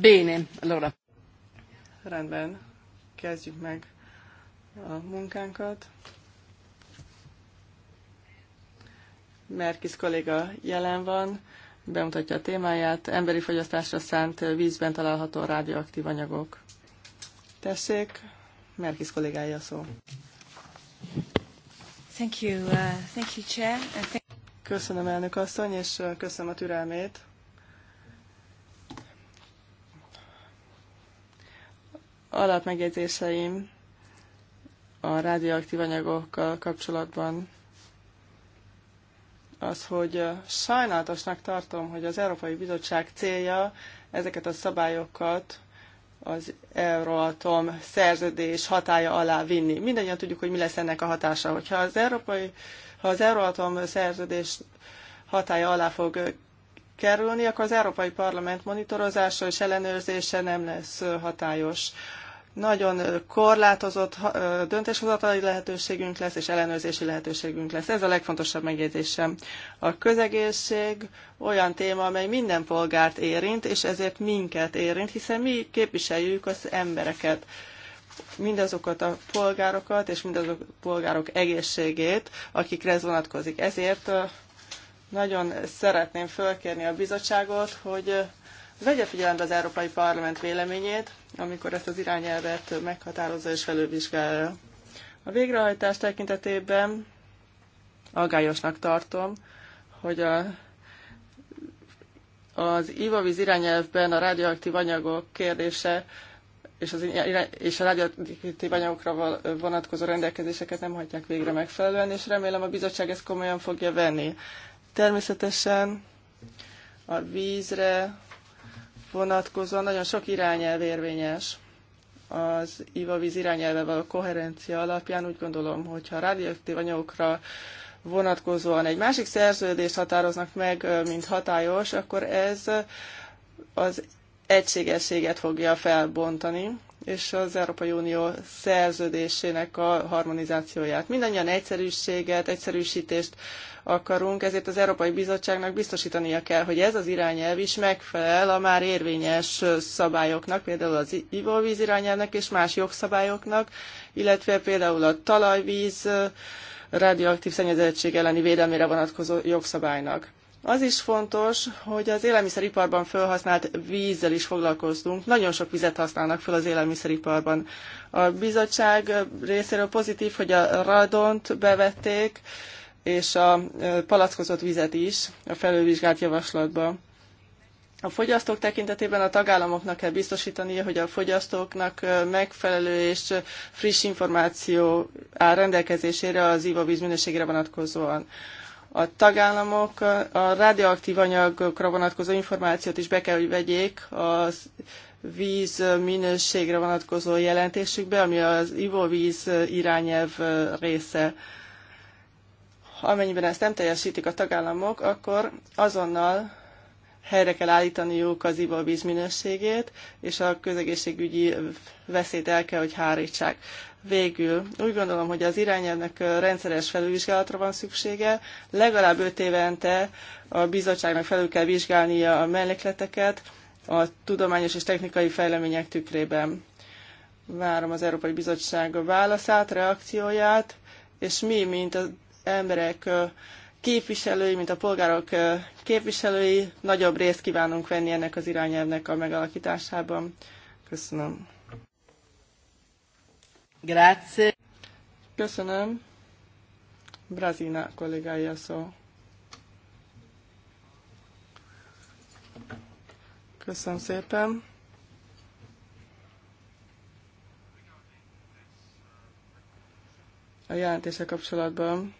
Bene, allora. Rendben, kezdjük meg a munkánkat. Merkis kolléga jelen van, bemutatja a témáját, emberi fogyasztásra szánt vízben található rádióaktív anyagok. Tessék, Merkis kollégája a szó. Thank you, uh, thank you, Chair. köszönöm elnök asszony, és uh, köszönöm a türelmét. alapmegjegyzéseim a rádióaktív anyagokkal kapcsolatban az, hogy sajnálatosnak tartom, hogy az Európai Bizottság célja ezeket a szabályokat az euróatom szerződés hatája alá vinni. Mindannyian tudjuk, hogy mi lesz ennek a hatása. Hogyha az Európai, ha az euróatom szerződés hatája alá fog kerülni, akkor az Európai Parlament monitorozása és ellenőrzése nem lesz hatályos. Nagyon korlátozott döntéshozatali lehetőségünk lesz, és ellenőrzési lehetőségünk lesz. Ez a legfontosabb megjegyzésem. A közegészség olyan téma, amely minden polgárt érint, és ezért minket érint, hiszen mi képviseljük az embereket mindazokat a polgárokat és mindazok a polgárok egészségét, akikre ez vonatkozik. Ezért nagyon szeretném fölkérni a bizottságot, hogy vegye figyelembe az Európai Parlament véleményét, amikor ezt az irányelvet meghatározza és felülvizsgálja. A végrehajtás tekintetében aggályosnak tartom, hogy a, az ivavíz irányelvben a radioaktív anyagok kérdése és, az, és a radioaktív anyagokra vonatkozó rendelkezéseket nem hagyják végre megfelelően, és remélem a bizottság ezt komolyan fogja venni. Természetesen a vízre vonatkozóan nagyon sok irányelv érvényes. Az ivavíz irányelve a koherencia alapján úgy gondolom, hogy ha radioaktív anyagokra vonatkozóan egy másik szerződést határoznak meg, mint hatályos, akkor ez az egységességet fogja felbontani, és az Európai Unió szerződésének a harmonizációját. Mindannyian egyszerűséget, egyszerűsítést akarunk, ezért az Európai Bizottságnak biztosítania kell, hogy ez az irányelv is megfelel a már érvényes szabályoknak, például az ivóvíz irányelvnek és más jogszabályoknak, illetve például a talajvíz radioaktív szennyezettség elleni védelmére vonatkozó jogszabálynak. Az is fontos, hogy az élelmiszeriparban felhasznált vízzel is foglalkozzunk. Nagyon sok vizet használnak fel az élelmiszeriparban. A bizottság részéről pozitív, hogy a radont bevették, és a palackozott vizet is a felülvizsgált javaslatba. A fogyasztók tekintetében a tagállamoknak kell biztosítania, hogy a fogyasztóknak megfelelő és friss információ áll rendelkezésére az ivóvíz minőségére vonatkozóan a tagállamok a radioaktív anyagokra vonatkozó információt is be kell, hogy vegyék a víz minőségre vonatkozó jelentésükbe, ami az ivóvíz irányelv része. Amennyiben ezt nem teljesítik a tagállamok, akkor azonnal helyre kell állítaniuk az ivóvíz minőségét, és a közegészségügyi veszélyt el kell, hogy hárítsák. Végül úgy gondolom, hogy az irányelvnek rendszeres felülvizsgálatra van szüksége. Legalább öt évente a bizottságnak felül kell vizsgálnia a mellékleteket a tudományos és technikai fejlemények tükrében. Várom az Európai Bizottság válaszát, reakcióját, és mi, mint az emberek képviselői, mint a polgárok képviselői nagyobb részt kívánunk venni ennek az irányelvnek a megalakításában. Köszönöm. Grazie. Köszönöm. Brazina kollégája szó. Köszönöm szépen. A jelentése kapcsolatban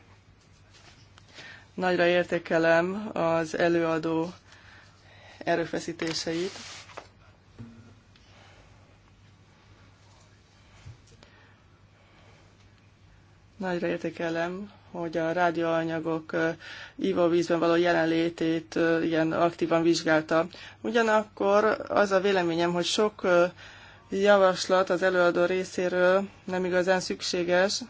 nagyra értékelem az előadó erőfeszítéseit. Nagyra értékelem, hogy a rádióanyagok ivóvízben való jelenlétét ilyen aktívan vizsgálta. Ugyanakkor az a véleményem, hogy sok javaslat az előadó részéről nem igazán szükséges.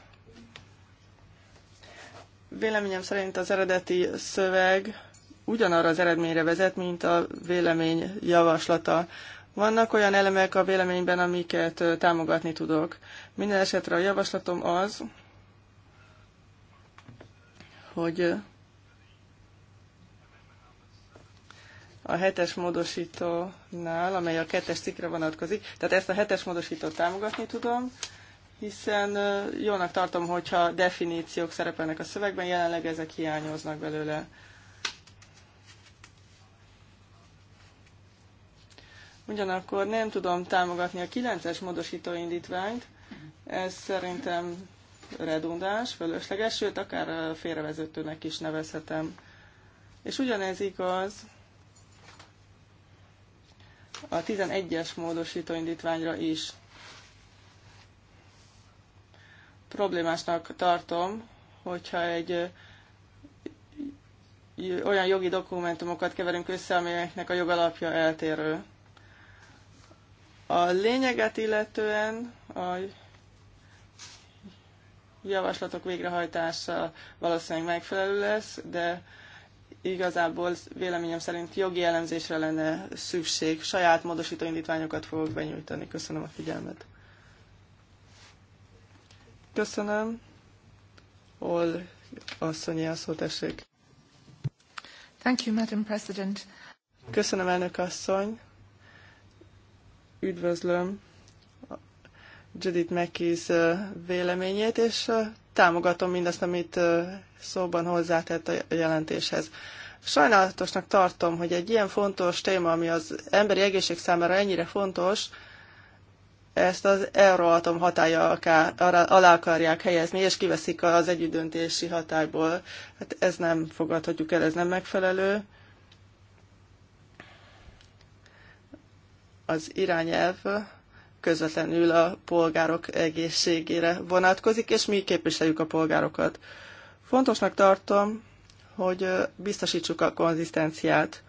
Véleményem szerint az eredeti szöveg ugyanarra az eredményre vezet, mint a vélemény javaslata. Vannak olyan elemek a véleményben, amiket támogatni tudok. Minden esetre a javaslatom az, hogy a hetes módosítónál, amely a kettes cikkre vonatkozik, tehát ezt a hetes módosítót támogatni tudom, hiszen jónak tartom, hogyha definíciók szerepelnek a szövegben, jelenleg ezek hiányoznak belőle. Ugyanakkor nem tudom támogatni a 9-es módosító indítványt, ez szerintem redundáns, fölösleges, sőt, akár félrevezetőnek is nevezhetem. És ugyanez igaz a 11-es módosítóindítványra indítványra is. Problémásnak tartom, hogyha egy olyan jogi dokumentumokat keverünk össze, amelyeknek a jogalapja eltérő. A lényeget illetően a javaslatok végrehajtása valószínűleg megfelelő lesz, de igazából véleményem szerint jogi elemzésre lenne szükség. Saját módosító indítványokat fogok benyújtani. Köszönöm a figyelmet. Köszönöm. Ol asszonyi a szó, tessék. Thank you, Madam President. Köszönöm, elnök asszony. Üdvözlöm Judith Mekis véleményét, és támogatom mindazt, amit szóban hozzátett a jelentéshez. Sajnálatosnak tartom, hogy egy ilyen fontos téma, ami az emberi egészség számára ennyire fontos, ezt az euróatom hatája alá akarják helyezni, és kiveszik az együttdöntési hatályból. Hát ez nem fogadhatjuk el, ez nem megfelelő. Az irányelv közvetlenül a polgárok egészségére vonatkozik, és mi képviseljük a polgárokat. Fontosnak tartom, hogy biztosítsuk a konzisztenciát,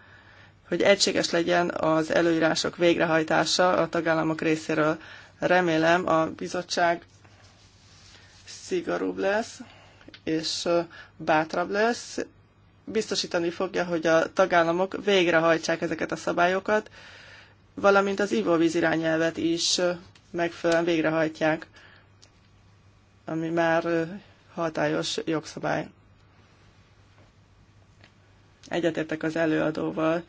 hogy egységes legyen az előírások végrehajtása a tagállamok részéről. Remélem a bizottság szigorúbb lesz, és bátrabb lesz, biztosítani fogja, hogy a tagállamok végrehajtsák ezeket a szabályokat, valamint az ivóvíz irányelvet is megfelelően végrehajtják, ami már hatályos jogszabály. Egyetértek az előadóval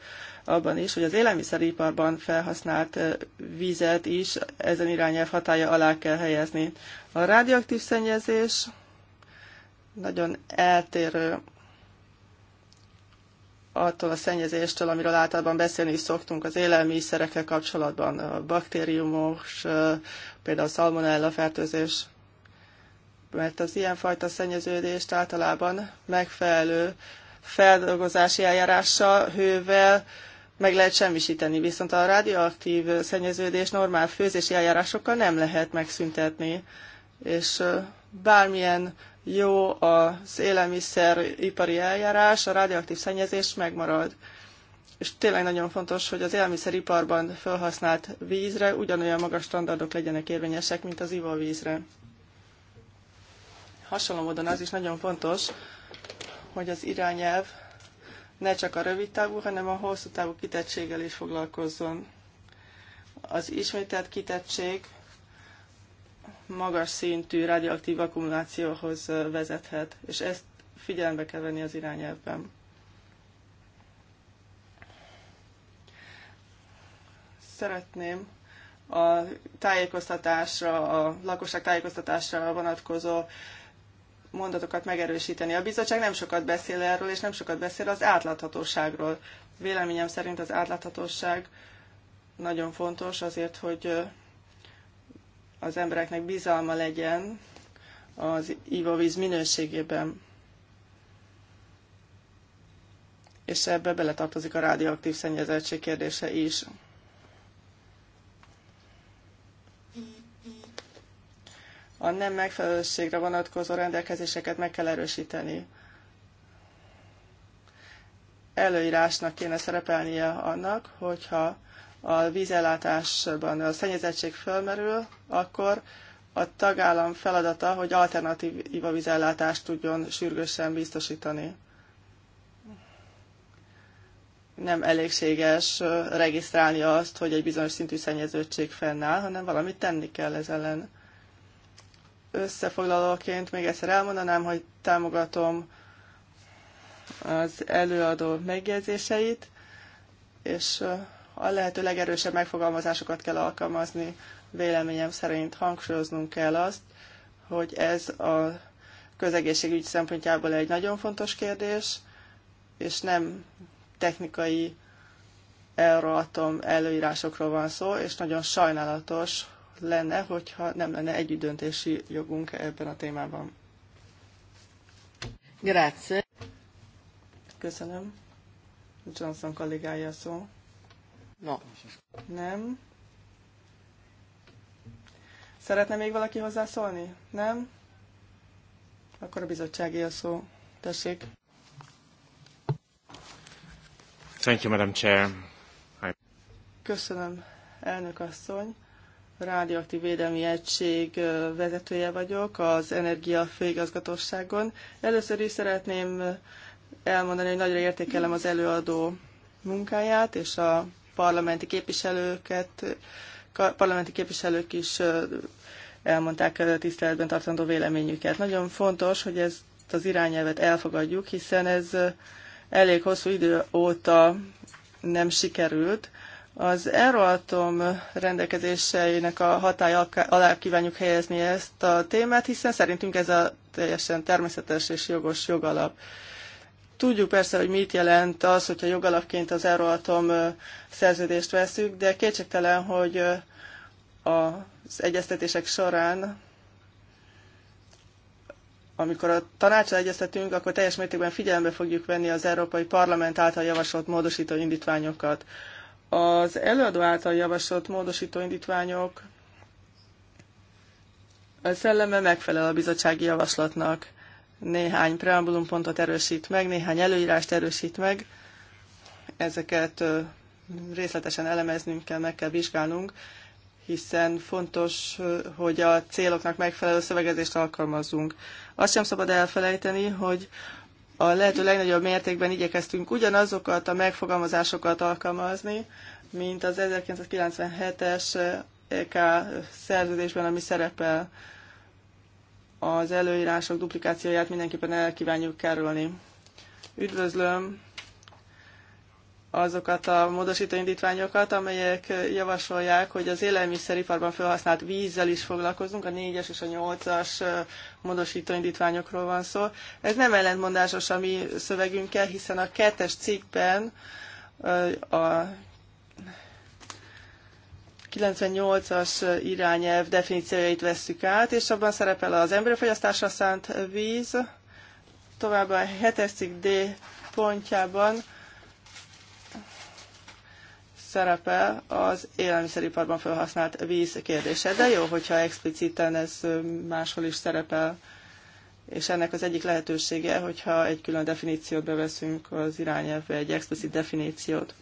abban is, hogy az élelmiszeriparban felhasznált vizet is ezen irányelv hatája alá kell helyezni. A radioaktív szennyezés nagyon eltérő attól a szennyezéstől, amiről általában beszélni is szoktunk az élelmiszerekkel kapcsolatban, a baktériumok, például szalmonella fertőzés, mert az ilyenfajta szennyeződést általában megfelelő feldolgozási eljárással, hővel meg lehet semmisíteni, viszont a radioaktív szennyeződés normál főzési eljárásokkal nem lehet megszüntetni, és bármilyen jó az élelmiszeripari eljárás, a radioaktív szennyezés megmarad. És tényleg nagyon fontos, hogy az élelmiszeriparban felhasznált vízre ugyanolyan magas standardok legyenek érvényesek, mint az ivóvízre. Hasonló módon az is nagyon fontos, hogy az irányelv ne csak a rövid távú, hanem a hosszú távú kitettséggel is foglalkozzon. Az ismételt kitettség magas szintű radioaktív akkumulációhoz vezethet, és ezt figyelembe kell venni az irányelvben. Szeretném a tájékoztatásra, a lakosság tájékoztatásra vonatkozó mondatokat megerősíteni. A bizottság nem sokat beszél erről, és nem sokat beszél az átláthatóságról. Véleményem szerint az átláthatóság nagyon fontos azért, hogy az embereknek bizalma legyen az ivóvíz minőségében. És ebbe beletartozik a radioaktív szennyezettség kérdése is. A nem megfelelőségre vonatkozó rendelkezéseket meg kell erősíteni előírásnak kéne szerepelnie annak, hogyha a vízellátásban a szennyezettség fölmerül, akkor a tagállam feladata, hogy alternatív vízellátást tudjon sürgősen biztosítani. Nem elégséges regisztrálni azt, hogy egy bizonyos szintű szennyeződtség fennáll, hanem valamit tenni kell ez ellen. Összefoglalóként még egyszer elmondanám, hogy támogatom az előadó megjegyzéseit, és a lehető legerősebb megfogalmazásokat kell alkalmazni. Véleményem szerint hangsúlyoznunk kell azt, hogy ez a közegészségügy szempontjából egy nagyon fontos kérdés, és nem technikai Euratom előírásokról van szó, és nagyon sajnálatos lenne, hogyha nem lenne együttdöntési jogunk ebben a témában. Grazie. Köszönöm. Johnson kollégája szó. No, nem. Szeretne még valaki hozzászólni? Nem? Akkor a bizottságé a szó. Tessék. Thank you, Madam Chair. I... Köszönöm, elnök asszony. Rádióaktív Védelmi Egység vezetője vagyok az Energia Főigazgatóságon. Először is szeretném elmondani, hogy nagyra értékelem az előadó munkáját és a parlamenti képviselőket, parlamenti képviselők is elmondták tiszteletben tartandó véleményüket. Nagyon fontos, hogy ezt az irányelvet elfogadjuk, hiszen ez elég hosszú idő óta nem sikerült. Az Euratom rendelkezéseinek a hatája alá kívánjuk helyezni ezt a témát, hiszen szerintünk ez a teljesen természetes és jogos jogalap. Tudjuk persze, hogy mit jelent az, hogyha jogalapként az Euratom szerződést veszük, de kétségtelen, hogy az egyeztetések során amikor a tanácsra egyeztetünk, akkor teljes mértékben figyelembe fogjuk venni az Európai Parlament által javasolt módosító indítványokat. Az előadó által javasolt módosító indítványok a szelleme megfelel a bizottsági javaslatnak néhány preambulumpontot erősít meg, néhány előírást erősít meg, ezeket részletesen elemeznünk kell, meg kell vizsgálnunk, hiszen fontos, hogy a céloknak megfelelő szövegezést alkalmazzunk. Azt sem szabad elfelejteni, hogy a lehető legnagyobb mértékben igyekeztünk ugyanazokat a megfogalmazásokat alkalmazni, mint az 1997-es EK szerződésben, ami szerepel az előírások duplikációját mindenképpen el kívánjuk kerülni. Üdvözlöm azokat a módosító indítványokat, amelyek javasolják, hogy az élelmiszeriparban felhasznált vízzel is foglalkozunk, a 4-es és a 8-as módosító indítványokról van szó. Ez nem ellentmondásos a mi szövegünkkel, hiszen a 2-es cikkben a 98-as irányelv definícióit vesszük át, és abban szerepel az emberfogyasztásra szánt víz, továbbá a 7 D pontjában szerepel az élelmiszeriparban felhasznált víz kérdése, de jó, hogyha expliciten ez máshol is szerepel, és ennek az egyik lehetősége, hogyha egy külön definíciót beveszünk az irányelvbe, egy explicit definíciót.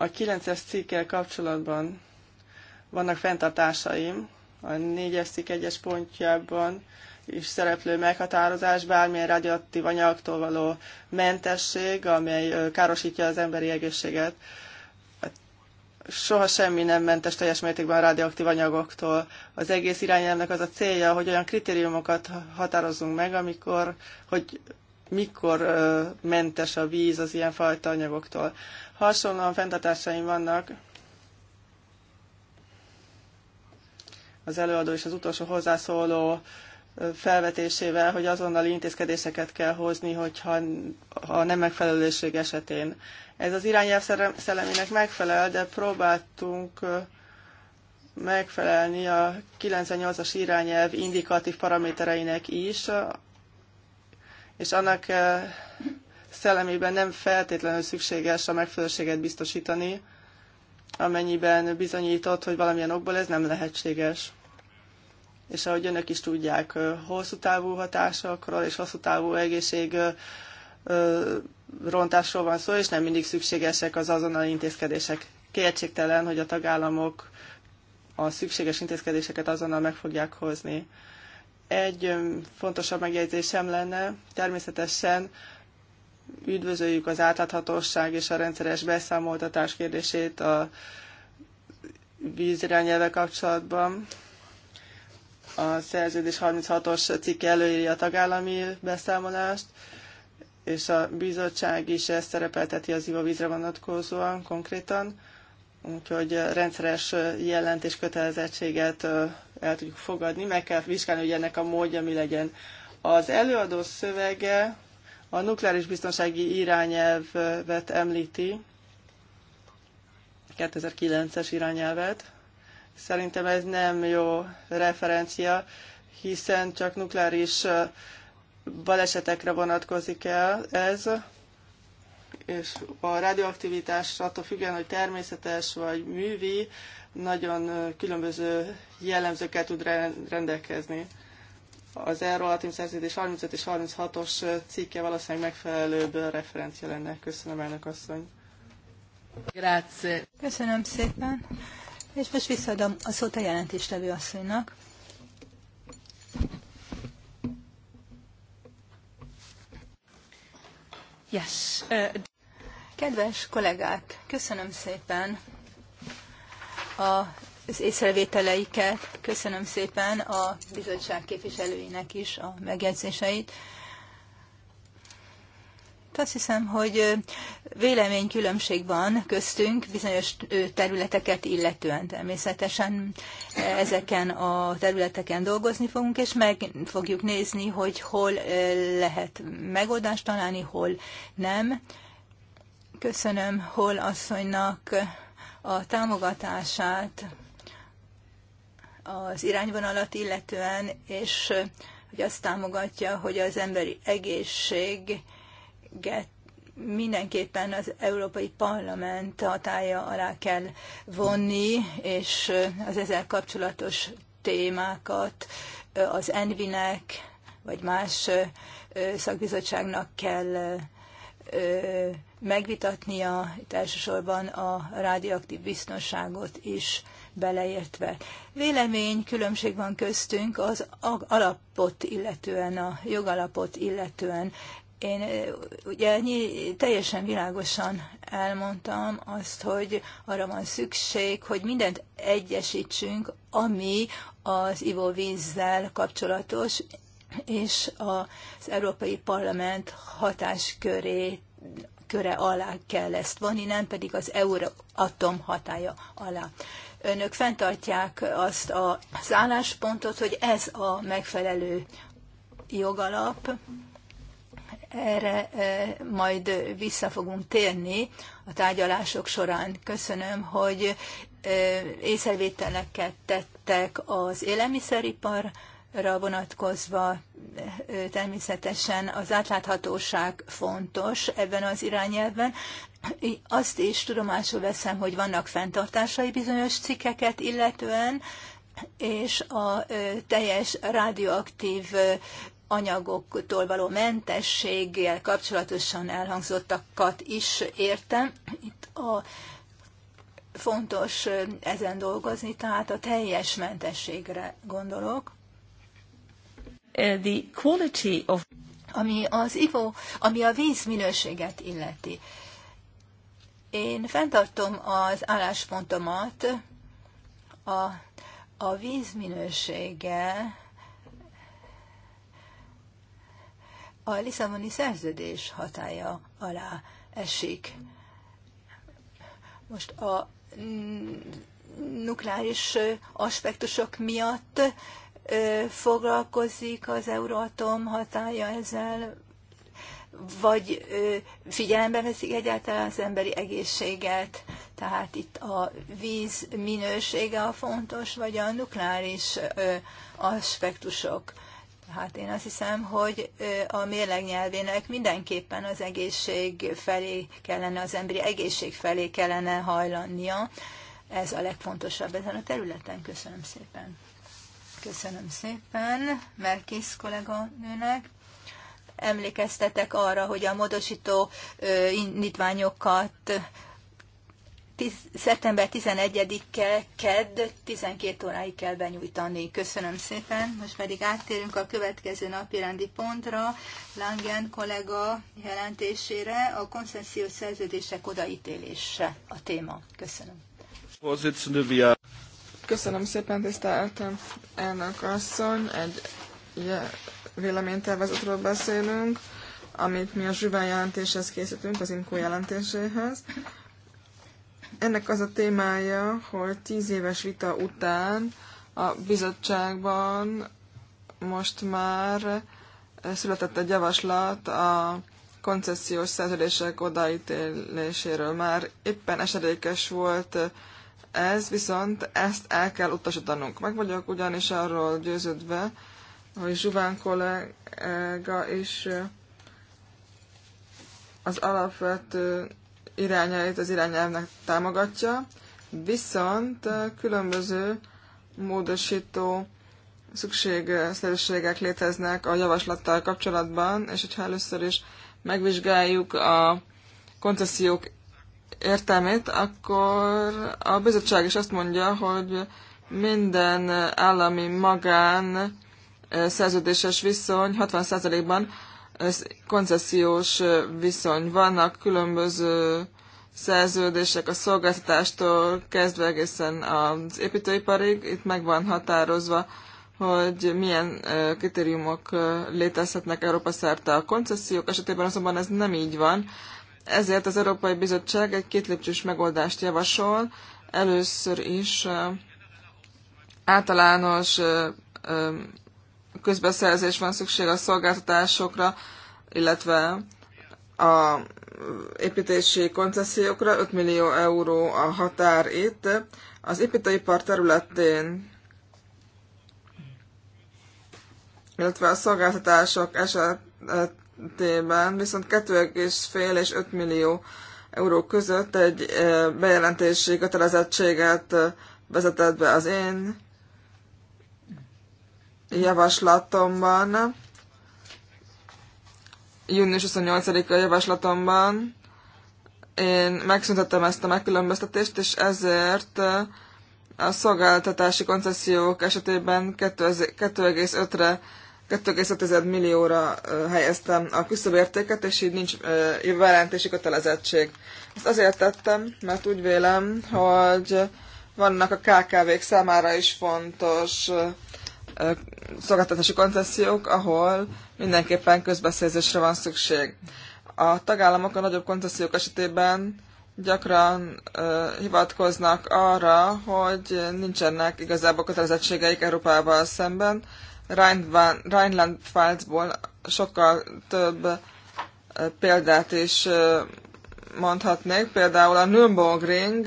A 9-es cikkel kapcsolatban vannak fenntartásaim, a 4-es cikk 1-es pontjában is szereplő meghatározás, bármilyen radioaktív anyagtól való mentesség, amely károsítja az emberi egészséget. Soha semmi nem mentes teljes mértékben radioaktív anyagoktól. Az egész irányelvnek az a célja, hogy olyan kritériumokat határozzunk meg, amikor, hogy mikor mentes a víz az ilyenfajta anyagoktól. Hasonlóan fenntartásaim vannak az előadó és az utolsó hozzászóló felvetésével, hogy azonnali intézkedéseket kell hozni, hogyha a nem megfelelőség esetén. Ez az irányelv szellemének megfelel, de próbáltunk megfelelni a 98-as irányelv indikatív paramétereinek is, és annak szellemében nem feltétlenül szükséges a megfelelőséget biztosítani, amennyiben bizonyított, hogy valamilyen okból ez nem lehetséges. És ahogy önök is tudják, hosszú távú hatásokról és hosszú távú egészség rontásról van szó, és nem mindig szükségesek az azonnali intézkedések. Kétségtelen, hogy a tagállamok a szükséges intézkedéseket azonnal meg fogják hozni. Egy fontosabb megjegyzésem lenne, természetesen üdvözöljük az átláthatóság és a rendszeres beszámoltatás kérdését a vízirányelve kapcsolatban. A szerződés 36-os cikk előírja a tagállami beszámolást, és a bizottság is ezt szerepelteti az ivóvízre vonatkozóan konkrétan, úgyhogy rendszeres jelentés kötelezettséget el tudjuk fogadni, meg kell vizsgálni, hogy ennek a módja mi legyen. Az előadó szövege a nukleáris biztonsági irányelvet említi, 2009-es irányelvet. Szerintem ez nem jó referencia, hiszen csak nukleáris balesetekre vonatkozik el ez, és a radioaktivitás attól függően, hogy természetes vagy művi, nagyon különböző jellemzőkkel tud rendelkezni az erről Eurólatim szerződés 35 és 36-os cikke valószínűleg megfelelőbb referencia lenne. Köszönöm, elnök asszony. Grazie. Köszönöm szépen. És most visszaadom a szót a jelentéstevő asszonynak. Yes. Kedves kollégák, köszönöm szépen a az észrevételeiket. Köszönöm szépen a bizottság képviselőinek is a megjegyzéseit. Azt hiszem, hogy véleménykülönbség van köztünk bizonyos területeket illetően természetesen. Ezeken a területeken dolgozni fogunk, és meg fogjuk nézni, hogy hol lehet megoldást találni, hol nem. Köszönöm hol asszonynak a támogatását az irányvonalat illetően, és hogy azt támogatja, hogy az emberi egészséget mindenképpen az Európai Parlament hatája alá kell vonni, és az ezzel kapcsolatos témákat az Envinek vagy más szakbizottságnak kell megvitatnia, itt elsősorban a rádióaktív biztonságot is beleértve. Vélemény különbség van köztünk az alapot illetően, a jogalapot illetően. Én ugye teljesen világosan elmondtam azt, hogy arra van szükség, hogy mindent egyesítsünk, ami az ivóvízzel kapcsolatos, és az Európai Parlament hatásköré köre alá kell ezt vonni, nem pedig az euróatom hatája alá önök fenntartják azt az álláspontot, hogy ez a megfelelő jogalap. Erre e, majd vissza fogunk térni a tárgyalások során. Köszönöm, hogy e, észrevételeket tettek az élelmiszeripar vonatkozva természetesen az átláthatóság fontos ebben az irányelven. Azt is tudomásul veszem, hogy vannak fenntartásai bizonyos cikkeket illetően, és a teljes radioaktív anyagoktól való mentességgel kapcsolatosan elhangzottakat is értem. Itt a fontos ezen dolgozni, tehát a teljes mentességre gondolok. Eh, the quality of ami az ivó, ami a víz minőséget illeti. Én fenntartom az álláspontomat, a, a víz minősége a Lisszaboni szerződés hatája alá esik. Most a nukleáris aspektusok miatt foglalkozik az Euratom hatája ezzel, vagy figyelembe veszik egyáltalán az emberi egészséget, tehát itt a víz minősége a fontos, vagy a nukleáris aspektusok. Hát én azt hiszem, hogy a mérleg nyelvének mindenképpen az egészség felé kellene, az emberi egészség felé kellene hajlannia. Ez a legfontosabb ezen a területen. Köszönöm szépen. Köszönöm szépen Merkész nőnek. Emlékeztetek arra, hogy a módosító indítványokat szeptember 11-e kedd 12 óráig kell benyújtani. Köszönöm szépen. Most pedig áttérünk a következő napi rendi pontra, Langen kollega jelentésére, a konszenziós szerződések odaítélése a téma. Köszönöm. Köszönöm szépen, tiszteltem elnök asszony. Egy véleménytervezetről beszélünk, amit mi a Zsüven jelentéshez készítünk, az IMCO jelentéséhez. Ennek az a témája, hogy tíz éves vita után a bizottságban most már született egy javaslat a koncesziós szerződések odaítéléséről. Már éppen esedékes volt ez, viszont ezt el kell utasítanunk. Meg vagyok ugyanis arról győződve, hogy Zsuván kollega is az alapvető irányait az irányelvnek támogatja, viszont különböző módosító szükségszerűségek léteznek a javaslattal kapcsolatban, és hogyha először is megvizsgáljuk a koncesziók értelmét, akkor a bizottság is azt mondja, hogy minden állami magán szerződéses viszony 60%-ban koncesziós viszony. Vannak különböző szerződések a szolgáltatástól kezdve egészen az építőiparig. Itt meg van határozva, hogy milyen kritériumok létezhetnek Európa szerte a koncesziók esetében, azonban ez nem így van. Ezért az Európai Bizottság egy kétlépcsős megoldást javasol. Először is általános közbeszerzés van szükség a szolgáltatásokra, illetve a építési koncesziókra, 5 millió euró a határ itt. Az építőipar területén, illetve a szolgáltatások eset esetében viszont 2,5 és 5 millió euró között egy bejelentési kötelezettséget vezetett be az én javaslatomban, június 28-a javaslatomban én megszüntettem ezt a megkülönböztetést, és ezért a szolgáltatási koncesziók esetében 2,5-re 2,5 millióra helyeztem a küszöbértéket, és így nincs jelentési kötelezettség. Ezt azért tettem, mert úgy vélem, hogy vannak a KKV-k számára is fontos szolgáltatási koncesziók, ahol mindenképpen közbeszerzésre van szükség. A tagállamok a nagyobb koncesziók esetében gyakran hivatkoznak arra, hogy nincsenek igazából kötelezettségeik Európával szemben, Rheinland-Pfalzból sokkal több példát is mondhatnék. Például a Nürburgring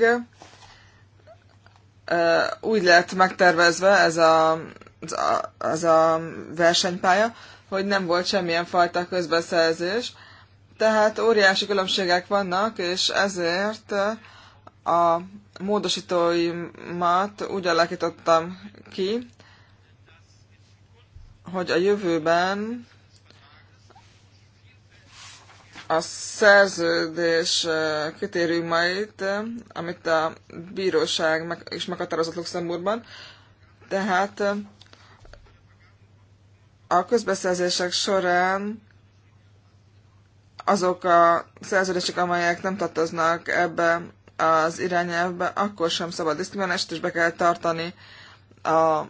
úgy lett megtervezve ez a, az, a, az a versenypálya, hogy nem volt semmilyen fajta közbeszerzés. Tehát óriási különbségek vannak, és ezért a módosítóimat úgy alakítottam ki, hogy a jövőben a szerződés kritériumait, amit a bíróság meg, is meghatározott Luxemburgban, tehát a közbeszerzések során azok a szerződések, amelyek nem tartoznak ebbe az irányelvbe, akkor sem szabad diszkriminálást, és be kell tartani a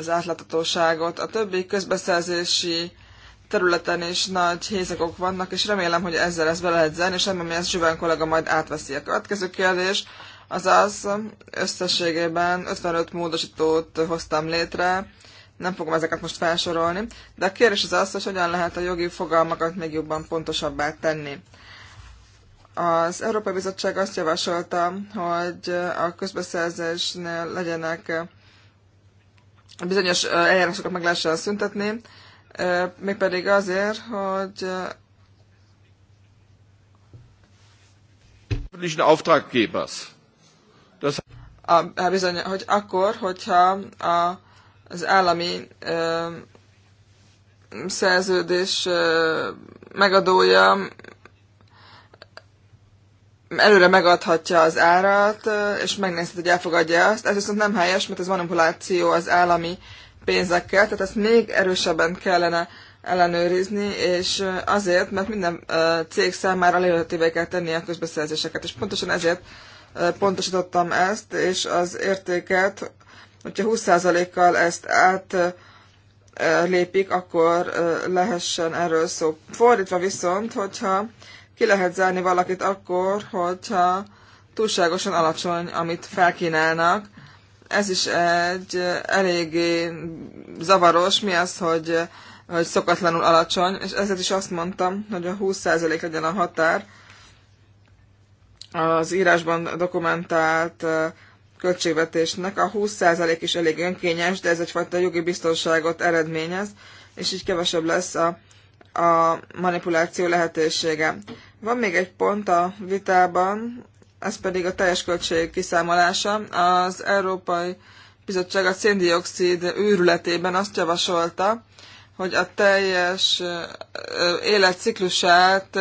az átláthatóságot. A többi közbeszerzési területen is nagy hézakok vannak, és remélem, hogy ezzel ezt be lehet zárni, és nem, hogy ezt Zsüven kollega majd átveszi. A következő kérdés az az, összességében 55 módosítót hoztam létre, nem fogom ezeket most felsorolni, de a kérdés az az, hogy hogyan lehet a jogi fogalmakat még jobban pontosabbá tenni. Az Európai Bizottság azt javasolta, hogy a közbeszerzésnél legyenek bizonyos eljárásokat meg lehessen szüntetni, mégpedig azért, hogy A, a, hát bizony, hogy akkor, hogyha a, az állami ö, szerződés ö, megadója előre megadhatja az árat, és megnézhet, hogy elfogadja azt. Ez viszont nem helyes, mert ez manipuláció az állami pénzekkel, tehát ezt még erősebben kellene ellenőrizni, és azért, mert minden cég számára lehetővé kell tenni a közbeszerzéseket, és pontosan ezért pontosítottam ezt, és az értéket, hogyha 20%-kal ezt át lépik, akkor lehessen erről szó. Fordítva viszont, hogyha ki lehet zárni valakit akkor, hogyha túlságosan alacsony, amit felkínálnak. Ez is egy eléggé zavaros, mi az, hogy, hogy szokatlanul alacsony, és ezért is azt mondtam, hogy a 20% legyen a határ, az írásban dokumentált költségvetésnek. A 20% is elég önkényes, de ez egyfajta jogi biztonságot eredményez, és így kevesebb lesz a, a manipuláció lehetősége. Van még egy pont a vitában, ez pedig a teljes költség kiszámolása. Az Európai Bizottság a széndiokszid őrületében azt javasolta, hogy a teljes életciklusát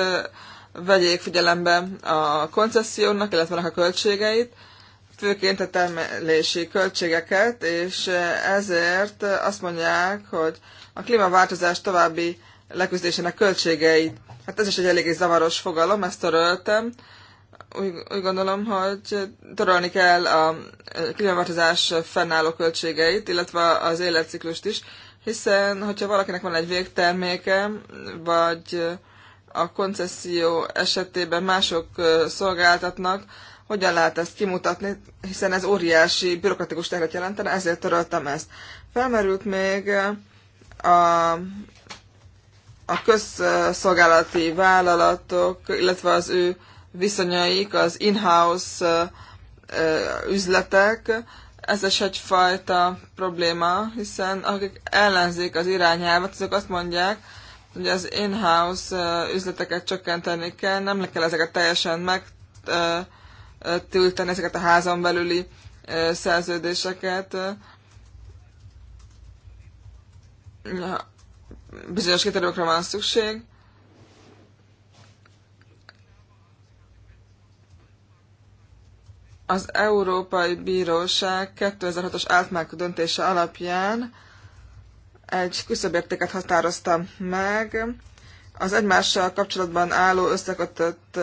vegyék figyelembe a koncessziónak, illetve a költségeit, főként a termelési költségeket, és ezért azt mondják, hogy a klímaváltozás további leküzdésének költségeit Hát ez is egy eléggé zavaros fogalom, ezt töröltem. Úgy, úgy gondolom, hogy törölni kell a eh, klímaváltozás fennálló költségeit, illetve az életciklust is, hiszen hogyha valakinek van egy végterméke, vagy eh, a koncesszió esetében mások eh, szolgáltatnak, hogyan lehet ezt kimutatni, hiszen ez óriási bürokratikus terhet jelentene, ezért töröltem ezt. Felmerült még a a közszolgálati vállalatok, illetve az ő viszonyaik, az in-house üzletek, ez is egyfajta probléma, hiszen akik ellenzik az irányelvet, azok azt mondják, hogy az in-house üzleteket csökkenteni kell, nem le kell ezeket teljesen megtülteni, ezeket a házon belüli szerződéseket bizonyos kritériumokra van szükség. Az Európai Bíróság 2006-os átmák döntése alapján egy küszöbértéket határozta meg. Az egymással kapcsolatban álló összekötött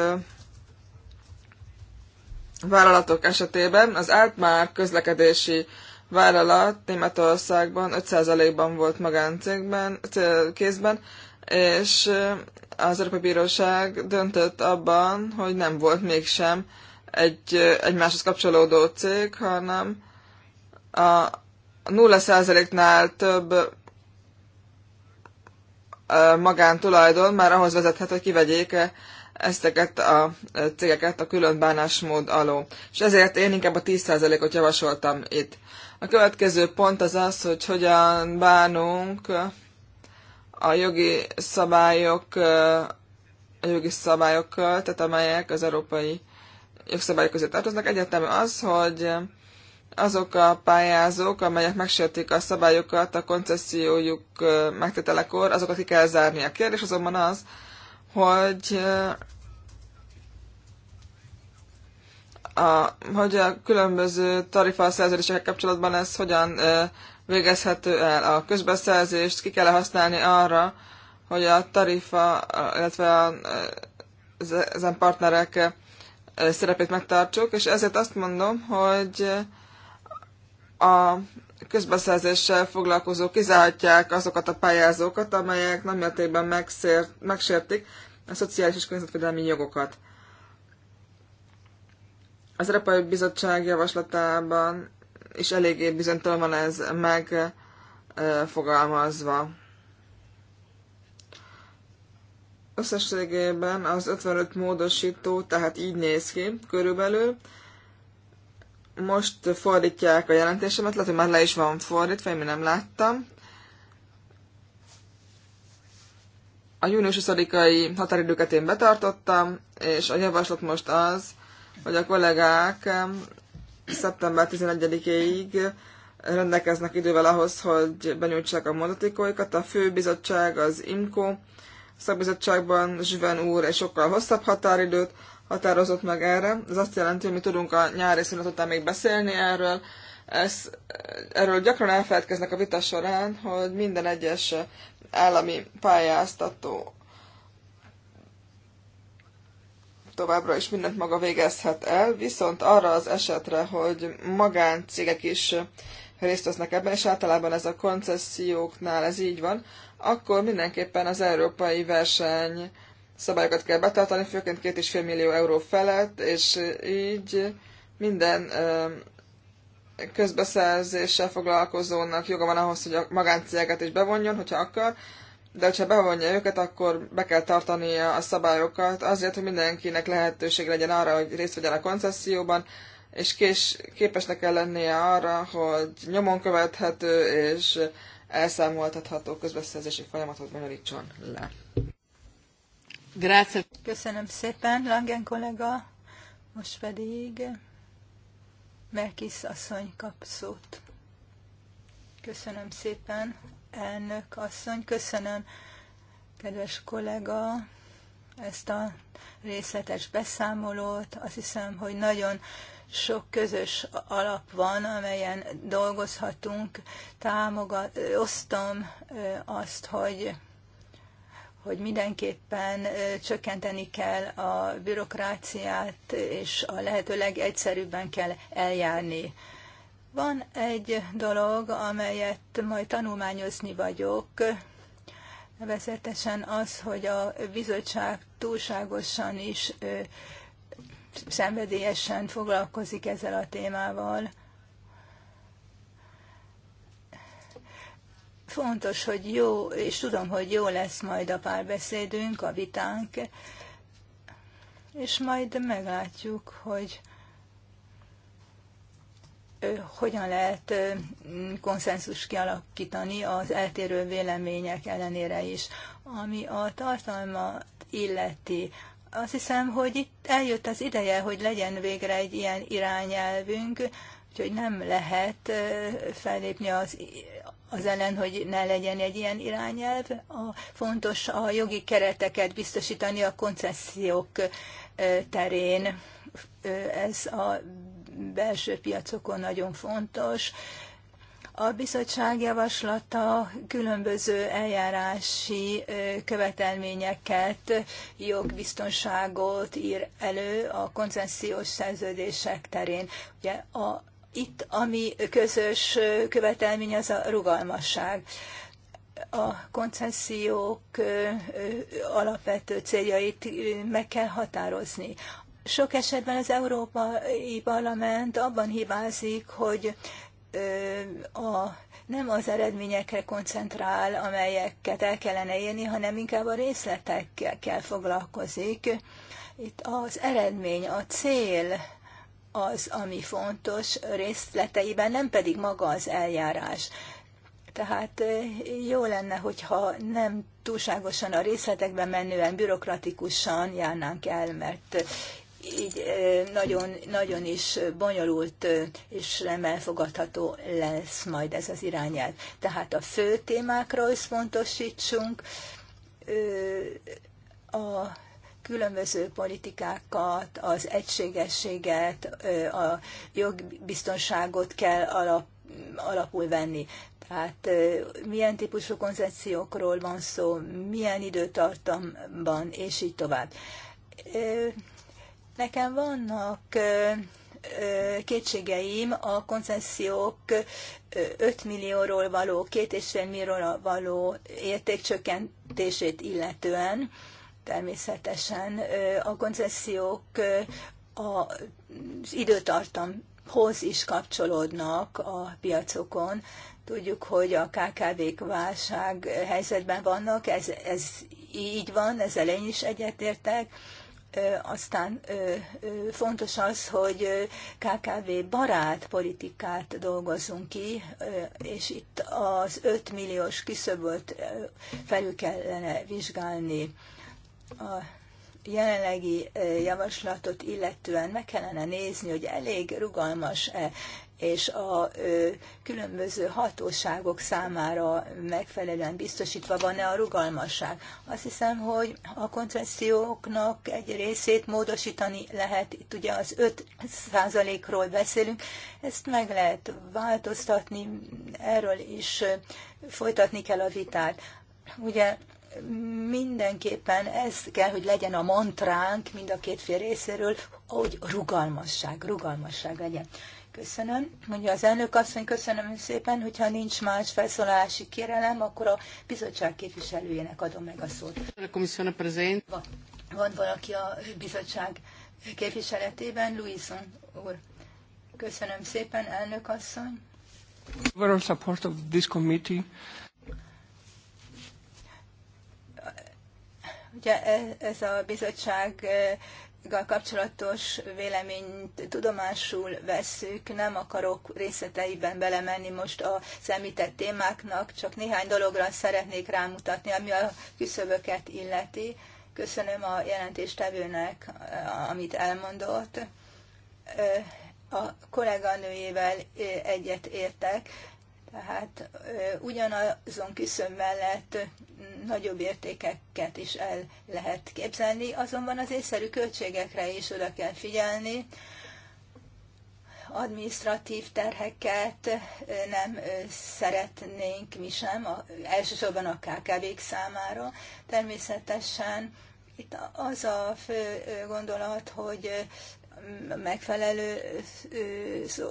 vállalatok esetében az átmár közlekedési vállalat Németországban 5%-ban volt magáncégben, kézben, és eh, az Európai Bíróság döntött abban, hogy nem volt mégsem egy eh, egymáshoz kapcsolódó cég, hanem a 0%-nál több eh, magántulajdon már ahhoz vezethet, hogy kivegyék -e ezteket a cégeket a külön bánásmód alól. És ezért én inkább a 10%-ot javasoltam itt. A következő pont az az, hogy hogyan bánunk a jogi szabályok, a jogi szabályokkal, tehát amelyek az európai jogszabályok közé tartoznak. Egyértelmű az, hogy azok a pályázók, amelyek megsértik a szabályokat a koncesziójuk megtételekor, azokat ki kell zárni. A kérdés azonban az, hogy a, hogy a különböző tarifaszerződésekkel kapcsolatban ez hogyan végezhető el. A közbeszerzést ki kell használni arra, hogy a tarifa, illetve a, ezen partnerek szerepét megtartsuk, és ezért azt mondom, hogy a közbeszerzéssel foglalkozók kizárhatják azokat a pályázókat, amelyek nem mértékben megsértik a szociális és környezetvédelmi jogokat. Az Európai Bizottság javaslatában is eléggé bizonytalan van ez megfogalmazva. Összességében az 55 módosító, tehát így néz ki körülbelül. Most fordítják a jelentésemet, lehet, hogy már le is van fordítva, én nem láttam. A június 20-ai határidőket én betartottam, és a javaslat most az, hogy a kollégák szeptember 11-ig rendelkeznek idővel ahhoz, hogy benyújtsák a mondatikóikat. A főbizottság, az IMCO szakbizottságban Zsüven úr egy sokkal hosszabb határidőt határozott meg erre. Ez azt jelenti, hogy mi tudunk a nyári szünet után még beszélni erről. Ez, erről gyakran elfelejtkeznek a vita során, hogy minden egyes állami pályáztató továbbra is mindent maga végezhet el, viszont arra az esetre, hogy magáncégek is részt vesznek ebben, és általában ez a koncesszióknál ez így van, akkor mindenképpen az európai verseny szabályokat kell betartani, főként két és fél millió euró felett, és így minden közbeszerzéssel foglalkozónak joga van ahhoz, hogy a magáncégeket is bevonjon, hogyha akar, de hogyha bevonja őket, akkor be kell tartania a szabályokat azért, hogy mindenkinek lehetőség legyen arra, hogy részt vegyen a koncesszióban, és kés, képesnek kell lennie arra, hogy nyomon követhető és elszámoltatható közbeszerzési folyamatot bonyolítson le. Grazie. Köszönöm szépen, Langen kollega. Most pedig Merkis asszony kap szót. Köszönöm szépen, elnök asszony, köszönöm, kedves kollega, ezt a részletes beszámolót. Azt hiszem, hogy nagyon sok közös alap van, amelyen dolgozhatunk. Támogat, osztom azt, hogy hogy mindenképpen csökkenteni kell a bürokráciát, és a lehető legegyszerűbben kell eljárni. Van egy dolog, amelyet majd tanulmányozni vagyok, nevezetesen az, hogy a bizottság túlságosan is ö, szenvedélyesen foglalkozik ezzel a témával. Fontos, hogy jó, és tudom, hogy jó lesz majd a párbeszédünk, a vitánk, és majd meglátjuk, hogy hogyan lehet konszenzus kialakítani az eltérő vélemények ellenére is. Ami a tartalmat illeti, azt hiszem, hogy itt eljött az ideje, hogy legyen végre egy ilyen irányelvünk, úgyhogy nem lehet fellépni az, az ellen, hogy ne legyen egy ilyen irányelv. A, fontos a jogi kereteket biztosítani a koncesziók terén. Ez a belső piacokon nagyon fontos. A bizottság javaslata különböző eljárási követelményeket, jogbiztonságot ír elő a koncesziós szerződések terén. Ugye a, itt, ami közös követelmény, az a rugalmasság a koncesziók alapvető céljait meg kell határozni. Sok esetben az Európai Parlament abban hibázik, hogy a, nem az eredményekre koncentrál, amelyeket el kellene érni, hanem inkább a részletekkel foglalkozik. Itt az eredmény, a cél az, ami fontos részleteiben, nem pedig maga az eljárás. Tehát jó lenne, hogyha nem túlságosan a részletekben menően, bürokratikusan járnánk el, mert így nagyon, nagyon is bonyolult és nem elfogadható lesz majd ez az irányelv. Tehát a fő témákra összpontosítsunk, a különböző politikákat, az egységességet, a jogbiztonságot kell alap, alapul venni. Tehát milyen típusú koncepciókról van szó, milyen időtartamban, és így tovább Nekem vannak kétségeim a koncesziók 5 millióról való, 2,5 millióról való értékcsökkentését illetően. Természetesen a koncesziók az időtartamhoz is kapcsolódnak a piacokon. Tudjuk, hogy a KKV-k válság helyzetben vannak, ez, ez így van, ezzel én is egyetértek aztán fontos az, hogy KKV barát politikát dolgozzunk ki, és itt az 5 milliós kiszöbölt felül kellene vizsgálni. A jelenlegi javaslatot illetően meg kellene nézni, hogy elég rugalmas-e és a különböző hatóságok számára megfelelően biztosítva van-e a rugalmasság. Azt hiszem, hogy a koncesszióknak egy részét módosítani lehet. Itt ugye az 5%-ról beszélünk, ezt meg lehet változtatni, erről is folytatni kell a vitát. Ugye mindenképpen ez kell, hogy legyen a mantránk mind a két fél részéről, hogy rugalmasság, rugalmasság legyen. Köszönöm, mondja az elnök asszony, köszönöm szépen, hogyha nincs más felszólalási kérelem, akkor a bizottság képviselőjének adom meg a szót. Van, van valaki a bizottság képviseletében, Luison úr. Köszönöm szépen, elnök asszony. Overall support of this committee. Ugye e, ez a bizottság e, kapcsolatos véleményt tudomásul veszük, nem akarok részleteiben belemenni most a említett témáknak, csak néhány dologra szeretnék rámutatni, ami a küszöböket illeti. Köszönöm a jelentéstevőnek, eh, amit elmondott. Eh, a kolléganőjével eh, egyet értek, tehát ugyanazon küszön mellett nagyobb értékeket is el lehet képzelni, azonban az észszerű költségekre is oda kell figyelni, administratív terheket nem szeretnénk mi sem, a, elsősorban a KKV-k számára. Természetesen itt az a fő gondolat, hogy megfelelő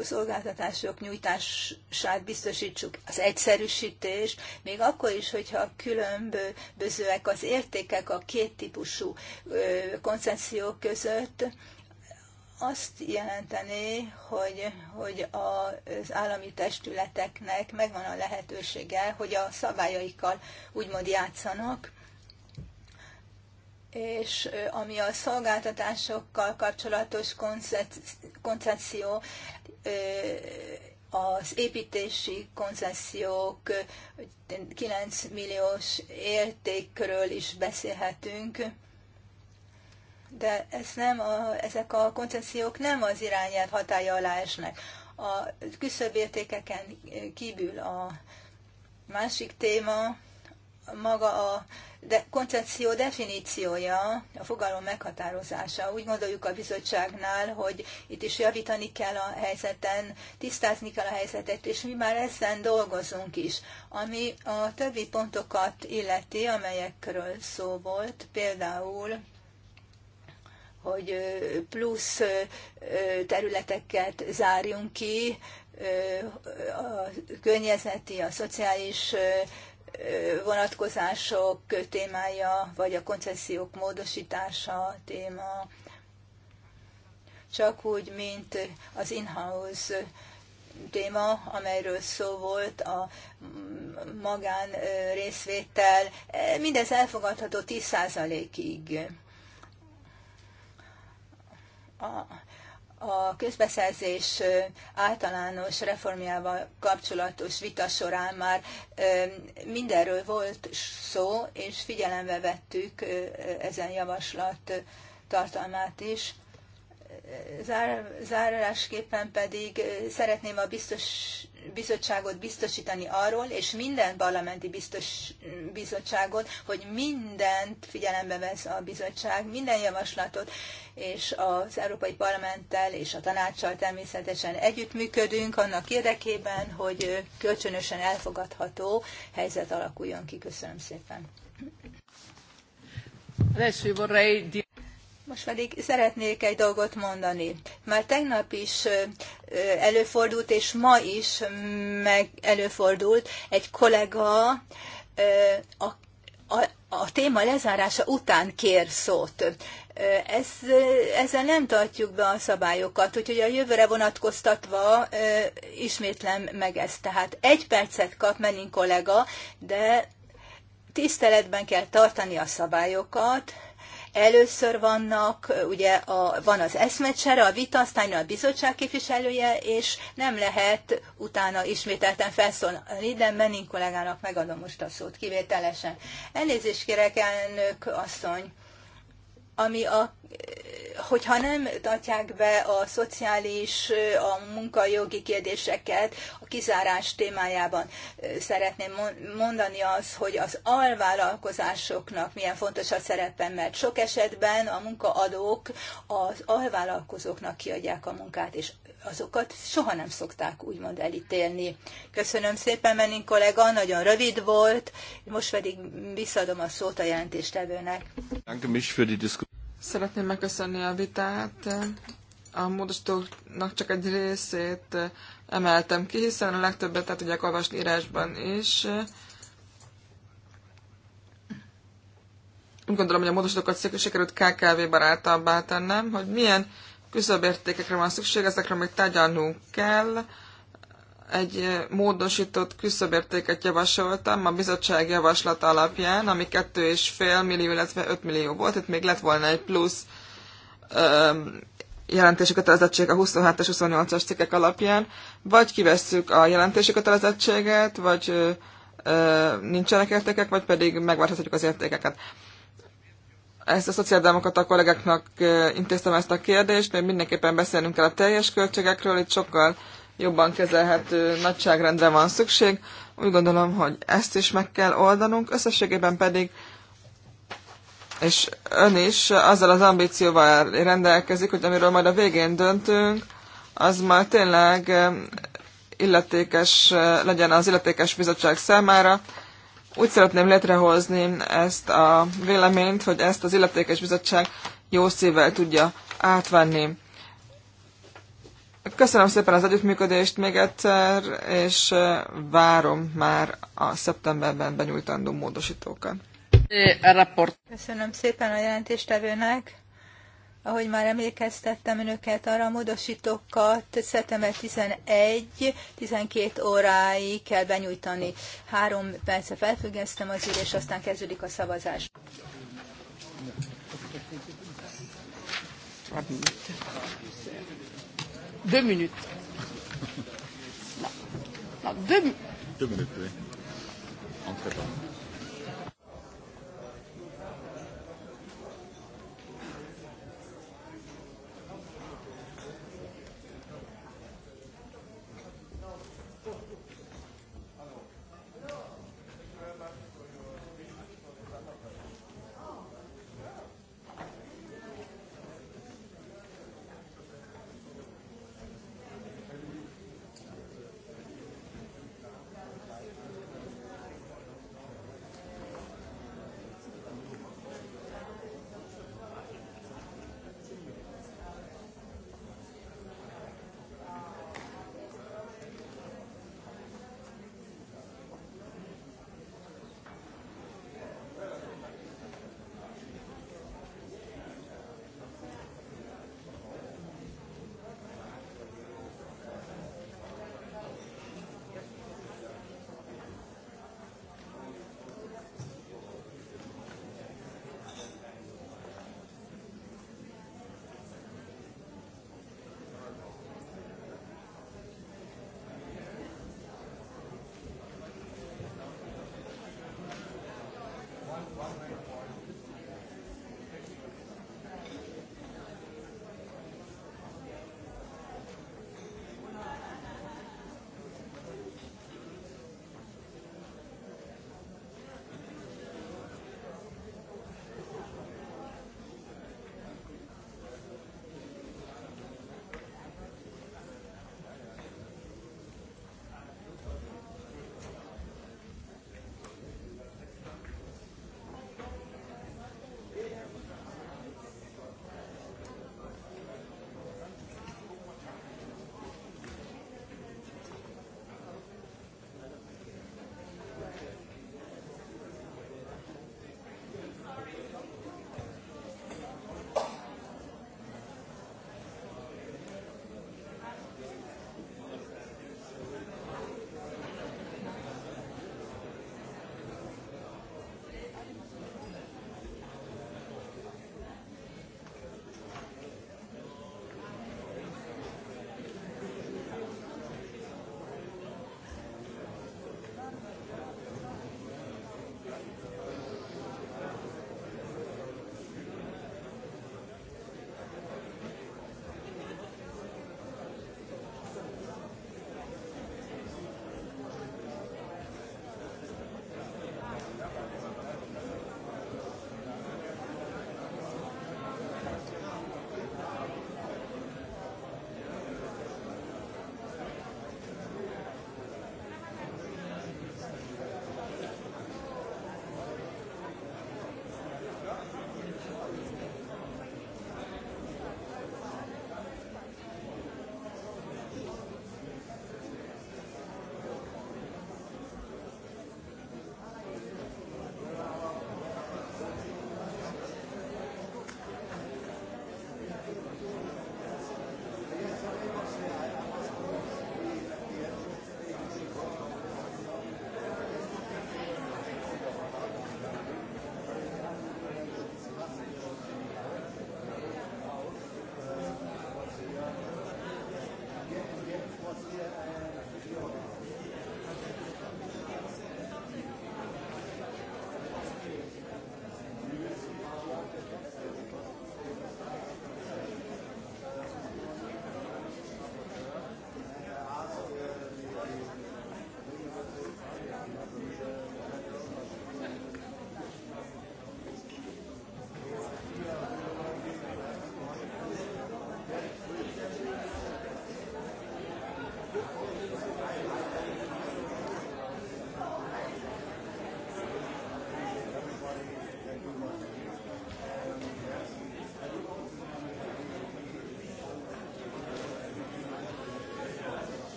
szolgáltatások nyújtását biztosítsuk, az egyszerűsítés, még akkor is, hogyha különbözőek az értékek a két típusú koncepciók között, azt jelenteni, hogy, hogy az állami testületeknek megvan a lehetősége, hogy a szabályaikkal úgymond játszanak, és ami a szolgáltatásokkal kapcsolatos koncepció, az építési koncesziók 9 milliós értékről is beszélhetünk, de ez nem a, ezek a koncesziók nem az irányelv hatája alá esnek. A küszöbértékeken kívül a másik téma, maga a de koncepció definíciója, a fogalom meghatározása. Úgy gondoljuk a bizottságnál, hogy itt is javítani kell a helyzeten, tisztázni kell a helyzetet, és mi már ezen dolgozunk is. Ami a többi pontokat illeti, amelyekről szó volt, például hogy plusz területeket zárjunk ki, a környezeti, a szociális vonatkozások témája, vagy a koncesziók módosítása téma, csak úgy, mint az in-house téma, amelyről szó volt, a magán részvétel, mindez elfogadható 10%-ig. A a közbeszerzés általános reformjával kapcsolatos vita során már mindenről volt szó, és figyelembe vettük ezen javaslat tartalmát is. zárásképpen pedig szeretném a biztos bizottságot biztosítani arról, és minden parlamenti biztos, bizottságot, hogy mindent figyelembe vesz a bizottság, minden javaslatot, és az Európai Parlamenttel és a tanácssal természetesen együttműködünk annak érdekében, hogy kölcsönösen elfogadható helyzet alakuljon ki. Köszönöm szépen. Most pedig szeretnék egy dolgot mondani. Már tegnap is előfordult, és ma is meg előfordult egy kollega a, a, a téma lezárása után kér szót. Ez, ezzel nem tartjuk be a szabályokat, úgyhogy a jövőre vonatkoztatva ismétlem meg ezt. Tehát egy percet kap Menin kollega, de tiszteletben kell tartani a szabályokat, Először vannak, ugye a, van az eszmecsere, a vita, aztán a bizottság képviselője, és nem lehet utána ismételten felszólni, de Menin kollégának megadom most a szót kivételesen. Elnézést kérek, elnök asszony ami a hogyha nem tartják be a szociális, a munkajogi kérdéseket a kizárás témájában, szeretném mondani az, hogy az alvállalkozásoknak milyen fontos a szerepe, mert sok esetben a munkaadók az alvállalkozóknak kiadják a munkát, és azokat soha nem szokták úgymond elítélni. Köszönöm szépen, Menin kollega, nagyon rövid volt, most pedig visszadom a szót a jelentéstevőnek. Szeretném megköszönni a vitát. A módosítóknak csak egy részét emeltem ki, hiszen a legtöbbet tehát tudják olvasni írásban is. Úgy gondolom, hogy a módosítókat sikerült KKV barátabbá tennem, hogy milyen küszöbértékekre van szükség, ezekre még tárgyalnunk kell. Egy eh, módosított küszöbértéket javasoltam a bizottság javaslat alapján, ami 2,5 millió, illetve 5 millió volt. Itt még lett volna egy plusz eh, jelentési kötelezettség a 27-es, 28-as cikkek alapján, vagy kivesszük a jelentési kötelezettséget, vagy ö, eh, ö, nincsenek értékek, vagy pedig megvárhatjuk az értékeket ezt a szociáldemokrata kollégáknak intéztem ezt a kérdést, mert mindenképpen beszélnünk kell a teljes költségekről, itt sokkal jobban kezelhető nagyságrendre van szükség. Úgy gondolom, hogy ezt is meg kell oldanunk, összességében pedig és ön is azzal az ambícióval rendelkezik, hogy amiről majd a végén döntünk, az már tényleg illetékes legyen az illetékes bizottság számára, úgy szeretném létrehozni ezt a véleményt, hogy ezt az illetékes bizottság jó szívvel tudja átvenni. Köszönöm szépen az együttműködést még egyszer, és várom már a szeptemberben benyújtandó módosítókat. Köszönöm szépen a jelentéstevőnek. Ahogy már emlékeztettem önöket, arra a módosítókat szeptember 11-12 óráig kell benyújtani. Három perce felfüggesztem az ülést, aztán kezdődik a szavazás. Deux minutes. Non. Non, deux, deux minutes, oui. Entrez pas.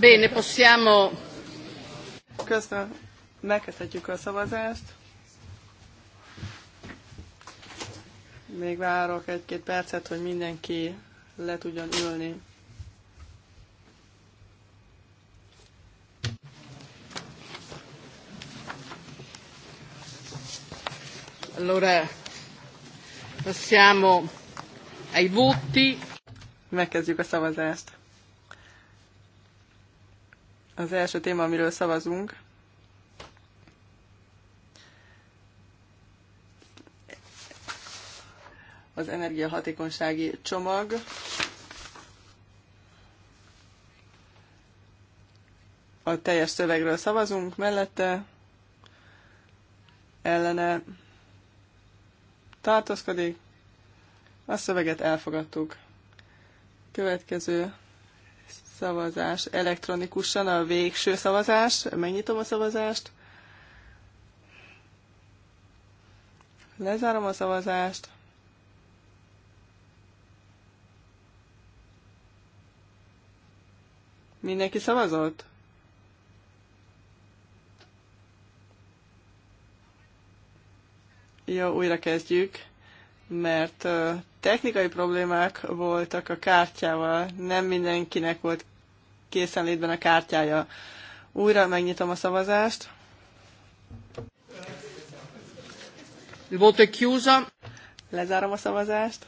Bene, possiamo... Köszönöm. Megkezdhetjük a szavazást. Még várok egy-két percet, hogy mindenki le tudjon ülni. Allora, passiamo ai voti. Megkezdjük a szavazást az első téma, amiről szavazunk, az energiahatékonysági csomag. A teljes szövegről szavazunk, mellette ellene tartózkodik. A szöveget elfogadtuk. Következő szavazás elektronikusan, a végső szavazás. Megnyitom a szavazást. Lezárom a szavazást. Mindenki szavazott? Jó, újra kezdjük mert technikai problémák voltak a kártyával, nem mindenkinek volt készenlétben a kártyája. Újra megnyitom a szavazást. Volt egy Lezárom a szavazást.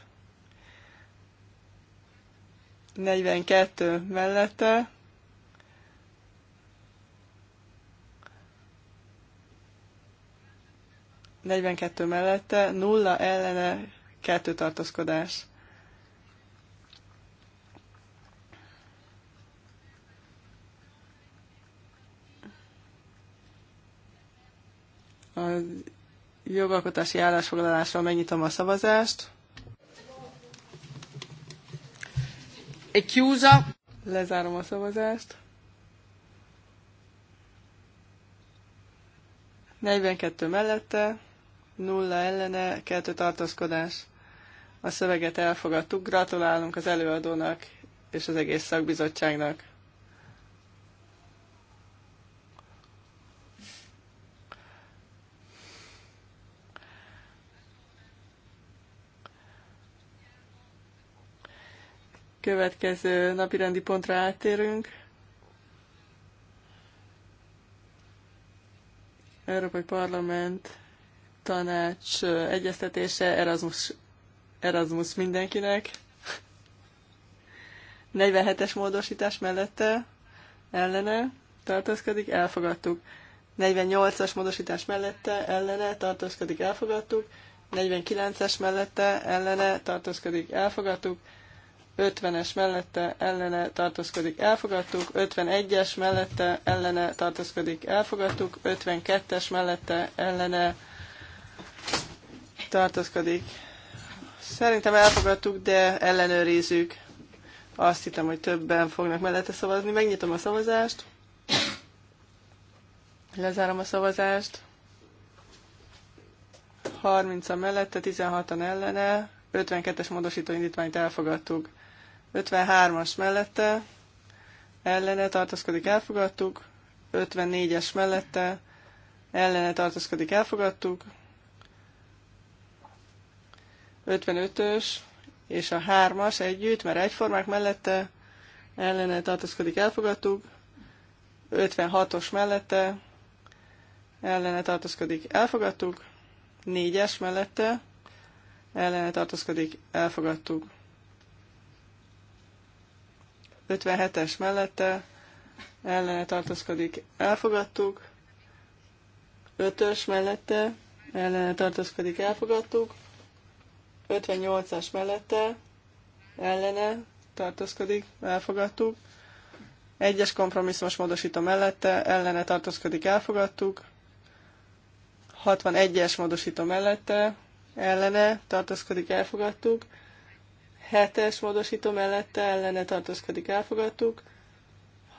42 mellette, 42 mellette, nulla ellene, kettő tartózkodás. A jogalkotási állásfoglalásról megnyitom a szavazást. E chiusa. Lezárom a szavazást. 42 mellette, nulla ellene, kettő tartózkodás. A szöveget elfogadtuk, gratulálunk az előadónak és az egész szakbizottságnak. Következő napirendi pontra áttérünk. Európai Parlament tanács egyeztetése, Erasmus, Erasmus mindenkinek. 47-es módosítás mellette ellene tartózkodik, elfogadtuk. 48-as módosítás mellette ellene tartózkodik, elfogadtuk. 49-es mellette ellene tartózkodik, elfogadtuk. 50-es mellette ellene tartózkodik, elfogadtuk, 51-es mellette ellene tartózkodik, elfogadtuk, 52-es mellette ellene tartózkodik. Szerintem elfogadtuk, de ellenőrizzük. Azt hittem, hogy többen fognak mellette szavazni. Megnyitom a szavazást. Lezárom a szavazást. 30 a mellette, 16-an ellene. 52-es módosító indítványt elfogadtuk. 53-as mellette ellene tartózkodik, elfogadtuk. 54-es mellette ellene tartózkodik, elfogadtuk. 55-ös és a 3-as együtt, mert egyformák mellette ellene tartózkodik, elfogadtuk. 56-os mellette ellene tartózkodik, elfogadtuk. 4-es mellette ellene tartózkodik, elfogadtuk. 57-es mellette ellene tartózkodik, elfogadtuk. 5-ös mellette ellene tartózkodik, elfogadtuk. 58-as mellette ellene tartózkodik, elfogadtuk. Egyes kompromisszumos módosító mellette ellene tartózkodik, elfogadtuk. 61-es módosító mellette ellene tartózkodik, elfogadtuk. 7-es módosító mellette ellene tartózkodik, elfogadtuk.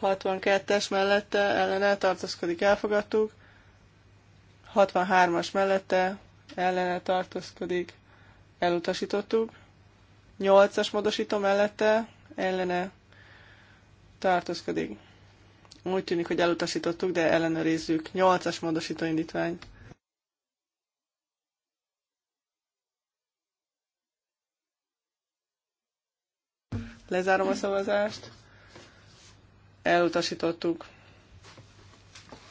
62-es mellette ellene tartózkodik, elfogadtuk. 63-as mellette ellene tartózkodik, elutasítottuk. Nyolcas modosító módosító mellette ellene tartózkodik. Úgy tűnik, hogy elutasítottuk, de ellenőrizzük. Nyolcas modosító módosító indítvány. Lezárom a szavazást. Elutasítottuk.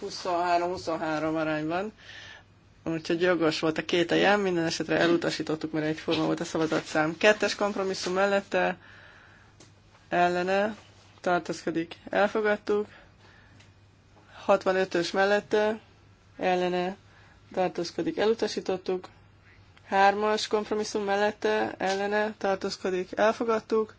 23-23 arányban. Úgyhogy jogos volt a két ajánl, minden esetre elutasítottuk, mert egyforma volt a szavazatszám. Kettes kompromisszum mellette ellene tartozkodik, elfogadtuk. 65-ös mellette ellene tartozkodik, elutasítottuk. Hármas kompromisszum mellette ellene tartozkodik, elfogadtuk.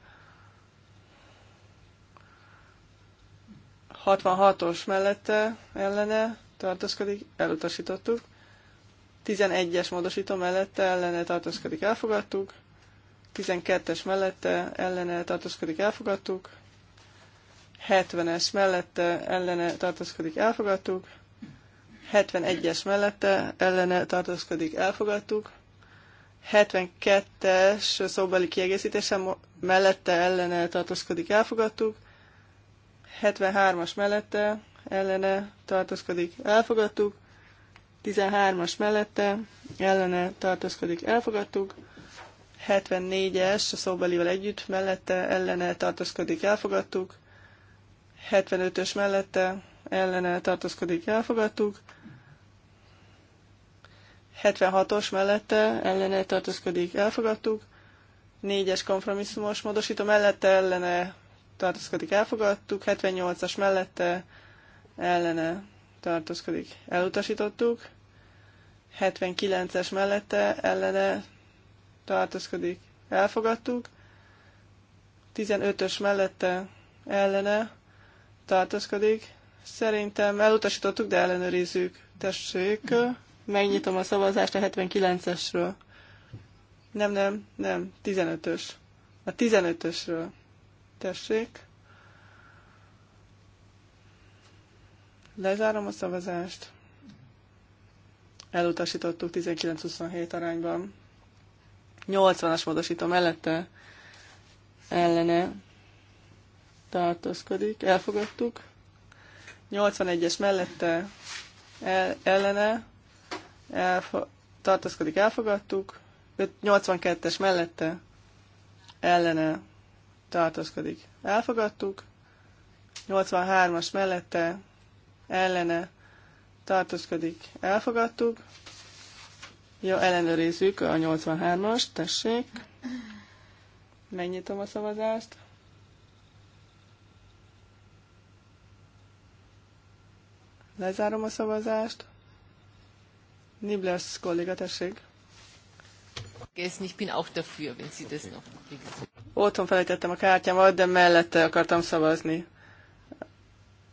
66-os mellette ellene tartozkodik, elutasítottuk. 11-es módosító mellette ellene tartózkodik, elfogadtuk. 12-es mellette ellene tartózkodik, elfogadtuk. 70-es mellette ellene tartózkodik, elfogadtuk. 71-es mellette ellene tartózkodik, elfogadtuk. 72-es szóbeli kiegészítése mellette ellene tartózkodik, elfogadtuk. 73-as mellette ellene tartózkodik, elfogadtuk. 13-as mellette ellene tartózkodik, elfogadtuk. 74-es a szóbelivel együtt mellette ellene tartózkodik, elfogadtuk. 75-ös mellette ellene tartózkodik, elfogadtuk. 76-os mellette ellene tartózkodik, elfogadtuk. 4-es kompromisszumos módosító mellette ellene tartózkodik, elfogadtuk. 78-as mellette ellene tartózkodik. Elutasítottuk. 79-es mellette ellene tartózkodik. Elfogadtuk. 15-ös mellette ellene tartózkodik. Szerintem elutasítottuk, de ellenőrizzük. Tessék, megnyitom a szavazást a 79-esről. Nem, nem, nem, 15-ös. A 15-ösről. Tessék. Lezárom a szavazást. Elutasítottuk 19-27 arányban. 80-as módosító mellette ellene tartózkodik. Elfogadtuk. 81-es mellette el, ellene elfo- tartózkodik. Elfogadtuk. 82-es mellette ellene tartózkodik. Elfogadtuk. 83-as mellette ellene tartózkodik, elfogadtuk. Jó, ellenőrizzük a 83 as tessék. Megnyitom a szavazást. Lezárom a szavazást. Nibbles kolléga, tessék. Ich bin auch dafür, wenn Sie das noch Otthon felejtettem a kártyámat, de mellette akartam szavazni.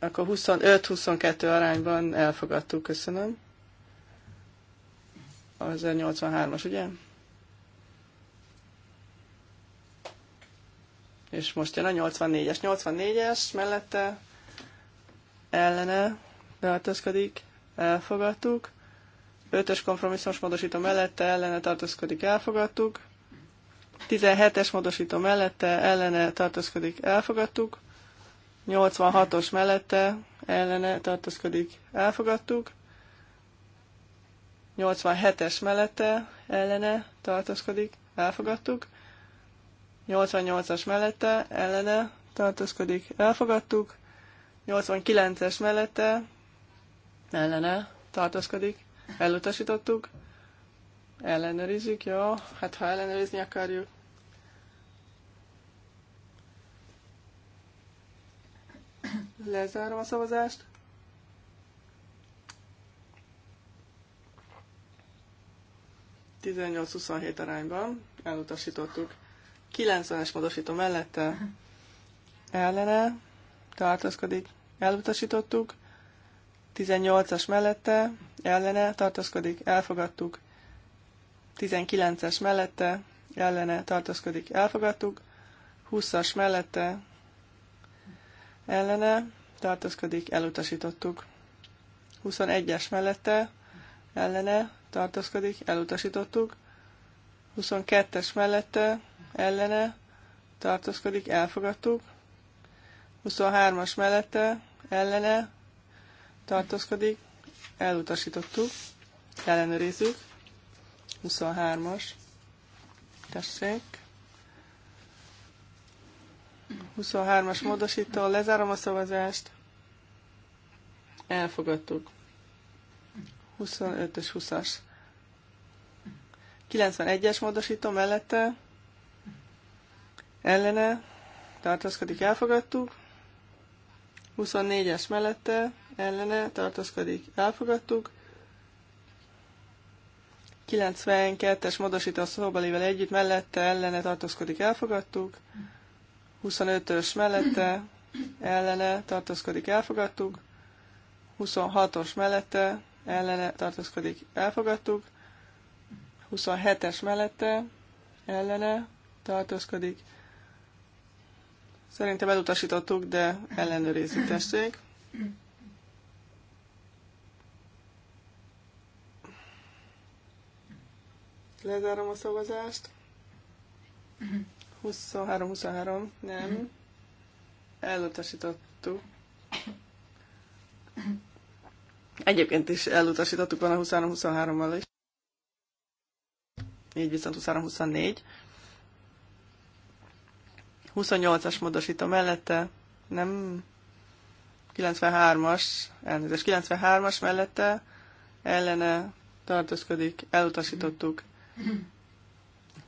Akkor 25-22 arányban elfogadtuk, köszönöm. A 83-as, ugye? És most jön a 84-es. 84-es mellette ellene tartozkodik, elfogadtuk. 5-ös kompromisszumos módosító mellette ellene tartozkodik, elfogadtuk. 17-es módosító mellette ellene tartozkodik, elfogadtuk. 86-os mellette ellene tartózkodik, elfogadtuk. 87-es mellette ellene tartózkodik, elfogadtuk. 88-as mellette ellene tartózkodik, elfogadtuk. 89-es mellette ellene tartózkodik, elutasítottuk. Ellenőrizzük, jó. Hát ha ellenőrizni akarjuk, Lezárom a szavazást. Tizennyolc 27 arányban elutasítottuk. 90-es módosító mellette ellene tartozkodik, elutasítottuk. 18-as mellette ellene tartozkodik, elfogadtuk. 19-es mellette ellene tartozkodik, elfogadtuk. 20-as mellette ellene tartózkodik, elutasítottuk. 21-es mellette ellene tartózkodik, elutasítottuk. 22-es mellette ellene tartózkodik, elfogadtuk. 23-as mellette ellene tartózkodik, elutasítottuk, ellenőrizzük. 23-as, tessék. 23-as módosító, lezárom a szavazást. Elfogadtuk. 25-ös, 20-as. 91-es módosító mellette ellene tartózkodik, elfogadtuk. 24-es mellette ellene tartózkodik, elfogadtuk. 92-es módosító szóbalével együtt mellette ellene tartózkodik, elfogadtuk. 25-ös mellette ellene tartózkodik, elfogadtuk. 26-os mellette ellene tartózkodik, elfogadtuk. 27-es mellette ellene tartózkodik. Szerintem elutasítottuk, de ellenőrizzük tessék. Lezárom a szavazást. 23-23, nem. Elutasítottuk. Egyébként is elutasítottuk van a 23-23-mal is. Így viszont 23-24. 28-as módosító mellette, nem 93-as, elnézést, 93-as mellette ellene tartózkodik, elutasítottuk.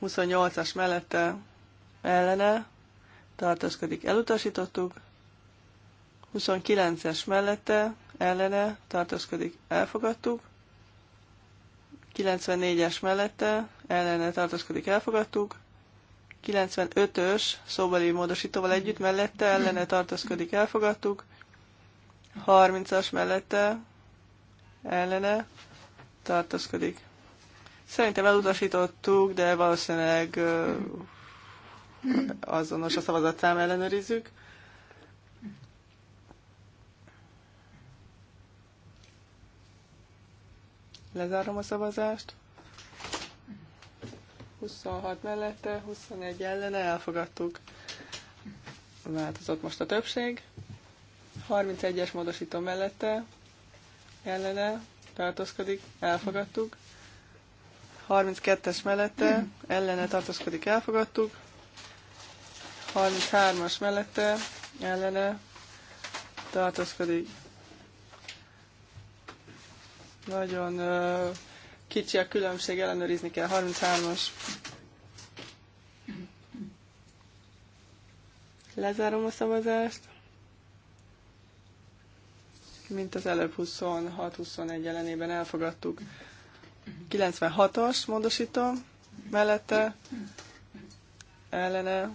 28-as mellette ellene tartózkodik, elutasítottuk. 29-es mellette ellene tartózkodik, elfogadtuk. 94-es mellette ellene tartózkodik, elfogadtuk. 95-ös szóbeli módosítóval együtt mellette ellene tartózkodik, elfogadtuk. 30-as mellette ellene tartózkodik. Szerintem elutasítottuk, de valószínűleg azonos a szavazatszám ellenőrizzük. Lezárom a szavazást. 26 mellette, 21 ellene elfogadtuk. Változott most a többség. 31-es módosító mellette, ellene tartózkodik, elfogadtuk. 32-es mellette, ellene tartózkodik, elfogadtuk. 33-as mellette ellene tartózkodik. Nagyon uh, kicsi a különbség, ellenőrizni kell. 33-as. Lezárom a szavazást. Mint az előbb 26-21 ellenében elfogadtuk. 96 as módosítom mellette ellene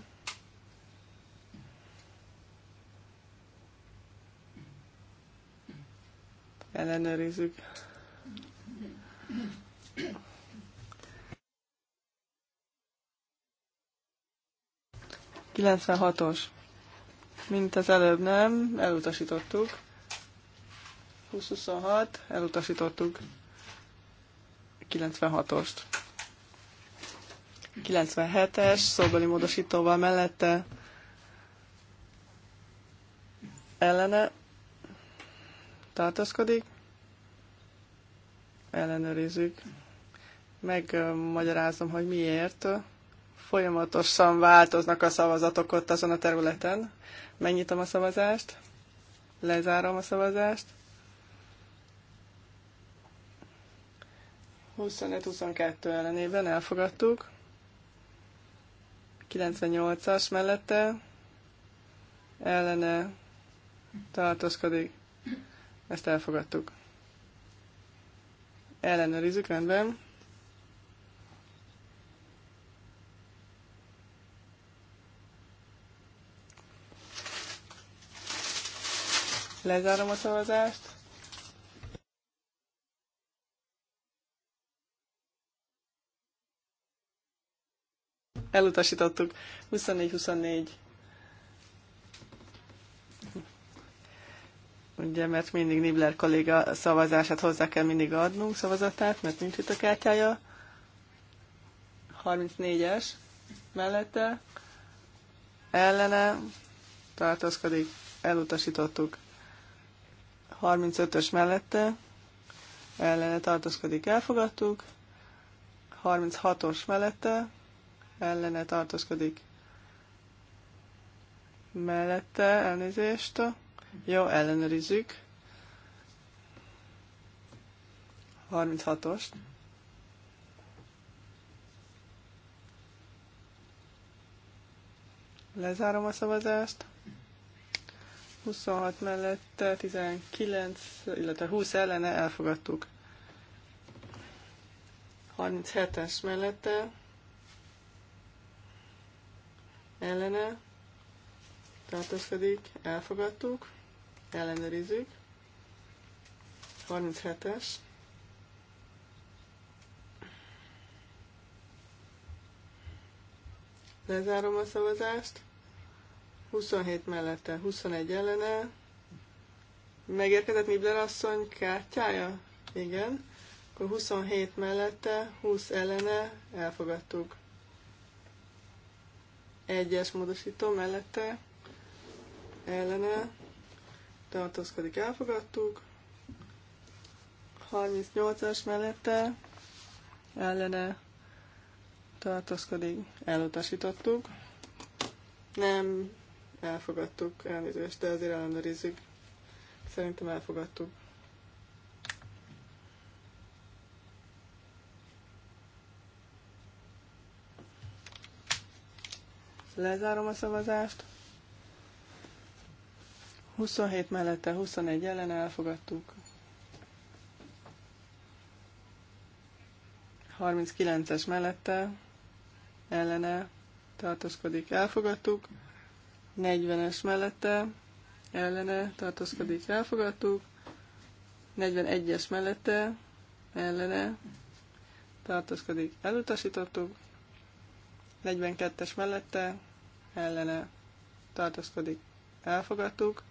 ellenőrizzük. Kilencvenhatos. Mint az előbb nem, elutasítottuk. 2026, elutasítottuk 96-ost. 97-es, szóbeli módosítóval mellette ellene tartózkodik, ellenőrizzük. Megmagyarázom, hogy miért. Folyamatosan változnak a szavazatok ott azon a területen. Megnyitom a szavazást, lezárom a szavazást. 25-22 ellenében elfogadtuk. 98-as mellette ellene tartózkodik. Ezt elfogadtuk. Ellenőrizzük, rendben. Lezárom a szavazást. Elutasítottuk. 24-24. ugye, mert mindig Nibler kolléga szavazását hozzá kell mindig adnunk, szavazatát, mert nincs itt a kártyája. 34-es mellette ellene tartózkodik, elutasítottuk. 35-ös mellette ellene tartózkodik, elfogadtuk. 36-os mellette ellene tartózkodik, mellette elnézést jó, ellenőrizzük. 36-ost. Lezárom a szavazást. 26 mellette, 19, illetve 20 ellene elfogadtuk. 37-es mellette, ellene, tartózkodik, elfogadtuk ellenőrizzük. 37-es. Lezárom a szavazást. 27 mellette, 21 ellene. Megérkezett Nibler asszony kártyája? Igen. Akkor 27 mellette, 20 ellene, elfogadtuk. Egyes módosító mellette, ellene, tartózkodik, elfogadtuk. 38-as mellette ellene tartózkodik, elutasítottuk. Nem, elfogadtuk, elnézést, de azért ellenőrizzük. Szerintem elfogadtuk. Lezárom a szavazást. 27 mellette, 21 ellen elfogadtuk. 39-es mellette, ellene tartózkodik, elfogadtuk. 40-es mellette, ellene tartózkodik, elfogadtuk. 41-es mellette, ellene tartózkodik, elutasítottuk. 42-es mellette, ellene tartózkodik, elfogadtuk.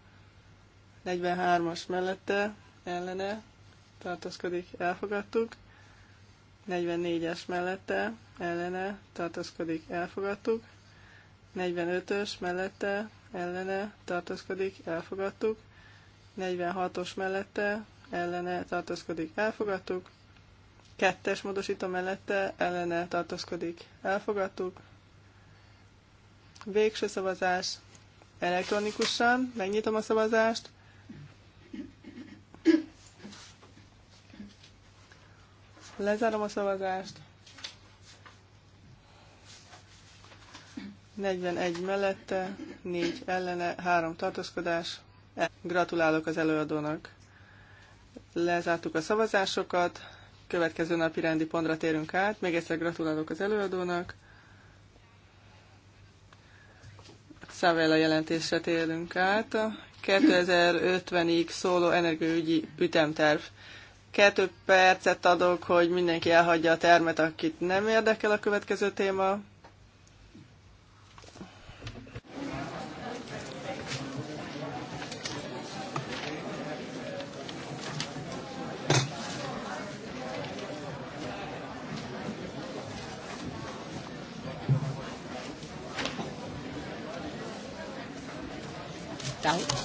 43-as mellette ellene tartózkodik, elfogadtuk. 44-es mellette ellene tartózkodik, elfogadtuk. 45-ös mellette ellene tartózkodik, elfogadtuk. 46-os mellette ellene tartózkodik, elfogadtuk. 2-es módosító mellette ellene tartózkodik, elfogadtuk. Végső szavazás elektronikusan, megnyitom a szavazást. Lezárom a szavazást. 41 mellette, 4 ellene, 3 tartózkodás. E, gratulálok az előadónak. Lezártuk a szavazásokat, következő napi rendi pontra térünk át. Még egyszer gratulálok az előadónak. Szávella jelentésre térünk át. 2050-ig szóló energiaügyi ütemterv. Kettő percet adok, hogy mindenki elhagyja a termet, akit nem érdekel a következő téma. out.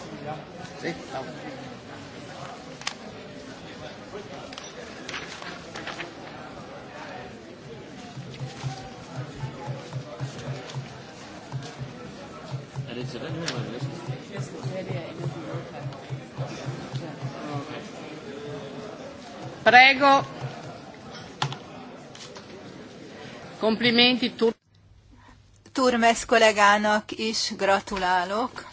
Prego. Komplimenti Tur- Turmes kollégának is gratulálok.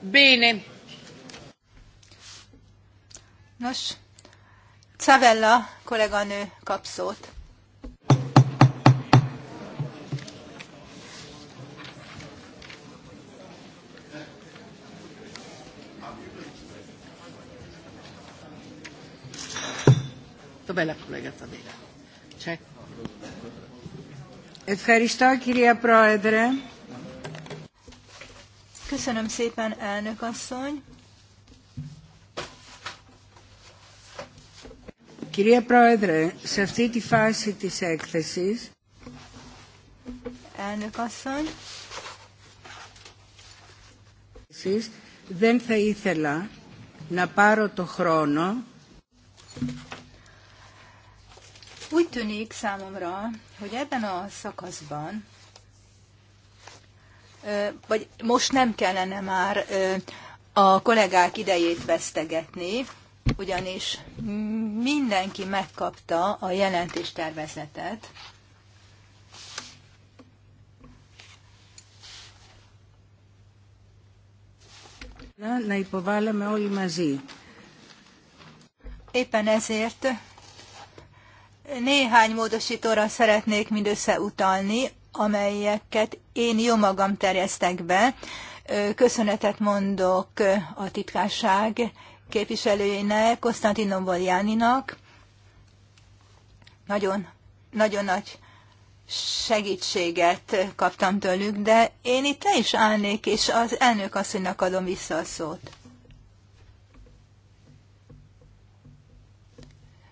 Bene. Nos, Cavella kolléganő kap szót. Tobela kollega Tobela. Köszönöm szépen, elnök asszony. Κυρία Πρόεδρε, σε αυτή τη φάση της έκθεσης... Elnök asszony. Δεν θα ήθελα να πάρω το χρόνο úgy tűnik számomra, hogy ebben a szakaszban, vagy most nem kellene már a kollégák idejét vesztegetni, ugyanis mindenki megkapta a jelentéstervezetet. Na, na, Éppen ezért néhány módosítóra szeretnék mindössze utalni, amelyeket én jó magam terjesztek be. Köszönetet mondok a titkárság képviselőjének, Konstantinom Voljáninak. Nagyon, nagyon nagy segítséget kaptam tőlük, de én itt le is állnék, és az elnök asszonynak adom vissza a szót.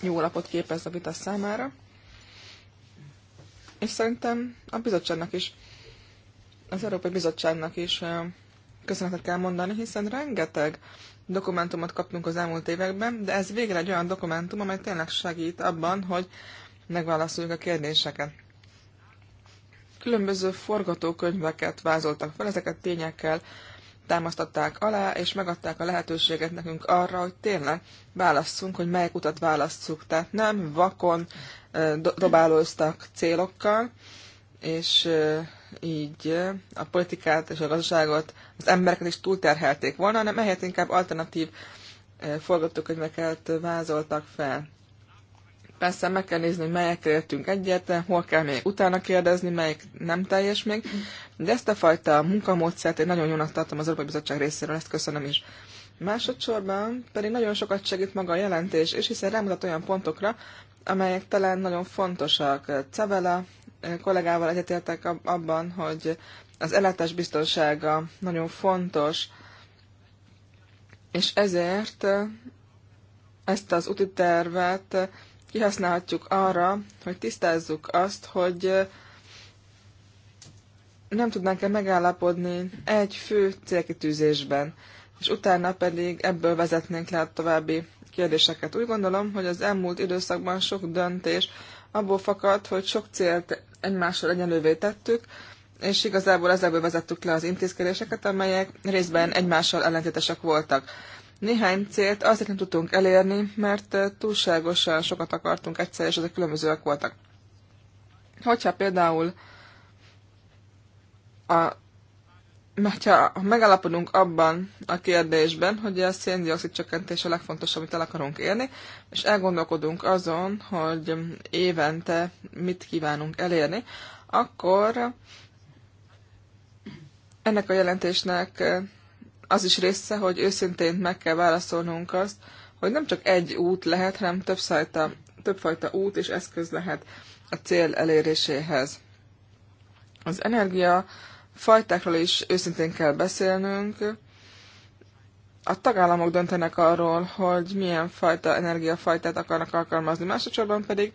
jó lapot képez a vita számára. És szerintem a bizottságnak is, az Európai Bizottságnak is köszönetet kell mondani, hiszen rengeteg dokumentumot kaptunk az elmúlt években, de ez végre egy olyan dokumentum, amely tényleg segít abban, hogy megválaszoljuk a kérdéseket. Különböző forgatókönyveket vázoltak fel, ezeket tényekkel támasztották alá, és megadták a lehetőséget nekünk arra, hogy tényleg válasszunk, hogy melyik utat válasszuk. Tehát nem vakon dobálóztak célokkal, és így a politikát és a gazdaságot, az embereket is túlterhelték volna, hanem ehelyett inkább alternatív forgatókönyveket vázoltak fel. Persze meg kell nézni, hogy melyekre értünk egyet, hol kell még utána kérdezni, melyik nem teljes még, de ezt a fajta munkamódszert én nagyon jónak tartom az Európai Bizottság részéről, ezt köszönöm is. Másodszorban pedig nagyon sokat segít maga a jelentés, és hiszen rámutat olyan pontokra, amelyek talán nagyon fontosak. Cevela eh, kollégával egyetértek abban, hogy az ellátás biztonsága nagyon fontos, és ezért eh, ezt az úti tervet kihasználhatjuk arra, hogy tisztázzuk azt, hogy nem tudnánk-e megállapodni egy fő célkitűzésben, és utána pedig ebből vezetnénk le a további kérdéseket. Úgy gondolom, hogy az elmúlt időszakban sok döntés abból fakadt, hogy sok célt egymással egyenlővé tettük, és igazából ezzel vezettük le az intézkedéseket, amelyek részben egymással ellentétesek voltak. Néhány célt azért nem tudtunk elérni, mert eh, túlságosan sokat akartunk egyszer, és ezek különbözőek voltak. Hogyha például a, hogyha megállapodunk abban a kérdésben, hogy a széndiokszid csökkentés a legfontosabb, amit el akarunk élni, és elgondolkodunk azon, hogy évente mit kívánunk elérni, akkor ennek a jelentésnek eh, az is része, hogy őszintén meg kell válaszolnunk azt, hogy nem csak egy út lehet, hanem többfajta, többfajta út és eszköz lehet a cél eléréséhez. Az energia fajtákról is őszintén kell beszélnünk. A tagállamok döntenek arról, hogy milyen fajta energiafajtát akarnak alkalmazni. Másodszorban pedig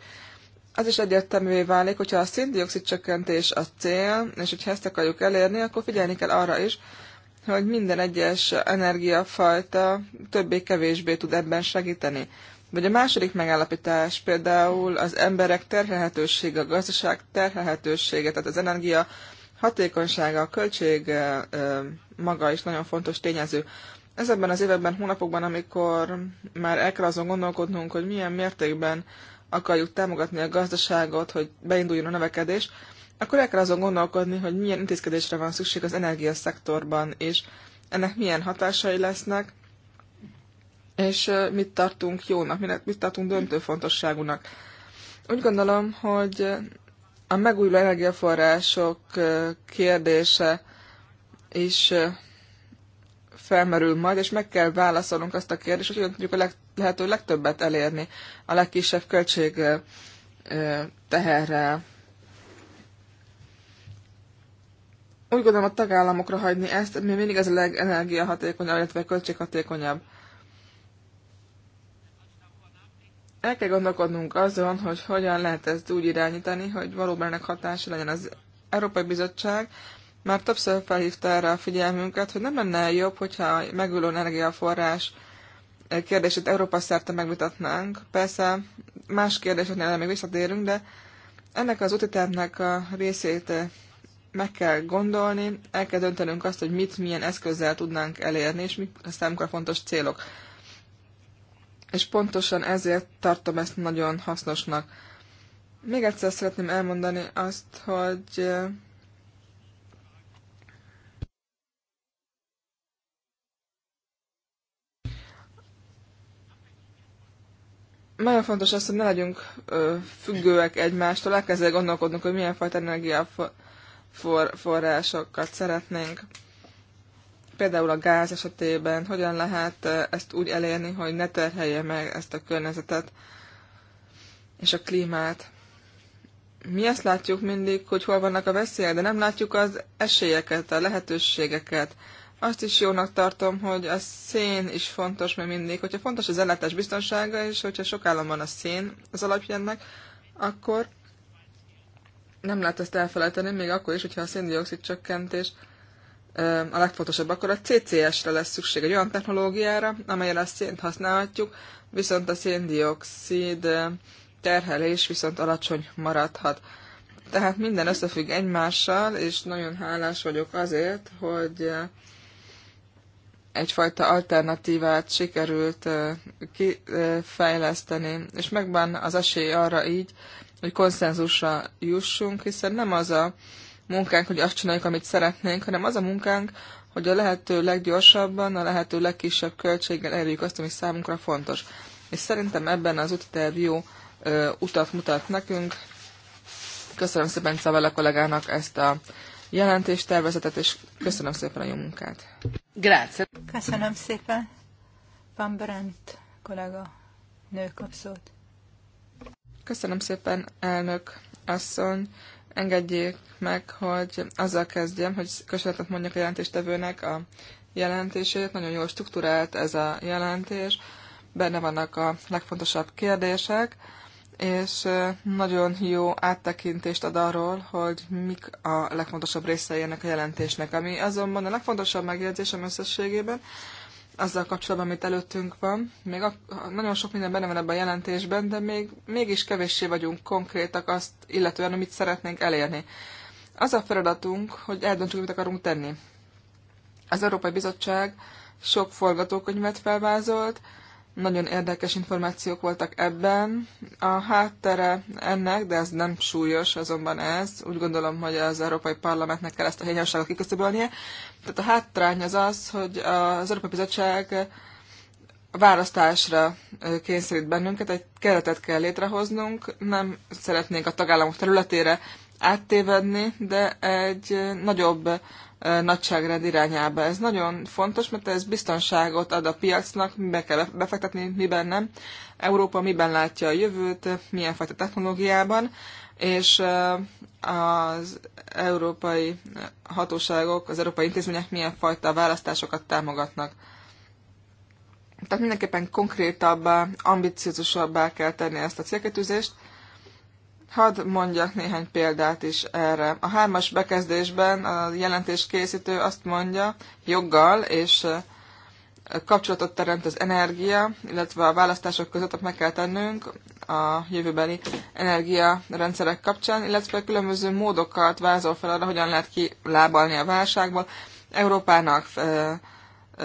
az is egyértelművé válik, hogyha a szindioxid csökkentés a cél, és hogyha ezt akarjuk elérni, akkor figyelni kell arra is, hogy minden egyes energiafajta többé-kevésbé tud ebben segíteni. Vagy a második megállapítás például az emberek terhelhetősége, a gazdaság terhelhetősége, tehát az energia hatékonysága, a költség maga is nagyon fontos tényező. Ezekben az években, hónapokban, amikor már el kell azon gondolkodnunk, hogy milyen mértékben akarjuk támogatni a gazdaságot, hogy beinduljon a növekedés, akkor el kell azon gondolkodni, hogy milyen intézkedésre van szükség az energiaszektorban, és ennek milyen hatásai lesznek, és mit tartunk jónak, mit tartunk döntő fontosságúnak. Úgy gondolom, hogy a megújuló energiaforrások kérdése is felmerül majd, és meg kell válaszolnunk azt a kérdést, hogy tudjuk a leg, lehető legtöbbet elérni a legkisebb költség teherrel. úgy gondolom a tagállamokra hagyni ezt, mi mindig ez a legenergiahatékonyabb, illetve költséghatékonyabb. El kell gondolkodnunk azon, hogy hogyan lehet ezt úgy irányítani, hogy valóban ennek hatása legyen az Európai Bizottság. Már többször felhívta erre a figyelmünket, hogy nem lenne jobb, hogyha a megülő energiaforrás kérdését Európa szerte megvitatnánk. Persze más kérdéseknél még visszatérünk, de ennek az útitervnek a részét meg kell gondolni, el kell döntenünk azt, hogy mit, milyen eszközzel tudnánk elérni, és mik a számunkra fontos célok. És pontosan ezért tartom ezt nagyon hasznosnak. Még egyszer szeretném elmondani azt, hogy eh, nagyon fontos az, hogy ne legyünk ö, függőek egymástól, elkezdve gondolkodnunk, hogy milyen fajta energia for, forrásokat szeretnénk. Például a gáz esetében hogyan lehet eh, ezt úgy elérni, hogy ne terhelje meg ezt a környezetet és a klímát. Mi azt látjuk mindig, hogy hol vannak a veszélyek, de nem látjuk az esélyeket, a lehetőségeket. Azt is jónak tartom, hogy a szén is fontos, mert mindig, hogyha fontos az ellátás biztonsága, és hogyha sok állam van a szén az alapjának, akkor nem lehet ezt elfelejteni, még akkor is, hogyha a széndiokszid csökkentés a legfontosabb, akkor a CCS-re lesz szükség, egy olyan technológiára, amelyel a szént használhatjuk, viszont a széndiokszid terhelés viszont alacsony maradhat. Tehát minden összefügg egymással, és nagyon hálás vagyok azért, hogy egyfajta alternatívát sikerült kifejleszteni, és megvan az esély arra így, hogy konszenzusra jussunk, hiszen nem az a munkánk, hogy azt csináljuk, amit szeretnénk, hanem az a munkánk, hogy a lehető leggyorsabban, a lehető legkisebb költséggel elérjük azt, ami számunkra fontos. És szerintem ebben az útiterv jó ö, utat mutat nekünk. Köszönöm szépen Cavella kollégának ezt a jelentéstervezetet, és köszönöm szépen a jó munkát. Grazie. Köszönöm szépen. Van Brent kollega nő kap Köszönöm szépen, elnök asszony. Engedjék meg, hogy azzal kezdjem, hogy köszönetet mondjak a jelentéstevőnek a jelentését. Nagyon jól struktúrált ez a jelentés. Benne vannak a legfontosabb kérdések, és nagyon jó áttekintést ad arról, hogy mik a legfontosabb részei ennek a jelentésnek. Ami azonban a legfontosabb megjegyzésem összességében, azzal kapcsolatban, amit előttünk van. Még a, nagyon sok minden benne van ebben a jelentésben, de még, mégis kevéssé vagyunk konkrétak azt illetően, amit szeretnénk elérni. Az a feladatunk, hogy eldöntsük, mit akarunk tenni. Az Európai Bizottság sok forgatókönyvet felvázolt, nagyon érdekes információk voltak ebben. A háttere ennek, de ez nem súlyos, azonban ez. Úgy gondolom, hogy az Európai Parlamentnek kell ezt a hiányosságot kiköszöbölnie. Tehát a hátrány az az, hogy az Európai Bizottság választásra kényszerít bennünket, egy keretet kell létrehoznunk, nem szeretnénk a tagállamok területére áttévedni, de egy nagyobb nagyságrend irányába. Ez nagyon fontos, mert ez biztonságot ad a piacnak, mibe kell befektetni, miben nem. Európa miben látja a jövőt, milyen fajta technológiában, és az európai hatóságok, az európai intézmények milyen fajta választásokat támogatnak. Tehát mindenképpen konkrétabbá, ambiciózusabbá kell tenni ezt a célkitűzést, Hadd mondjak néhány példát is erre. A hármas bekezdésben a jelentés készítő azt mondja, joggal, és kapcsolatot teremt az energia, illetve a választások között, meg kell tennünk a jövőbeli energiarendszerek kapcsán, illetve különböző módokat vázol fel arra, hogyan lehet kilábalni a válságból. Európának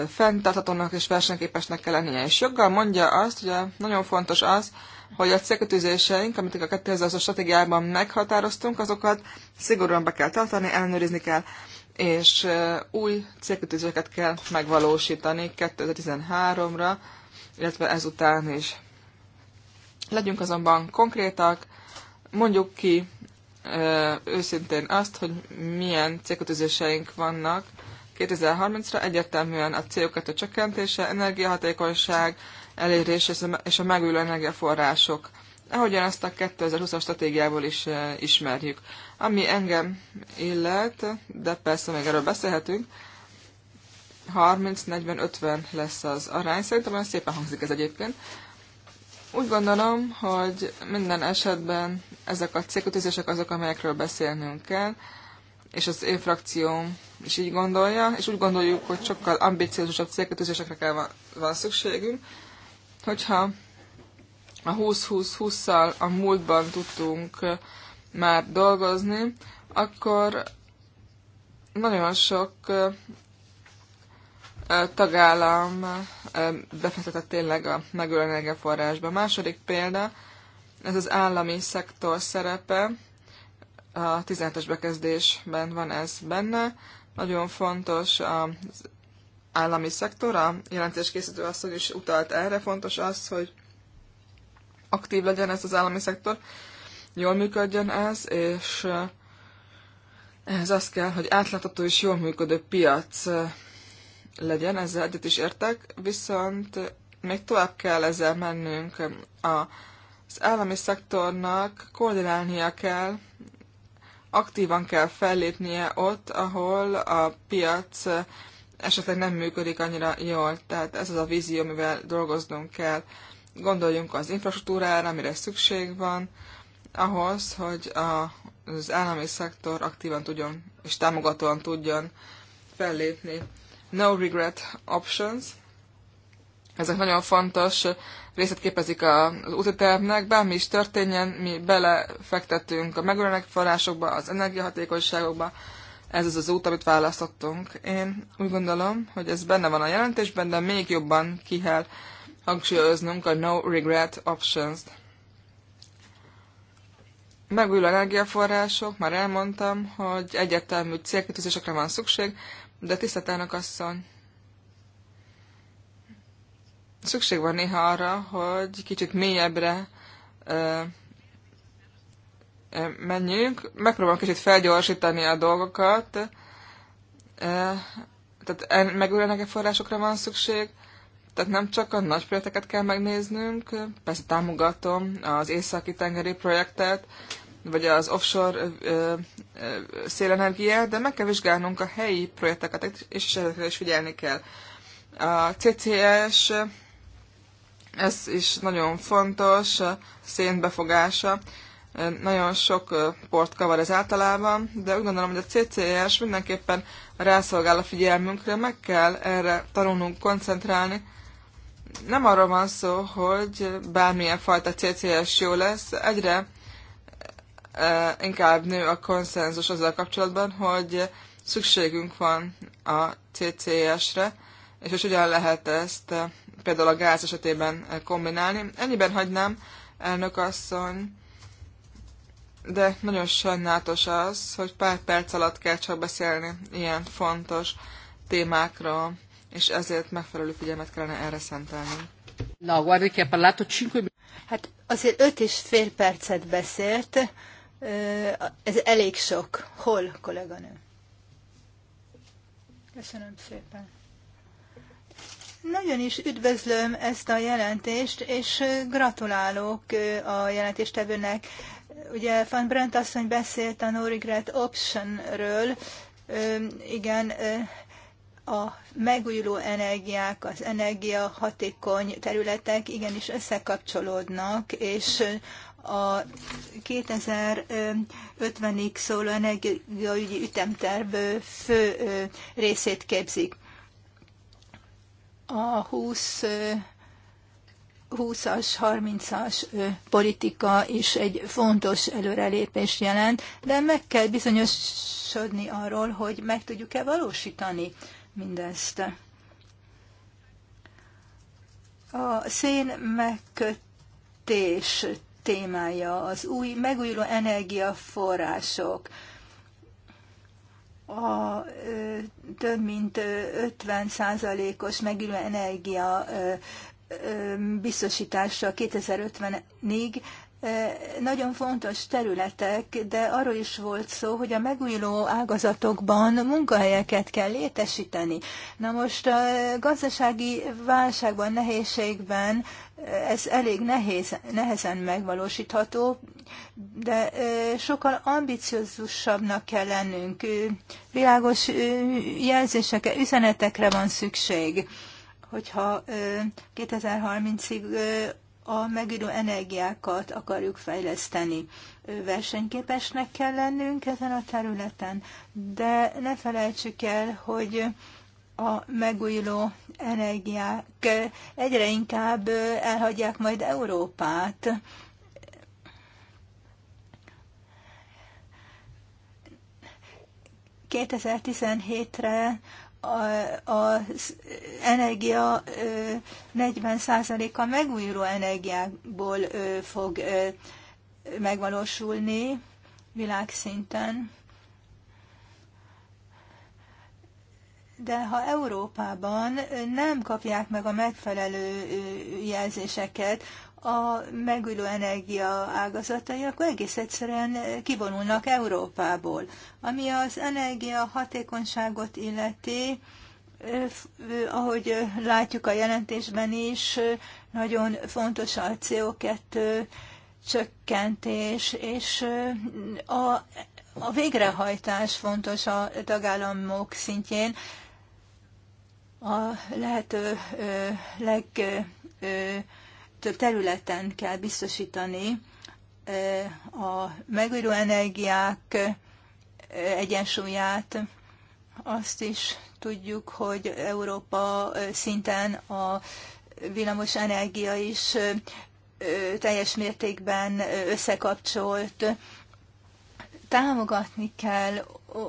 fenntarthatónak és versenyképesnek kell lennie. És joggal mondja azt, hogy nagyon fontos az, hogy a célkötőzéseink, amit a 2000-as stratégiában meghatároztunk, azokat szigorúan be kell tartani, ellenőrizni kell, és új célkötőzéseket kell megvalósítani 2013-ra, illetve ezután is. Legyünk azonban konkrétak, mondjuk ki őszintén azt, hogy milyen célkötőzéseink vannak 2030-ra, egyértelműen a CO2 csökkentése, energiahatékonyság, elérés és a megújuló energiaforrások, ahogyan azt a 2020-as stratégiából is eh, ismerjük. Ami engem illet, de persze még erről beszélhetünk, 30-40-50 lesz az arány. Szerintem olyan szépen hangzik ez egyébként. Úgy gondolom, hogy minden esetben ezek a célkötőzések azok, amelyekről beszélnünk kell, és az én frakcióm is így gondolja, és úgy gondoljuk, hogy sokkal ambiciózusabb célkötőzésekre kell van, van szükségünk, Hogyha a 20-20-20-szal a múltban tudtunk már dolgozni, akkor nagyon sok tagállam befektetett tényleg a megújuló energiaforrásba. Második példa, ez az állami szektor szerepe, a 17-es bekezdésben van ez benne. Nagyon fontos az állami szektora. Jelentéskészítő asszony is utalt erre. Fontos az, hogy aktív legyen ez az állami szektor, jól működjön ez, és eh, ehhez az kell, hogy átlátható és jól működő piac eh, legyen, ezzel egyet is értek, viszont eh, még tovább kell ezzel mennünk. A, az állami szektornak koordinálnia kell, aktívan kell fellépnie ott, ahol a piac esetleg nem működik annyira jól. Tehát ez az a vízió, amivel dolgoznunk kell. Gondoljunk az infrastruktúrára, amire szükség van, ahhoz, hogy a, az állami szektor aktívan tudjon és támogatóan tudjon fellépni. No regret options. Ezek nagyon fontos részét képezik az úti tervnek. Bármi is történjen, mi belefektetünk a megújuló forrásokba, az energiahatékonyságokba, ez az az út, amit választottunk. Én úgy gondolom, hogy ez benne van a jelentésben, de még jobban ki kell hangsúlyoznunk a no regret options-t. Megújuló energiaforrások, már elmondtam, hogy egyértelmű célkitűzésekre van szükség, de tisztelt elnök asszony, szükség van néha arra, hogy kicsit mélyebbre menjünk. Megpróbálom kicsit felgyorsítani a dolgokat. Tehát megújuló forrásokra van szükség. Tehát nem csak a nagy projekteket kell megnéznünk, persze támogatom az északi tengeri projektet, vagy az offshore ö, ö, szélenergiát, de meg kell vizsgálnunk a helyi projekteket, és ezekre is figyelni kell. A CCS, ez is nagyon fontos, a szén befogása nagyon sok port kavar ez általában, de úgy gondolom, hogy a CCS mindenképpen rászolgál a figyelmünkre, meg kell erre tanulnunk koncentrálni. Nem arról van szó, hogy bármilyen fajta CCS jó lesz, egyre inkább nő a konszenzus azzal kapcsolatban, hogy szükségünk van a CCS-re, és hogy hogyan lehet ezt például a gáz esetében kombinálni. Ennyiben hagynám, elnök asszony, de nagyon sajnálatos az, hogy pár perc alatt kell csak beszélni ilyen fontos témákra, és ezért megfelelő figyelmet kellene erre szentelni. Na, guardi che ha parlato 5 Hát azért öt és fél percet beszélt, ez elég sok. Hol, kolléganő? Köszönöm szépen. Nagyon is üdvözlöm ezt a jelentést, és gratulálok a jelentéstevőnek. Ugye Van Brent asszony beszélt a no regret optionről, igen, a megújuló energiák, az energia hatékony területek igenis összekapcsolódnak, és a 2050-ig szóló energiaügyi ütemterv fő részét képzik. A 20 20-as, 30-as politika is egy fontos előrelépés jelent, de meg kell bizonyosodni arról, hogy meg tudjuk-e valósítani mindezt. A szén megkötés témája az új megújuló energiaforrások a ö, több mint 50 százalékos megülő energia ö, biztosítása 2050-ig nagyon fontos területek, de arról is volt szó, hogy a megújuló ágazatokban munkahelyeket kell létesíteni. Na most a gazdasági válságban, nehézségben ez elég nehéz, nehezen megvalósítható, de sokkal ambiciózusabbnak kell lennünk. Világos jelzésekre, üzenetekre van szükség hogyha 2030-ig a megújuló energiákat akarjuk fejleszteni. Versenyképesnek kell lennünk ezen a területen, de ne felejtsük el, hogy a megújuló energiák egyre inkább elhagyják majd Európát. ...2017-re az energia 40%-a megújuló energiából fog megvalósulni világszinten. De ha Európában nem kapják meg a megfelelő jelzéseket a megülő energia ágazatai, akkor egész egyszerűen kivonulnak Európából. Ami az energia hatékonyságot illeti, ahogy látjuk a jelentésben is, nagyon fontos a CO2 csökkentés, és a, a végrehajtás fontos a tagállamok szintjén. A lehető leg több területen kell biztosítani a megújuló energiák egyensúlyát. Azt is tudjuk, hogy Európa szinten a villamos energia is teljes mértékben összekapcsolt. Támogatni kell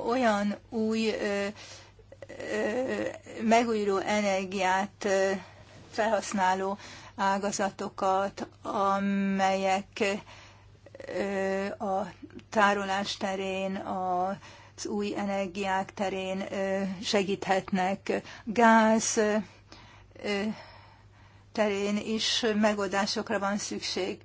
olyan új megújuló energiát felhasználó ágazatokat, amelyek a tárolás terén, az új energiák terén segíthetnek. Gáz terén is megoldásokra van szükség.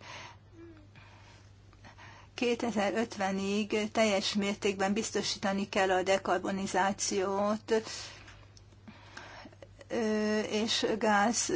2050-ig teljes mértékben biztosítani kell a dekarbonizációt, és gáz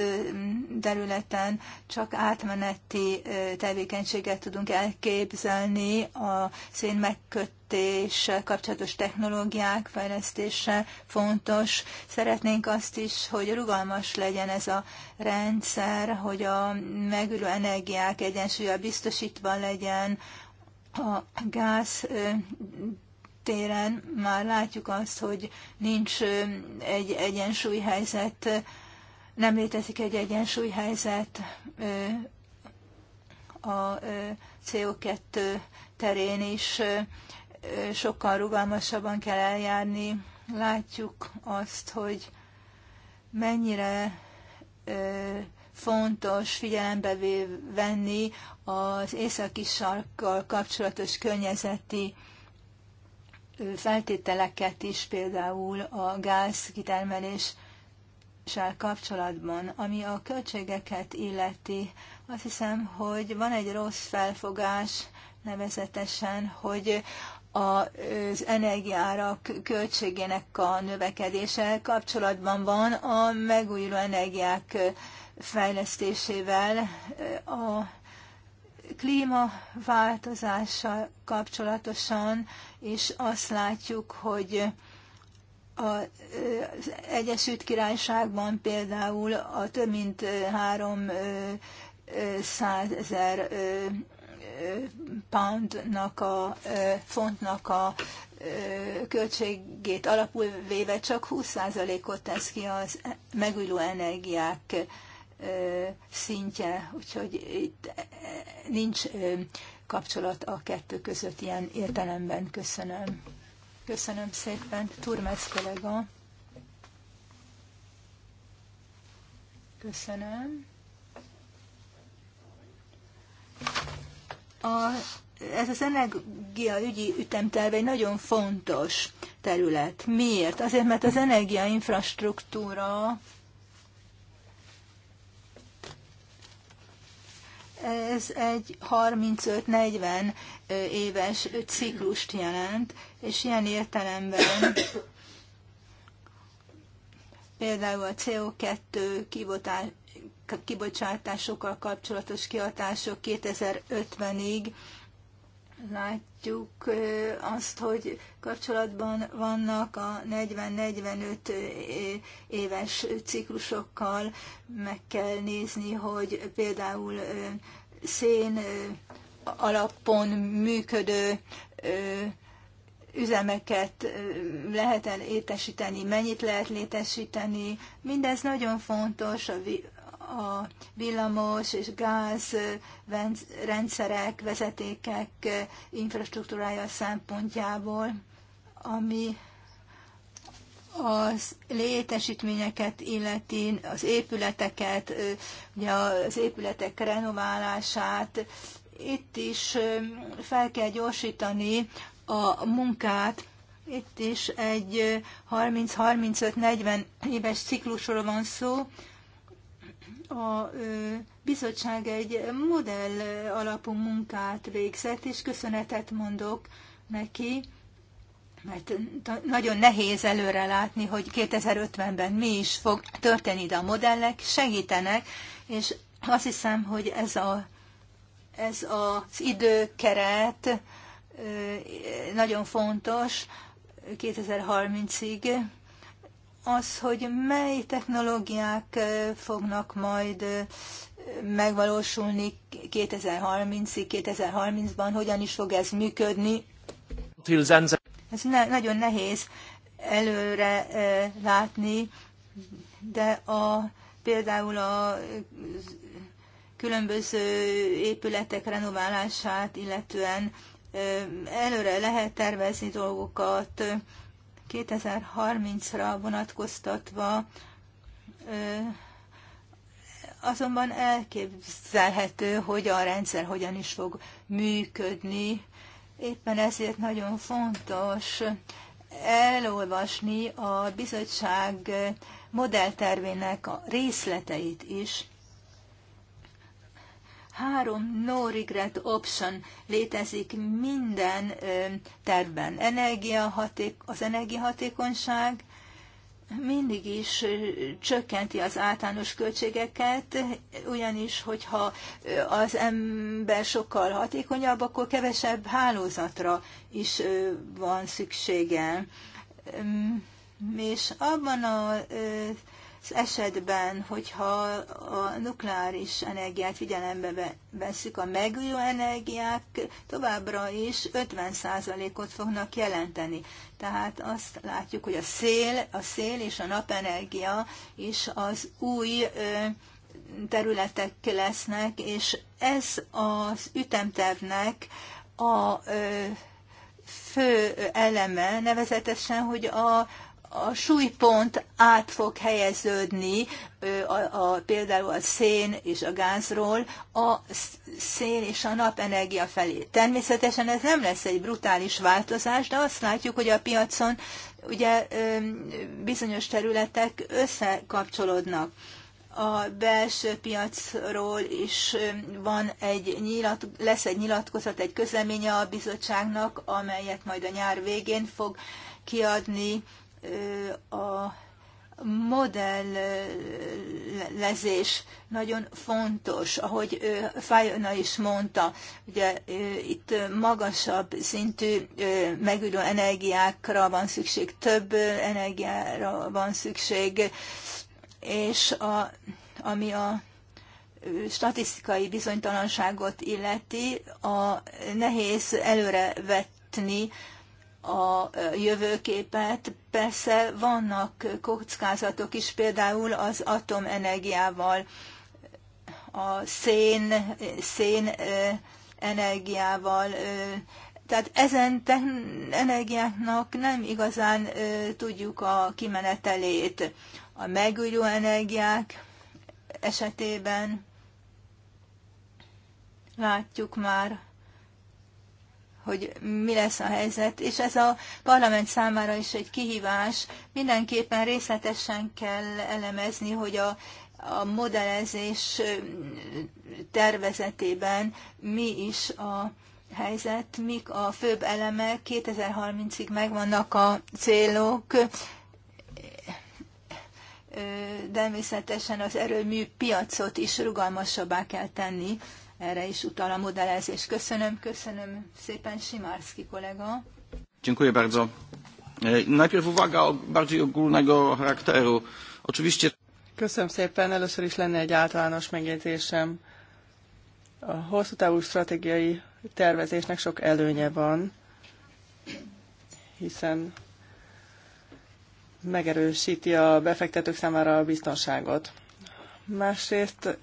területen csak átmeneti tevékenységet tudunk elképzelni a szén megkötés kapcsolatos technológiák fejlesztése fontos. Szeretnénk azt is, hogy rugalmas legyen ez a rendszer, hogy a megülő energiák egyensúlya biztosítva legyen, a gáz téren már látjuk azt, hogy nincs egy egyensúlyhelyzet, nem létezik egy egyensúlyhelyzet a CO2 terén is, sokkal rugalmasabban kell eljárni. Látjuk azt, hogy mennyire fontos figyelembe venni az északi sarkkal kapcsolatos környezeti feltételeket is, például a gáz kitermelés kapcsolatban. Ami a költségeket illeti, azt hiszem, hogy van egy rossz felfogás, nevezetesen, hogy az energiárak költségének a növekedése kapcsolatban van a megújuló energiák fejlesztésével. A klímaváltozással kapcsolatosan, és azt látjuk, hogy az Egyesült Királyságban például a több mint három százezer poundnak a fontnak a költségét alapul véve csak 20%-ot tesz ki az megújuló energiák szintje, úgyhogy itt nincs kapcsolat a kettő között ilyen értelemben. Köszönöm. Köszönöm szépen. Turmes kollega. Köszönöm. A, ez az energiaügyi ütemterv egy nagyon fontos terület. Miért? Azért, mert az energiainfrastruktúra ez egy 35-40 éves ciklust jelent, és ilyen értelemben például a CO2 kibocsátásokkal kapcsolatos kihatások 2050-ig lát, látjuk azt, hogy kapcsolatban vannak a 40-45 éves ciklusokkal. Meg kell nézni, hogy például szén alapon működő üzemeket lehet e létesíteni, mennyit lehet létesíteni. Mindez nagyon fontos a villamos és gáz rendszerek, vezetékek infrastruktúrája szempontjából, ami az létesítményeket illeti, az épületeket, ugye az épületek renoválását, itt is fel kell gyorsítani a munkát, itt is egy 30-35-40 éves ciklusról van szó, a bizottság egy modell alapú munkát végzett, és köszönetet mondok neki, mert nagyon nehéz előre látni, hogy 2050-ben mi is fog történni, de a modellek segítenek, és azt hiszem, hogy ez, a, ez az időkeret nagyon fontos 2030-ig, az, hogy mely technológiák fognak majd megvalósulni 2030-ig, 2030-ban, hogyan is fog ez működni. Ez ne, nagyon nehéz előre látni, de a, például a különböző épületek renoválását, illetően előre lehet tervezni dolgokat, 2030-ra vonatkoztatva azonban elképzelhető, hogy a rendszer hogyan is fog működni. Éppen ezért nagyon fontos elolvasni a bizottság modelltervének a részleteit is, három no regret option létezik minden tervben. haték, az energiahatékonyság mindig is csökkenti az általános költségeket, ugyanis, hogyha az ember sokkal hatékonyabb, akkor kevesebb hálózatra is van szüksége. És abban a esetben, hogyha a nukleáris energiát figyelembe veszük, a megújuló energiák továbbra is 50%-ot fognak jelenteni. Tehát azt látjuk, hogy a szél, a szél és a napenergia is az új területek lesznek, és ez az ütemtervnek a fő eleme, nevezetesen, hogy a a súlypont át fog helyeződni a, a, például a szén és a gázról a szén és a napenergia felé. Természetesen ez nem lesz egy brutális változás, de azt látjuk, hogy a piacon ugye bizonyos területek összekapcsolódnak. A belső piacról is van egy nyilat, lesz egy nyilatkozat, egy közleménye a bizottságnak, amelyet majd a nyár végén fog kiadni a modellezés nagyon fontos, ahogy Fajona is mondta, ugye itt magasabb szintű megújuló energiákra van szükség, több energiára van szükség, és a, ami a statisztikai bizonytalanságot illeti, a nehéz előrevetni a jövőképet. Persze vannak kockázatok is, például az atomenergiával, a szén, szén energiával. Tehát ezen energiáknak nem igazán tudjuk a kimenetelét. A megújuló energiák esetében látjuk már hogy mi lesz a helyzet, és ez a parlament számára is egy kihívás. Mindenképpen részletesen kell elemezni, hogy a, a modellezés tervezetében mi is a helyzet, mik a főbb elemek, 2030-ig megvannak a célok, természetesen az erőmű piacot is rugalmasabbá kell tenni erre is utal a modellezés. Köszönöm, köszönöm szépen, Simarski kollega. Dziękuję bardzo. E, najpierw uwaga bardziej ogólnego charakteru. Oczywiście... Köszönöm szépen. Először is lenne egy általános megjegyzésem. A hosszú távú stratégiai tervezésnek sok előnye van, hiszen megerősíti a befektetők számára a biztonságot. Másrészt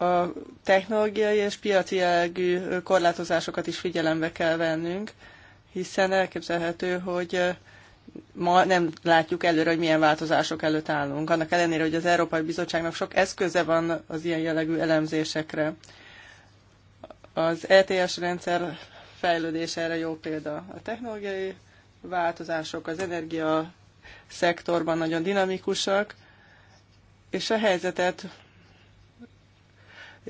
a technológiai és piaci jellegű korlátozásokat is figyelembe kell vennünk, hiszen elképzelhető, hogy ma nem látjuk előre, hogy milyen változások előtt állunk. Annak ellenére, hogy az Európai Bizottságnak sok eszköze van az ilyen jellegű elemzésekre. Az ETS rendszer fejlődése erre jó példa. A technológiai változások az energia szektorban nagyon dinamikusak, és a helyzetet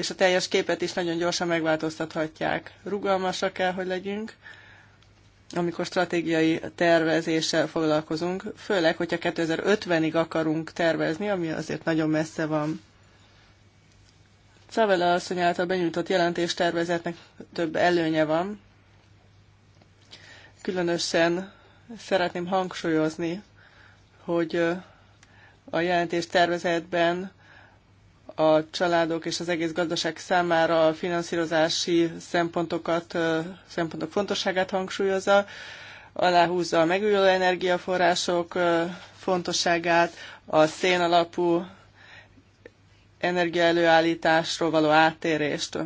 és a teljes képet is nagyon gyorsan megváltoztathatják. Rugalmasak kell, hogy legyünk, amikor stratégiai tervezéssel foglalkozunk, főleg, hogyha 2050-ig akarunk tervezni, ami azért nagyon messze van. Cavella asszony által benyújtott jelentéstervezetnek több előnye van. Különösen szeretném hangsúlyozni, hogy a jelentéstervezetben a családok és az egész gazdaság számára a finanszírozási szempontokat, szempontok fontosságát hangsúlyozza, aláhúzza a megújuló energiaforrások fontosságát, a szén alapú energiaelőállításról való áttérést.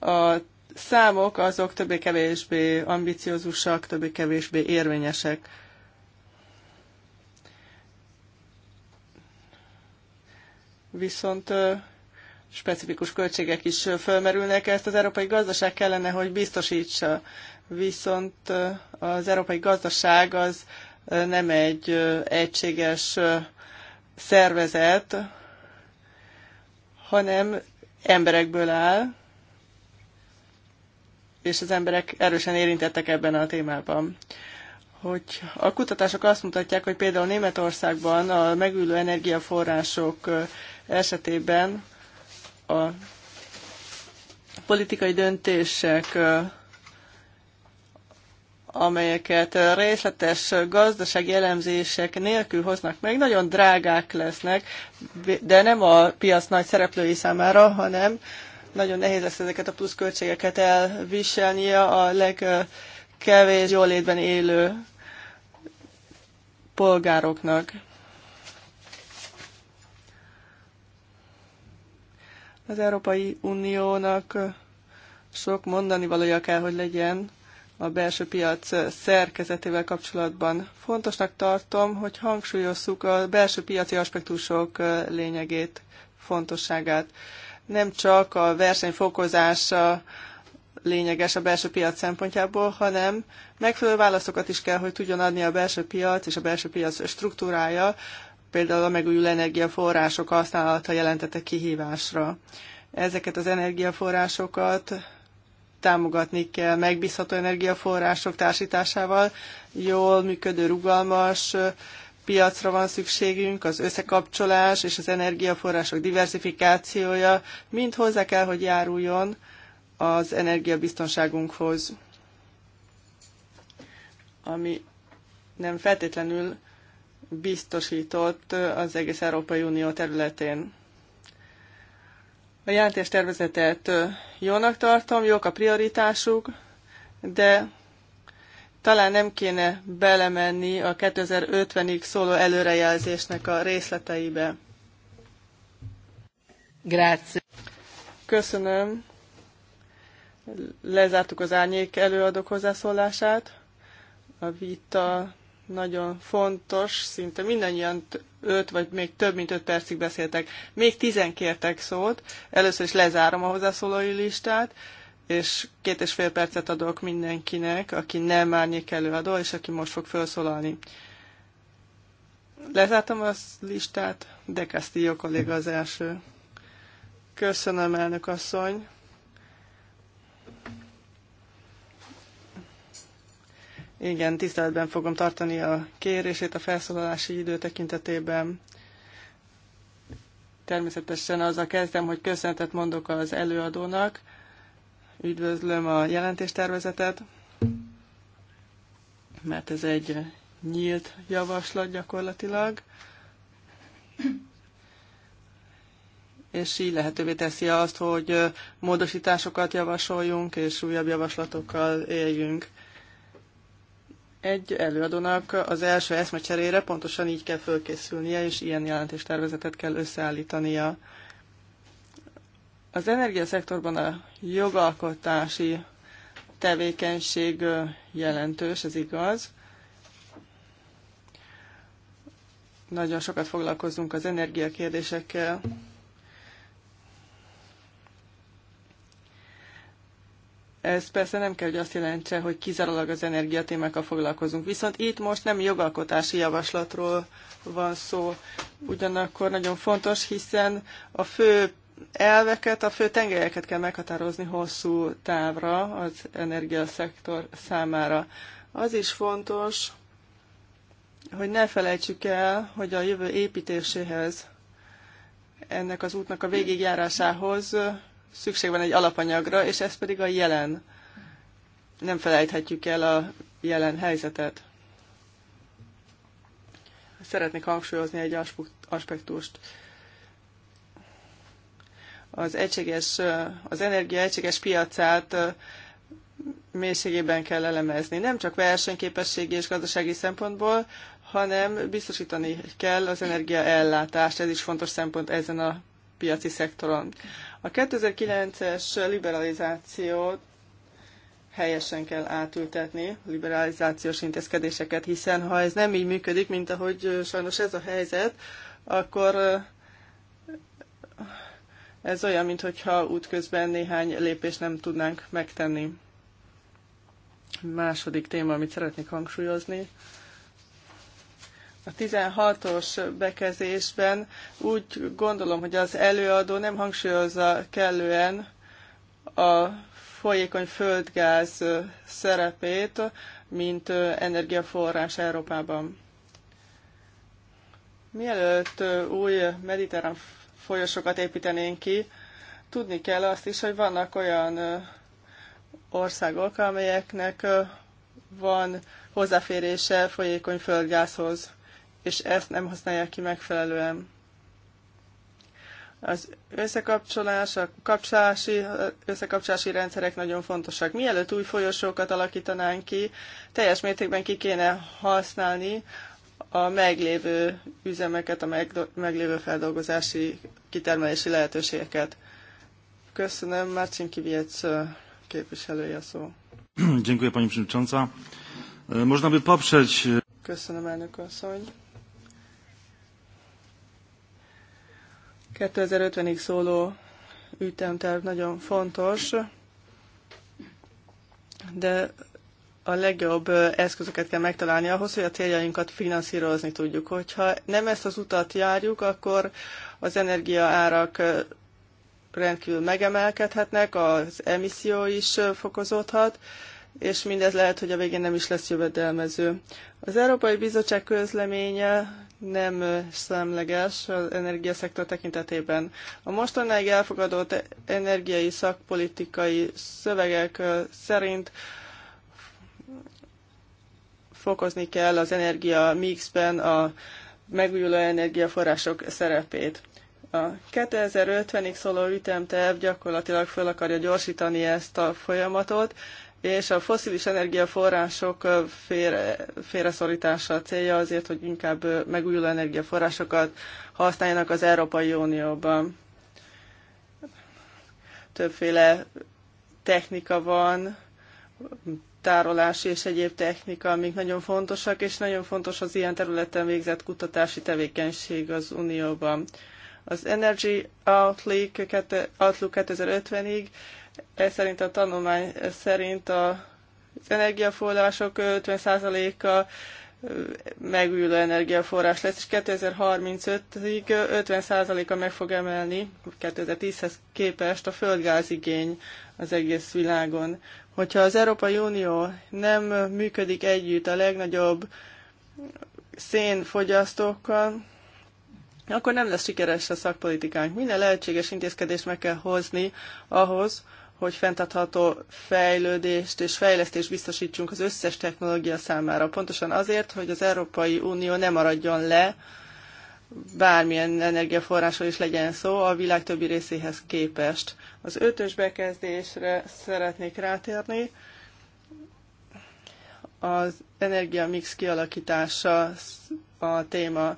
A számok azok többé-kevésbé ambiciózusak, többé-kevésbé érvényesek. viszont specifikus költségek is fölmerülnek. Ezt az európai gazdaság kellene, hogy biztosítsa. Viszont az európai gazdaság az nem egy egységes szervezet, hanem emberekből áll, és az emberek erősen érintettek ebben a témában. Hogy a kutatások azt mutatják, hogy például Németországban a megülő energiaforrások esetében a politikai döntések, amelyeket részletes gazdasági elemzések nélkül hoznak meg, nagyon drágák lesznek, de nem a piac nagy szereplői számára, hanem nagyon nehéz lesz ezeket a pluszköltségeket elviselnie a legkevés jólétben élő polgároknak. Az Európai Uniónak sok mondani valója kell, hogy legyen a belső piac szerkezetével kapcsolatban. Fontosnak tartom, hogy hangsúlyozzuk a belső piaci aspektusok lényegét, fontosságát. Nem csak a verseny fokozása lényeges a belső piac szempontjából, hanem megfelelő válaszokat is kell, hogy tudjon adni a belső piac és a belső piac struktúrája például a megújuló energiaforrások használata jelentette kihívásra. Ezeket az energiaforrásokat támogatni kell megbízható energiaforrások társításával, jól működő, rugalmas piacra van szükségünk, az összekapcsolás és az energiaforrások diversifikációja mind hozzá kell, hogy járuljon az energiabiztonságunkhoz, ami nem feltétlenül biztosított az egész Európai Unió területén. A jelentés tervezetet jónak tartom, jók a prioritásuk, de talán nem kéne belemenni a 2050-ig szóló előrejelzésnek a részleteibe. Grazie. Köszönöm. Lezártuk az árnyék előadók hozzászólását. A vita nagyon fontos, szinte mindannyian 5 vagy még több mint 5 percig beszéltek. Még 10 kértek szót, először is lezárom a hozzászólói listát, és két és fél percet adok mindenkinek, aki nem árnyék előadó, és aki most fog felszólalni. Lezártam a listát, de Castillo kolléga az első. Köszönöm, elnök asszony. igen, tiszteletben fogom tartani a kérését a felszólalási idő tekintetében. Természetesen azzal kezdem, hogy köszönetet mondok az előadónak, üdvözlöm a jelentéstervezetet, mert ez egy nyílt javaslat gyakorlatilag, és így lehetővé teszi azt, hogy módosításokat javasoljunk, és újabb javaslatokkal éljünk egy előadónak az első eszmecserére pontosan így kell fölkészülnie, és ilyen jelentéstervezetet kell összeállítania. Az energiaszektorban a jogalkotási tevékenység jelentős, ez igaz. Nagyon sokat foglalkozunk az energiakérdésekkel. kérdésekkel Ez persze nem kell, hogy azt jelentse, hogy kizárólag az energiatémákkal foglalkozunk. Viszont itt most nem jogalkotási javaslatról van szó. Ugyanakkor nagyon fontos, hiszen a fő elveket, a fő tengelyeket kell meghatározni hosszú távra az energiaszektor számára. Az is fontos, hogy ne felejtsük el, hogy a jövő építéséhez, ennek az útnak a végigjárásához szükség van egy alapanyagra, és ez pedig a jelen. Nem felejthetjük el a jelen helyzetet. Szeretnék hangsúlyozni egy aspektust. Az, egységes, az energia egységes piacát mélységében kell elemezni. Nem csak versenyképességi és gazdasági szempontból, hanem biztosítani kell az energiaellátást. Ez is fontos szempont ezen a piaci szektoron. A 2009-es liberalizációt helyesen kell átültetni, liberalizációs intézkedéseket, hiszen ha ez nem így működik, mint ahogy sajnos ez a helyzet, akkor ez olyan, mintha útközben néhány lépést nem tudnánk megtenni. Második téma, amit szeretnék hangsúlyozni, a 16-os bekezésben úgy gondolom, hogy az előadó nem hangsúlyozza kellően a folyékony földgáz szerepét, mint energiaforrás Európában. Mielőtt új mediterrán folyosokat építenénk ki, tudni kell azt is, hogy vannak olyan országok, amelyeknek van hozzáférése folyékony földgázhoz és ezt nem használják ki megfelelően. Az összekapcsolás, a kapcsolási, összekapcsolási rendszerek nagyon fontosak. Mielőtt új folyosókat alakítanánk ki, teljes mértékben ki kéne használni a meglévő üzemeket, a meglévő feldolgozási, kitermelési lehetőségeket. Köszönöm, Marcin Kiviec képviselője szó. Dziękuję Pani Przewodnicząca. E, można by poprzeć... E, Köszönöm, elnök asszony. 2050-ig szóló ütemterv nagyon fontos, de a legjobb eszközöket kell megtalálni ahhoz, hogy a céljainkat finanszírozni tudjuk. Hogyha nem ezt az utat járjuk, akkor az energiaárak rendkívül megemelkedhetnek, az emisszió is fokozódhat, és mindez lehet, hogy a végén nem is lesz jövedelmező. Az Európai Bizottság közleménye nem szemleges az energiaszektor tekintetében. A mostanáig elfogadott energiai szakpolitikai szövegek szerint fokozni kell az energia mixben a megújuló energiaforrások szerepét. A 2050-ig szóló ütemterv gyakorlatilag fel akarja gyorsítani ezt a folyamatot, és a foszilis energiaforrások félre, félreszorítása a célja azért, hogy inkább megújuló energiaforrásokat használjanak az Európai Unióban. Többféle technika van, tárolás és egyéb technika, amik nagyon fontosak, és nagyon fontos az ilyen területen végzett kutatási tevékenység az Unióban. Az Energy Outlook 2050-ig ez szerint a tanulmány szerint a az energiaforrások 50%-a megújuló energiaforrás lesz, és 2035-ig 50%-a meg fog emelni 2010-hez képest a földgázigény az egész világon. Hogyha az Európai Unió nem működik együtt a legnagyobb szénfogyasztókkal, akkor nem lesz sikeres a szakpolitikánk. Minden lehetséges intézkedést meg kell hozni ahhoz, hogy fenntartható fejlődést és fejlesztést biztosítsunk az összes technológia számára. Pontosan azért, hogy az Európai Unió ne maradjon le, bármilyen energiaforrásról is legyen szó, a világ többi részéhez képest. Az ötös bekezdésre szeretnék rátérni. Az energiamix kialakítása a téma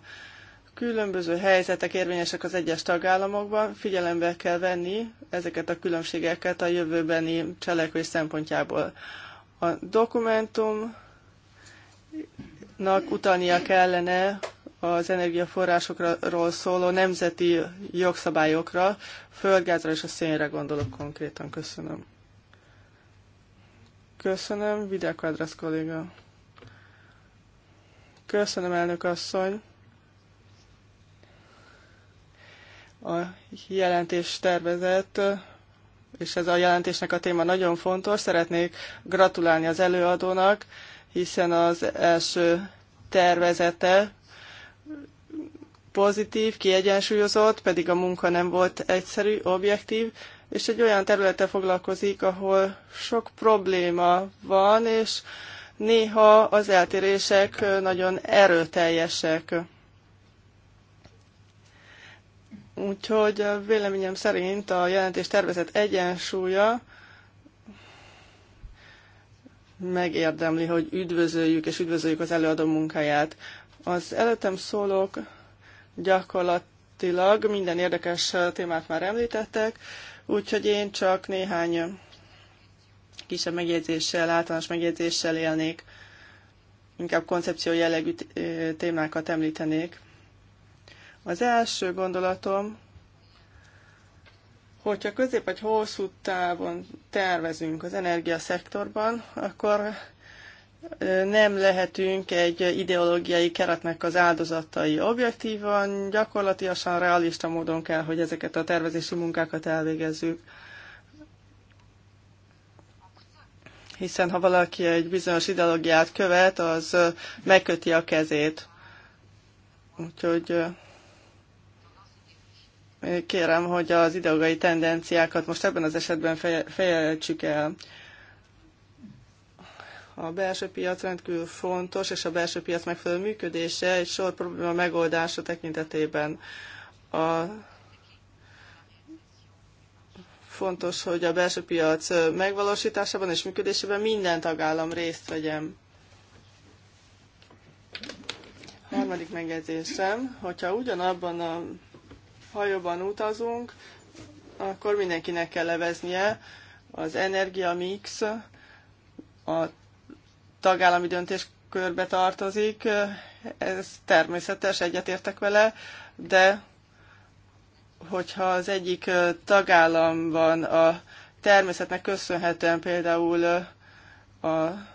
különböző helyzetek érvényesek az egyes tagállamokban, figyelembe kell venni ezeket a különbségeket a jövőbeni cselekvés szempontjából. A dokumentumnak utalnia kellene az energiaforrásokról szóló nemzeti jogszabályokra, földgázra és a szénre gondolok konkrétan. Köszönöm. Köszönöm, Vidal Quadras kolléga. Köszönöm, elnök asszony. A jelentés tervezett, és ez a jelentésnek a téma nagyon fontos. Szeretnék gratulálni az előadónak, hiszen az első tervezete pozitív, kiegyensúlyozott, pedig a munka nem volt egyszerű, objektív, és egy olyan területe foglalkozik, ahol sok probléma van, és néha az eltérések nagyon erőteljesek. Úgyhogy a véleményem szerint a jelentés tervezett egyensúlya megérdemli, hogy üdvözöljük és üdvözöljük az előadó munkáját. Az előttem szólók gyakorlatilag minden érdekes témát már említettek, úgyhogy én csak néhány kisebb megjegyzéssel, általános megjegyzéssel élnék, inkább koncepció jellegű témákat említenék. Az első gondolatom, hogyha közép vagy hosszú távon tervezünk az energiaszektorban, akkor nem lehetünk egy ideológiai keretnek az áldozatai. Objektívan, gyakorlatilag realista módon kell, hogy ezeket a tervezési munkákat elvégezzük. Hiszen ha valaki egy bizonyos ideológiát követ, az megköti a kezét. Úgyhogy Kérem, hogy az ideológiai tendenciákat most ebben az esetben fejeltsük el. A belső piac rendkívül fontos, és a belső piac megfelelő működése egy sor probléma megoldása tekintetében. A fontos, hogy a belső piac megvalósításában és működésében minden tagállam részt vegyen. Harmadik megjegyzésem, hogyha ugyanabban a hajóban utazunk, akkor mindenkinek kell leveznie az mix, a tagállami döntés körbe tartozik, ez természetes, egyetértek vele, de hogyha az egyik tagállamban a természetnek köszönhetően például a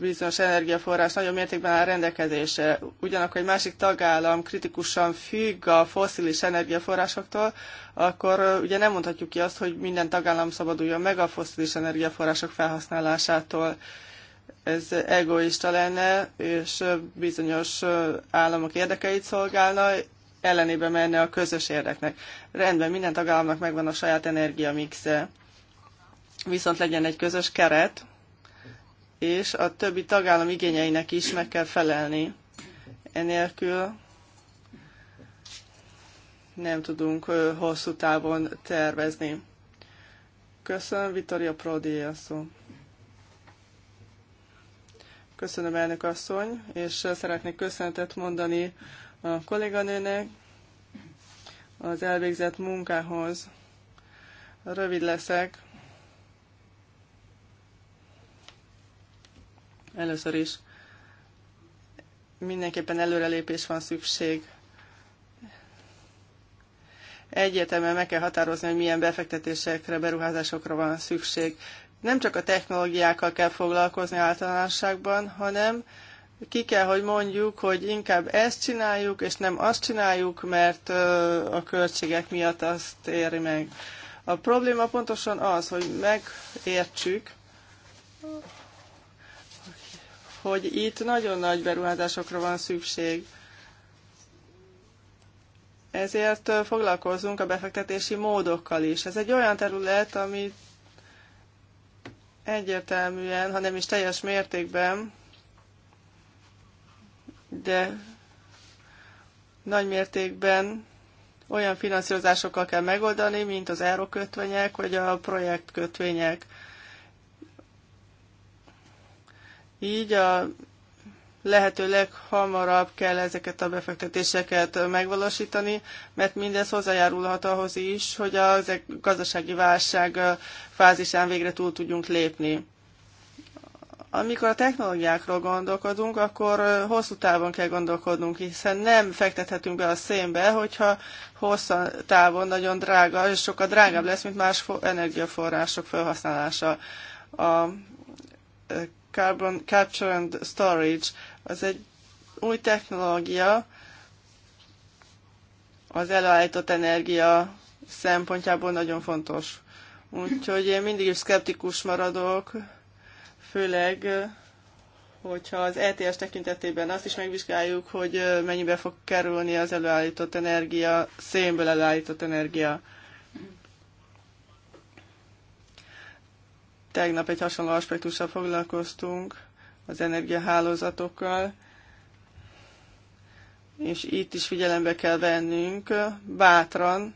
bizonyos energiaforrás nagyon mértékben áll rendelkezésre. Ugyanakkor egy másik tagállam kritikusan függ a foszilis energiaforrásoktól, akkor ugye nem mondhatjuk ki azt, hogy minden tagállam szabaduljon meg a foszilis energiaforrások felhasználásától. Ez egoista lenne, és bizonyos államok érdekeit szolgálna, ellenébe menne a közös érdeknek. Rendben, minden tagállamnak megvan a saját energiamixe, viszont legyen egy közös keret, és a többi tagállam igényeinek is meg kell felelni. Enélkül nem tudunk hosszú távon tervezni. Köszönöm, Vitoria Prodi, a szó. Köszönöm, elnök asszony, és szeretnék köszönetet mondani a kolléganőnek az elvégzett munkához. Rövid leszek. Először is mindenképpen előrelépés van szükség. Egyértelműen meg kell határozni, hogy milyen befektetésekre, beruházásokra van szükség. Nem csak a technológiákkal kell foglalkozni általánosságban, hanem ki kell, hogy mondjuk, hogy inkább ezt csináljuk, és nem azt csináljuk, mert a költségek miatt azt éri meg. A probléma pontosan az, hogy megértsük, hogy itt nagyon nagy beruházásokra van szükség. Ezért foglalkozunk a befektetési módokkal is. Ez egy olyan terület, ami egyértelműen, hanem is teljes mértékben, de nagy mértékben olyan finanszírozásokkal kell megoldani, mint az árokötvények vagy a projektkötvények. Így a lehető leghamarabb kell ezeket a befektetéseket megvalósítani, mert mindez hozzájárulhat ahhoz is, hogy a e- gazdasági válság fázisán végre túl tudjunk lépni. Amikor a technológiákról gondolkodunk, akkor hosszú távon kell gondolkodnunk, hiszen nem fektethetünk be a szénbe, hogyha hosszú távon nagyon drága, és sokkal drágább lesz, mint más energiaforrások felhasználása. A Carbon Capture and Storage, az egy új technológia, az előállított energia szempontjából nagyon fontos. Úgyhogy én mindig is szkeptikus maradok, főleg hogyha az ETS tekintetében azt is megvizsgáljuk, hogy mennyibe fog kerülni az előállított energia, szénből előállított energia. Tegnap egy hasonló aspektussal foglalkoztunk, az energiahálózatokkal, és itt is figyelembe kell vennünk bátran,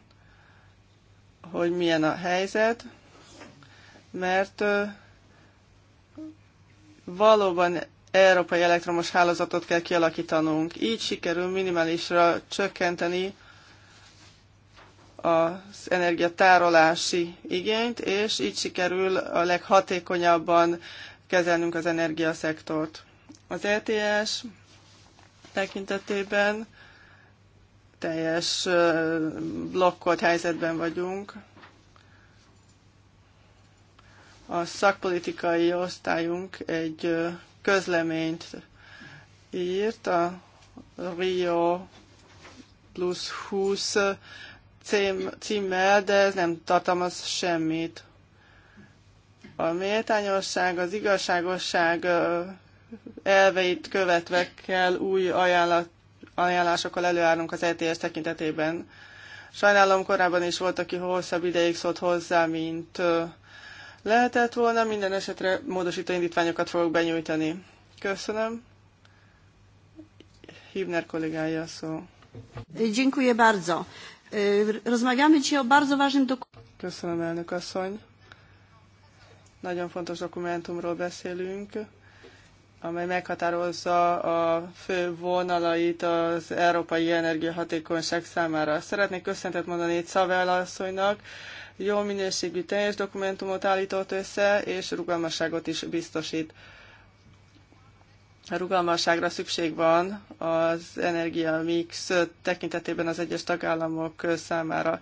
hogy milyen a helyzet, mert valóban európai elektromos hálózatot kell kialakítanunk. Így sikerül minimálisra csökkenteni az energiatárolási igényt, és így sikerül a leghatékonyabban kezelnünk az energiaszektort. Az ETS tekintetében teljes blokkolt helyzetben vagyunk. A szakpolitikai osztályunk egy közleményt írt a Rio plusz 20 cím, címmel, de ez nem tartalmaz semmit. A méltányosság, az igazságosság elveit követve kell új ajánlat, ajánlásokkal előállnunk az ETS tekintetében. Sajnálom, korábban is volt, aki hosszabb ideig szólt hozzá, mint lehetett volna. Minden esetre módosító indítványokat fogok benyújtani. Köszönöm. Hibner kollégája szó. Dziękuję bardzo. E, rozmawiamy dzisiaj o bardzo ważnym dokumentum. Köszönöm, elnök asszony. Nagyon fontos dokumentumról beszélünk, amely meghatározza a fő vonalait az európai energiahatékonyság számára. Szeretnék köszöntet mondani itt Szavel asszonynak. Jó minőségű teljes dokumentumot állított össze, és rugalmasságot is biztosít. A rugalmasságra szükség van az energia mix tekintetében az egyes tagállamok számára.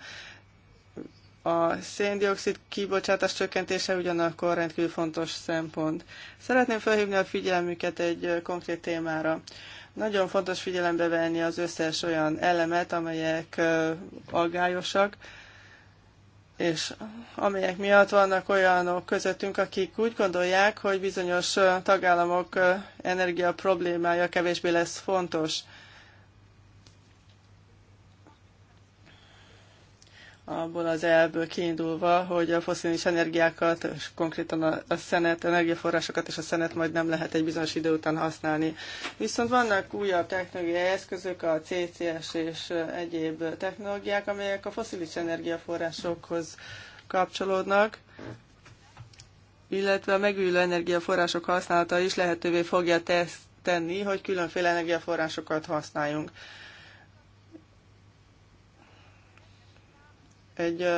A széndiokszid kibocsátás csökkentése ugyanakkor rendkívül fontos szempont. Szeretném felhívni a figyelmüket egy konkrét témára. Nagyon fontos figyelembe venni az összes olyan elemet, amelyek aggályosak, és amelyek miatt vannak olyanok közöttünk, akik úgy gondolják, hogy bizonyos tagállamok energia problémája kevésbé lesz fontos. abból az elből kiindulva, hogy a foszilis energiákat, és konkrétan a szenet, energiaforrásokat és a szenet majd nem lehet egy bizonyos idő után használni. Viszont vannak újabb technológiai eszközök, a CCS és egyéb technológiák, amelyek a foszilis energiaforrásokhoz kapcsolódnak, illetve a megújuló energiaforrások használata is lehetővé fogja tenni, hogy különféle energiaforrásokat használjunk. Egy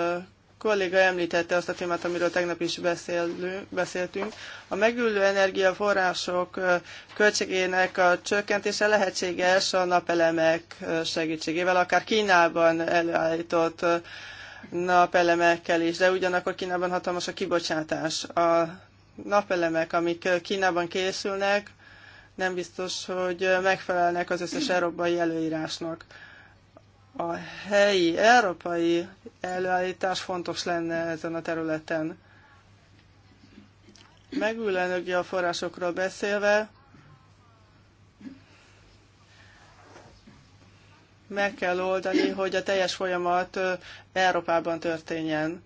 kolléga említette azt a témát, amiről tegnap is beszélő, beszéltünk. A megülő energiaforrások költségének a csökkentése lehetséges a napelemek segítségével, akár Kínában előállított napelemekkel is, de ugyanakkor Kínában hatalmas a kibocsátás. A napelemek, amik Kínában készülnek, nem biztos, hogy megfelelnek az összes európai előírásnak a helyi, európai előállítás fontos lenne ezen a területen. a forrásokról beszélve, meg kell oldani, hogy a teljes folyamat Európában történjen.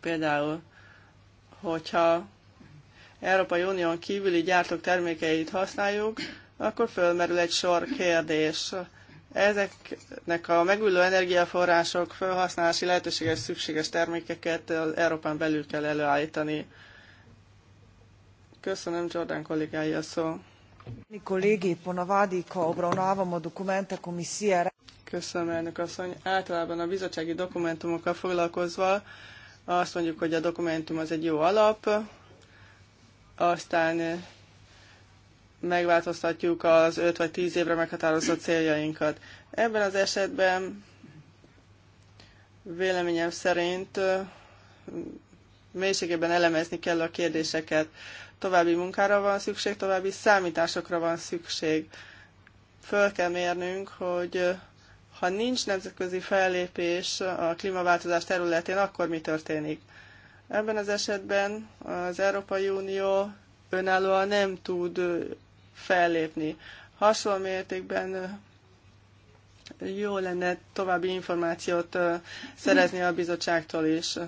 Például, hogyha Európai Unión kívüli gyártók termékeit használjuk, akkor fölmerül egy sor kérdés. Ezeknek a megülő energiaforrások felhasználási lehetőséges szükséges termékeket Európán belül kell előállítani. Köszönöm, Jordan kollégája szó. Kollégi, ponavadi, ko a dokumente komisije. Köszönöm, elnök asszony. Általában a bizottsági dokumentumokkal foglalkozva azt mondjuk, hogy a dokumentum az egy jó alap, aztán megváltoztatjuk az 5 vagy 10 évre meghatározott céljainkat. Ebben az esetben véleményem szerint mélységében elemezni kell a kérdéseket. További munkára van szükség, további számításokra van szükség. Föl kell mérnünk, hogy ha nincs nemzetközi fellépés a klímaváltozás területén, akkor mi történik? Ebben az esetben az Európai Unió önállóan nem tud fellépni. Hasonló mértékben jó lenne további információt szerezni a bizottságtól is.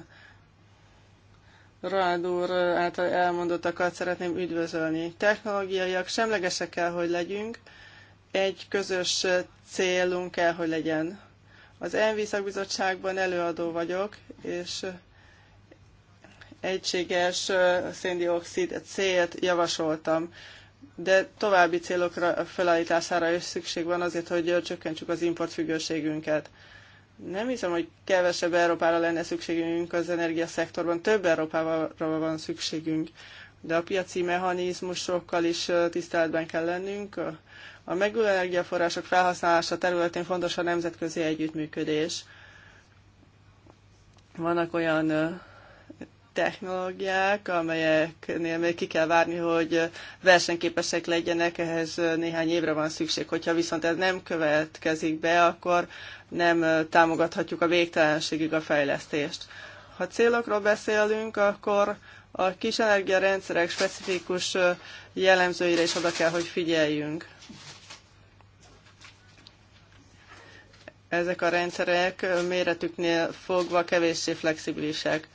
Rád úr által elmondottakat szeretném üdvözölni. Technológiaiak semlegesek kell, hogy legyünk, egy közös célunk kell, hogy legyen. Az NV szakbizottságban előadó vagyok, és egységes széndiokszid célt javasoltam de további célokra felállítására is szükség van azért, hogy csökkentsük az importfüggőségünket. Nem hiszem, hogy kevesebb Európára lenne szükségünk az energiaszektorban, több Európára van szükségünk, de a piaci mechanizmusokkal is tiszteletben kell lennünk. A megújuló energiaforrások felhasználása területén fontos a nemzetközi együttműködés. Vannak olyan technológiák, amelyeknél még ki kell várni, hogy versenyképesek legyenek, ehhez néhány évre van szükség. Hogyha viszont ez nem következik be, akkor nem támogathatjuk a végtelenségig a fejlesztést. Ha célokról beszélünk, akkor a kis energiarendszerek specifikus jellemzőire is oda kell, hogy figyeljünk. Ezek a rendszerek méretüknél fogva kevéssé flexibilisek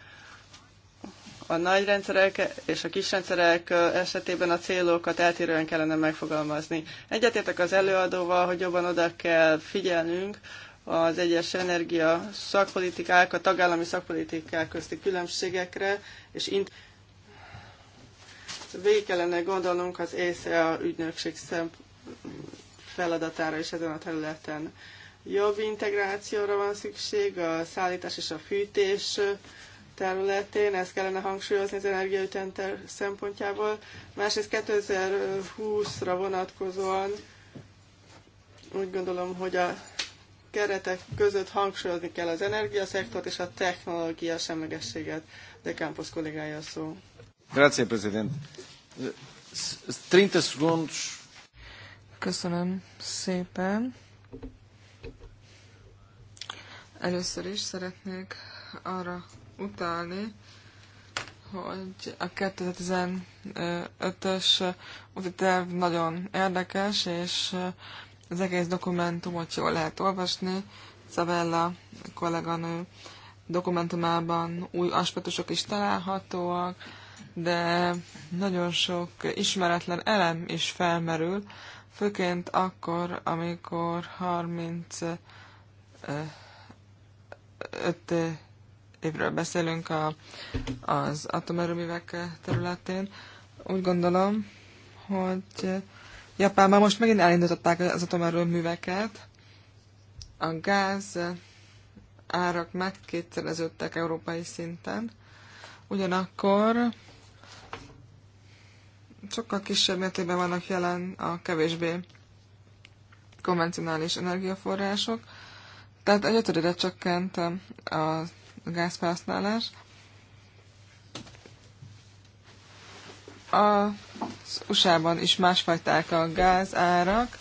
a nagy rendszerek és a kis rendszerek esetében a célokat eltérően kellene megfogalmazni. Egyetértek az előadóval, hogy jobban oda kell figyelnünk az egyes energia szakpolitikák, a tagállami szakpolitikák közti különbségekre, és int- végig kellene gondolnunk az a ügynökség szemp feladatára is ezen a területen. Jobb integrációra van szükség a szállítás és a fűtés területén, ezt kellene hangsúlyozni az energiaütenter szempontjából. Másrészt 2020-ra vonatkozóan úgy gondolom, hogy a keretek között hangsúlyozni kell az energiaszektort és a technológia semlegességet. De Campos kollégája a szó. Grazie, President. 30 segundos. Köszönöm szépen. Először is szeretnék arra utalni, hogy a 2015-ös úti terv nagyon érdekes, és az egész dokumentumot jól lehet olvasni. Szavella kolléganő dokumentumában új aspektusok is találhatóak, de nagyon sok ismeretlen elem is felmerül, főként akkor, amikor 35 évről beszélünk a, az atomerőművek területén. Úgy gondolom, hogy Japánban most megint elindították az atomerőműveket. A gáz árak megkétszereződtek európai szinten. Ugyanakkor sokkal kisebb mértékben vannak jelen a kevésbé konvencionális energiaforrások, tehát egy ötödére csökkent a gázfelhasználás. A USA-ban is másfajták a gáz árak,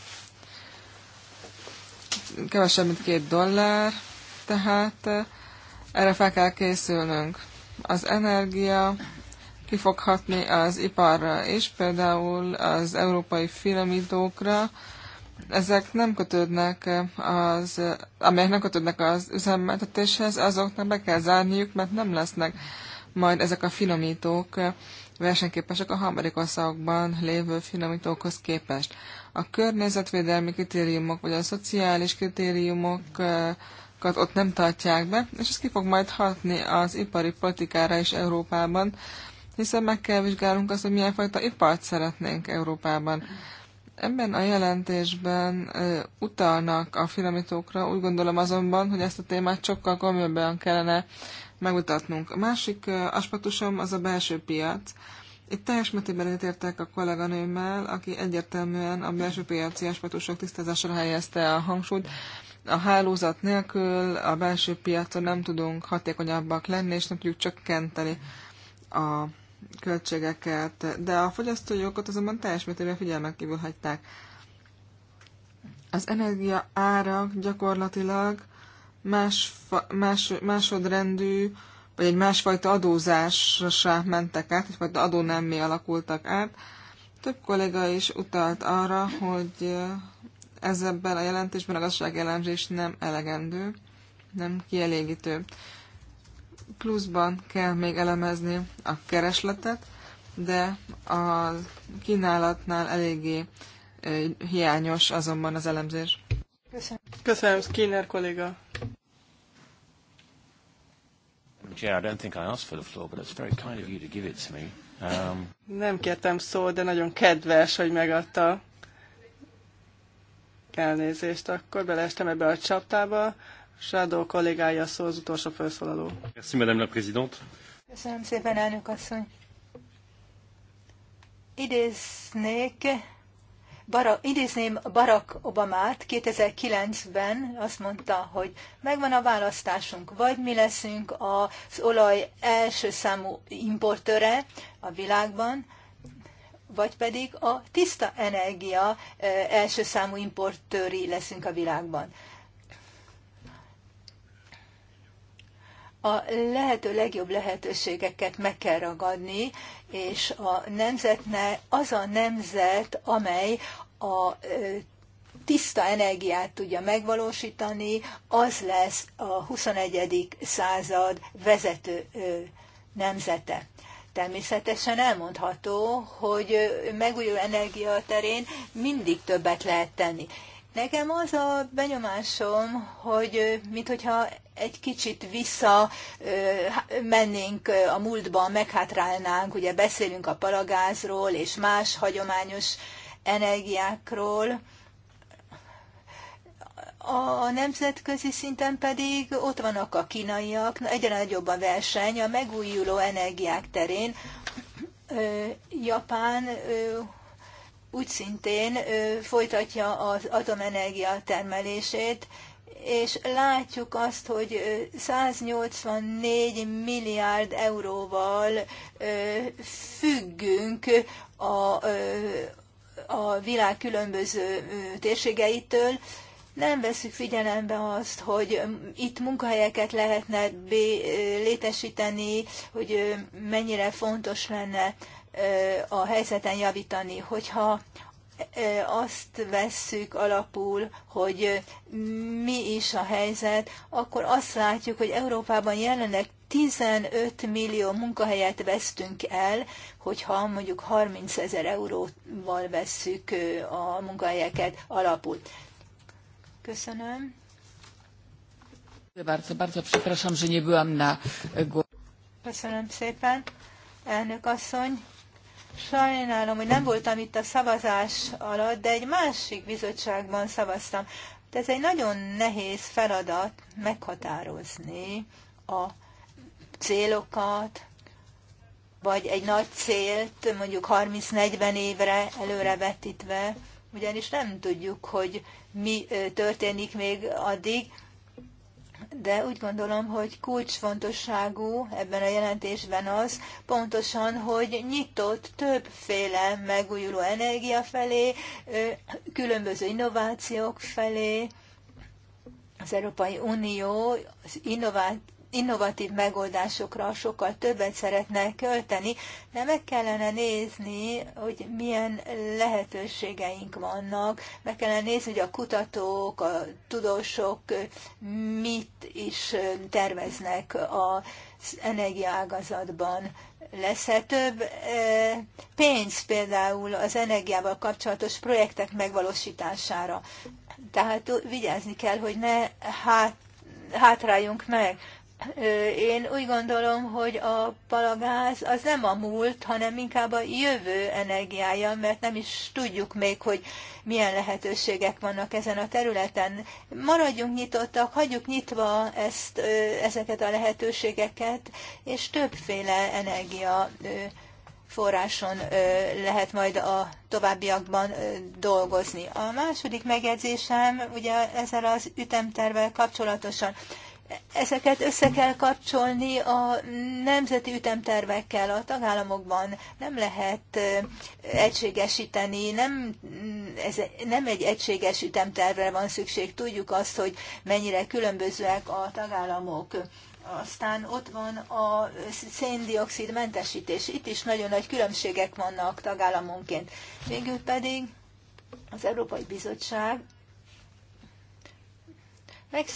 kevesebb, mint két dollár, tehát eh, erre fel kell készülnünk. Az energia kifoghatni az iparra is, például az európai filamidókra, ezek nem kötődnek eh, az, amelyek nem kötődnek az üzemeltetéshez, azoknak be kell zárniuk, mert nem lesznek majd ezek a finomítók eh, versenyképesek a harmadik országokban lévő finomítókhoz képest. A környezetvédelmi kritériumok vagy a szociális kritériumokat ott nem tartják be, és ez ki fog majd hatni az ipari politikára is Európában, hiszen meg kell vizsgálnunk azt, hogy milyen fajta ipart szeretnénk Európában. Ebben a jelentésben utalnak a finomítókra, úgy gondolom azonban, hogy ezt a témát sokkal komolyabban kellene megmutatnunk. A másik aspektusom az a belső piac. Itt teljes mértékben egyetértek a kolléganőmmel, aki egyértelműen a belső piaci aspektusok tisztázásra helyezte a hangsúlyt. A hálózat nélkül a belső piacon nem tudunk hatékonyabbak lenni, és nem tudjuk csökkenteni a költségeket, de a fogyasztói okot azonban teljes mértékben figyelmen kívül hagyták. Az energia árak gyakorlatilag más, más, másodrendű, vagy egy másfajta adózásra mentek át, vagy adó nem mi alakultak át. Több kolléga is utalt arra, hogy ez ebben a jelentésben a gazdasági jelentés nem elegendő, nem kielégítő pluszban kell még elemezni a keresletet, de a kínálatnál eléggé hiányos azonban az elemzés. Köszönöm. Köszönöm, Skinner kolléga. Yeah, I don't think I asked for the floor, but it's very kind of you to give it to me. Um... Nem kértem szó, de nagyon kedves, hogy megadta elnézést, akkor beleestem ebbe a csaptába. Shadow kollégája szó az utolsó felszólaló. Merci, Madame la Présidente. Köszönöm szépen, elnök asszony. Idéznék Barak, idézném Barack Obamát 2009-ben, azt mondta, hogy megvan a választásunk, vagy mi leszünk az olaj első számú importőre a világban, vagy pedig a tiszta energia eh, első számú importőri leszünk a világban. a lehető legjobb lehetőségeket meg kell ragadni, és a nemzetne az a nemzet, amely a tiszta energiát tudja megvalósítani, az lesz a 21. század vezető nemzete. Természetesen elmondható, hogy megújuló energia terén mindig többet lehet tenni. Nekem az a benyomásom, hogy hogyha egy kicsit vissza mennénk a múltba, meghátrálnánk, ugye beszélünk a palagázról és más hagyományos energiákról, a nemzetközi szinten pedig ott vannak a kínaiak, egyre nagyobb a verseny a megújuló energiák terén. Japán úgy szintén folytatja az atomenergia termelését, és látjuk azt, hogy 184 milliárd euróval függünk a, a világ különböző térségeitől, nem veszük figyelembe azt, hogy itt munkahelyeket lehetne létesíteni, hogy mennyire fontos lenne a helyzeten javítani, hogyha azt vesszük alapul, hogy mi is a helyzet, akkor azt látjuk, hogy Európában jelenleg 15 millió munkahelyet vesztünk el, hogyha mondjuk 30 ezer euróval vesszük a munkahelyeket alapul. Köszönöm. Bardzo, bardzo przepraszam, że nie byłam na Köszönöm szépen, elnök asszony. Sajnálom, hogy nem voltam itt a szavazás alatt, de egy másik bizottságban szavaztam. De ez egy nagyon nehéz feladat meghatározni a célokat, vagy egy nagy célt mondjuk 30-40 évre előrevetítve, ugyanis nem tudjuk, hogy mi történik még addig, de úgy gondolom, hogy kulcsfontosságú ebben a jelentésben az pontosan, hogy nyitott többféle megújuló energia felé, különböző innovációk felé, az Európai Unió az innováció innovatív megoldásokra sokkal többet szeretne költeni, de meg kellene nézni, hogy milyen lehetőségeink vannak, meg kellene nézni, hogy a kutatók, a tudósok mit is terveznek az energiaágazatban lesz-e több e, pénz például az energiával kapcsolatos projektek megvalósítására. Tehát vigyázni kell, hogy ne hát, hátráljunk meg. Én úgy gondolom, hogy a palagáz az nem a múlt, hanem inkább a jövő energiája, mert nem is tudjuk még, hogy milyen lehetőségek vannak ezen a területen. Maradjunk nyitottak, hagyjuk nyitva ezt, ezeket a lehetőségeket, és többféle energia forráson lehet majd a továbbiakban dolgozni. A második megjegyzésem ugye ezzel az ütemtervel kapcsolatosan ezeket össze kell kapcsolni a nemzeti ütemtervekkel a tagállamokban. Nem lehet egységesíteni, nem, ez nem egy egységes ütemtervre van szükség. Tudjuk azt, hogy mennyire különbözőek a tagállamok. Aztán ott van a széndiokszid mentesítés. Itt is nagyon nagy különbségek vannak tagállamonként. Végül pedig az Európai Bizottság meg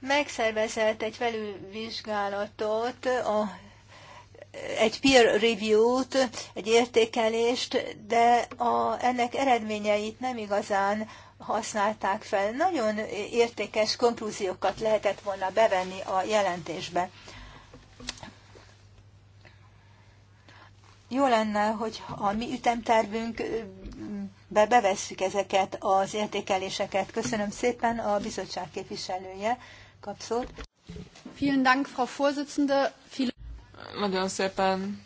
megszervezett egy felülvizsgálatot, a, egy peer review-t, egy értékelést, de a, ennek eredményeit nem igazán használták fel. Nagyon értékes konklúziókat lehetett volna bevenni a jelentésbe. Jó lenne, hogy a mi ütemtervünk be bevesszük ezeket az értékeléseket. Köszönöm szépen a bizottság képviselője kapszót. Vielen Dank, Frau Vorsitzende. Viel... Nagyon szépen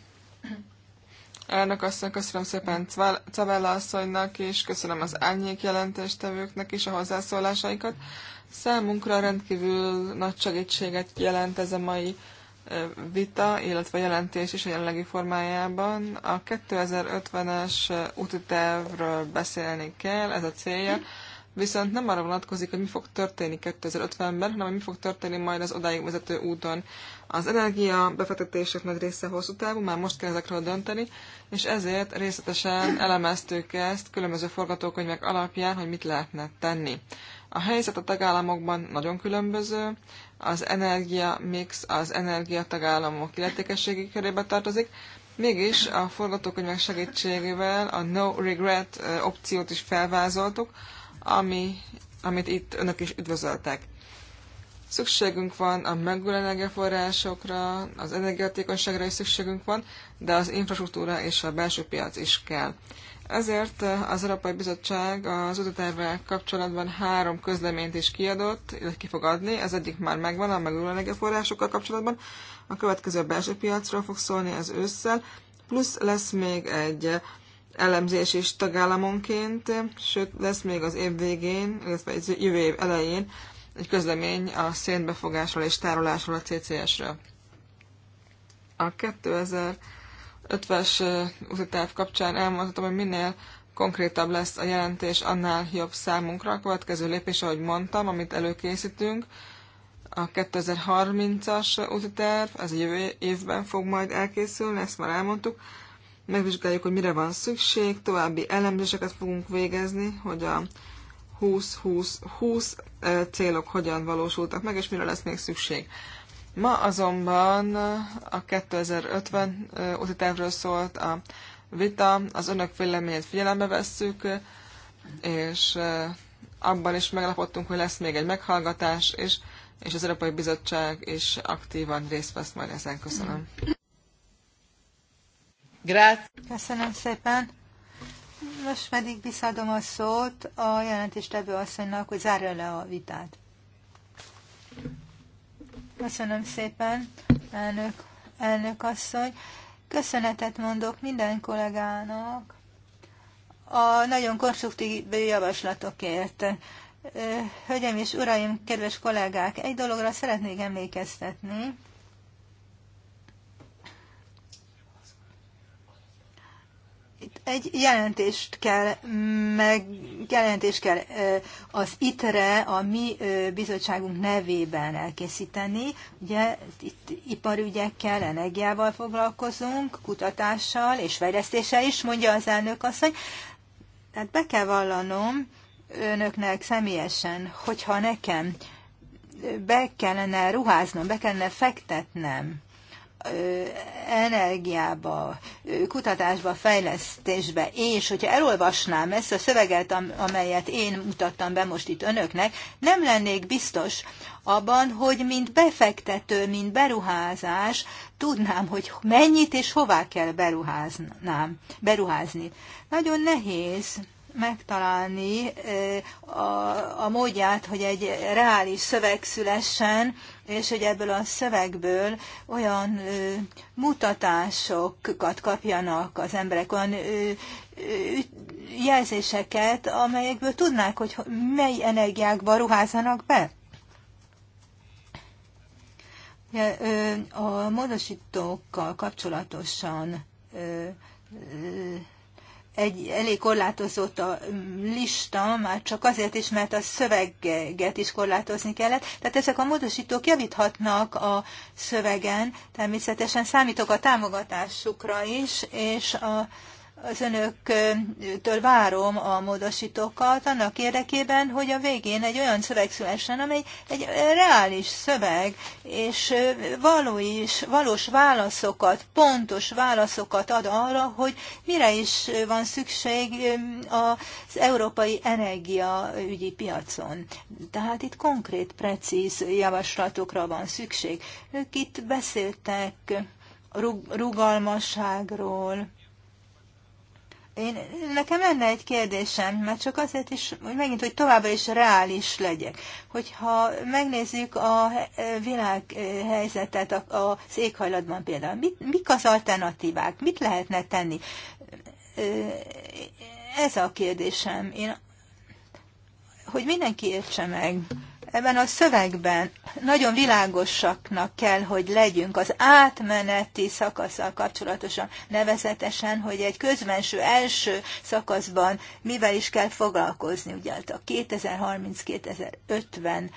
elnök asszony, köszönöm szépen Cavella asszonynak és köszönöm az árnyék jelentéstevőknek is a hozzászólásaikat. Számunkra rendkívül nagy segítséget jelent ez a mai vita, illetve jelentés is a jelenlegi formájában. A 2050-es úti tervről beszélni kell, ez a célja, viszont nem arra vonatkozik, hogy mi fog történni 2050-ben, hanem hogy mi fog történni majd az odáig vezető úton. Az energia befektetések nagy része hosszú távú, már most kell ezekről dönteni, és ezért részletesen elemeztük ezt különböző forgatókönyvek alapján, hogy mit lehetne tenni. A helyzet a tagállamokban nagyon különböző, az energia mix az energiatagállamok illetékességi körébe tartozik, mégis a forgatókönyvek segítségével a no regret opciót is felvázoltuk, ami, amit itt önök is üdvözöltek. Szükségünk van a megújuló energiaforrásokra, az energiatékonyságra is szükségünk van, de az infrastruktúra és a belső piac is kell. Ezért az Európai Bizottság az utatervvel kapcsolatban három közleményt is kiadott, illetve ki fog adni. Az egyik már megvan a megújuló energiaforrásokkal kapcsolatban. A következő a belső piacról fog szólni az ősszel. Plusz lesz még egy elemzés is tagállamonként, sőt lesz még az év végén, illetve jövő év elején egy közlemény a szénbefogásról és tárolásról a CCS-ről. A 2000 ötves útitáv kapcsán elmondhatom, hogy minél konkrétabb lesz a jelentés, annál jobb számunkra. A következő lépés, ahogy mondtam, amit előkészítünk, a 2030-as úti terv, ez a jövő évben fog majd elkészülni, ezt már elmondtuk. Megvizsgáljuk, hogy mire van szükség, további elemzéseket fogunk végezni, hogy a 20-20-20 célok hogyan valósultak meg, és mire lesz még szükség. Ma azonban a 2050 úti tervről szólt a vita, az önök véleményét figyelembe vesszük, és abban is meglapottunk, hogy lesz még egy meghallgatás, és, és az Európai Bizottság is aktívan részt vesz majd ezen. Köszönöm. Grát. Köszönöm szépen. Most pedig visszaadom a szót a jelentéstevő asszonynak, hogy zárja le a vitát. Köszönöm szépen, elnök, elnök asszony. Köszönetet mondok minden kollégának a nagyon konstruktív javaslatokért. Hölgyeim és uraim, kedves kollégák, egy dologra szeretnék emlékeztetni. egy jelentést kell, meg jelentést kell az ITRE a mi bizottságunk nevében elkészíteni. Ugye itt iparügyekkel, energiával foglalkozunk, kutatással és fejlesztéssel is, mondja az elnök asszony. Tehát be kell vallanom önöknek személyesen, hogyha nekem be kellene ruháznom, be kellene fektetnem energiába, kutatásba, fejlesztésbe, és hogyha elolvasnám ezt a szöveget, amelyet én mutattam be most itt önöknek, nem lennék biztos abban, hogy mint befektető, mint beruházás, tudnám, hogy mennyit és hová kell beruháznám, beruházni. Nagyon nehéz megtalálni a, a módját, hogy egy reális szöveg szülessen, és hogy ebből a szövegből olyan ö, mutatásokat kapjanak az emberek, olyan ö, ö, jelzéseket, amelyekből tudnák, hogy mely energiákba ruházanak be. A módosítókkal kapcsolatosan egy elég korlátozott a lista, már csak azért is, mert a szöveget is korlátozni kellett. Tehát ezek a módosítók javíthatnak a szövegen, természetesen számítok a támogatásukra is, és a az önöktől várom a módosítókat annak érdekében, hogy a végén egy olyan szöveg szülessen, amely egy reális szöveg, és való is, valós válaszokat, pontos válaszokat ad arra, hogy mire is van szükség um, az európai energiaügyi piacon. Tehát itt konkrét, precíz javaslatokra van szükség. Ők itt beszéltek rugalmasságról, én, nekem lenne egy kérdésem, mert csak azért is, hogy megint, hogy továbbra is reális legyek. Hogyha megnézzük a világhelyzetet az éghajlatban például, mit, mik az alternatívák, mit lehetne tenni? Ez a kérdésem, én, hogy mindenki értse meg ebben a szövegben nagyon világosaknak kell, hogy legyünk az átmeneti szakaszsal kapcsolatosan, nevezetesen, hogy egy közbenső első szakaszban mivel is kell foglalkozni, ugye hát a 2030-2050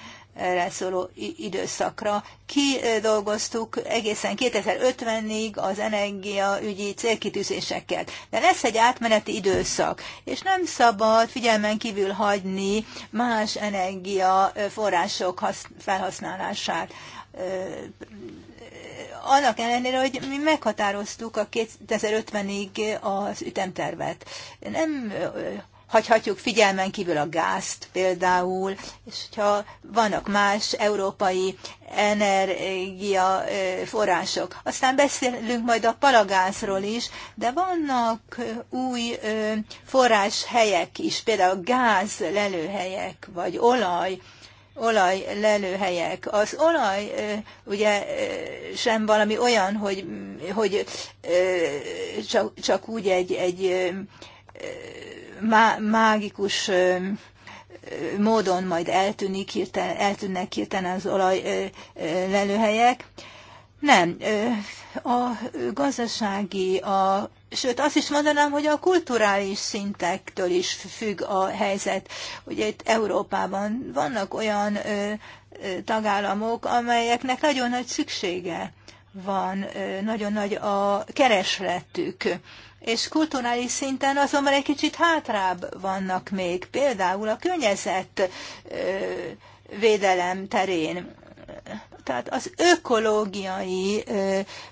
szóló időszakra. Kidolgoztuk egészen 2050-ig az energiaügyi célkitűzéseket. De lesz egy átmeneti időszak, és nem szabad figyelmen kívül hagyni más energiaforrások felhasználását annak ellenére, hogy mi meghatároztuk a 2050-ig az ütemtervet. Nem hagyhatjuk figyelmen kívül a gázt például, és hogyha vannak más európai energia források, Aztán beszélünk majd a palagázról is, de vannak új forráshelyek is, például gázlelőhelyek, vagy olaj, olaj lelőhelyek. Az olaj ugye sem valami olyan, hogy, hogy csak, csak úgy egy, egy má- mágikus módon majd eltűnik hirtelen, eltűnnek hirtelen az olajlelőhelyek. Nem, a gazdasági, a, sőt azt is mondanám, hogy a kulturális szintektől is függ a helyzet. Ugye itt Európában vannak olyan tagállamok, amelyeknek nagyon nagy szüksége van, nagyon nagy a keresletük és kulturális szinten azonban egy kicsit hátrább vannak még, például a környezet védelem terén. Tehát az ökológiai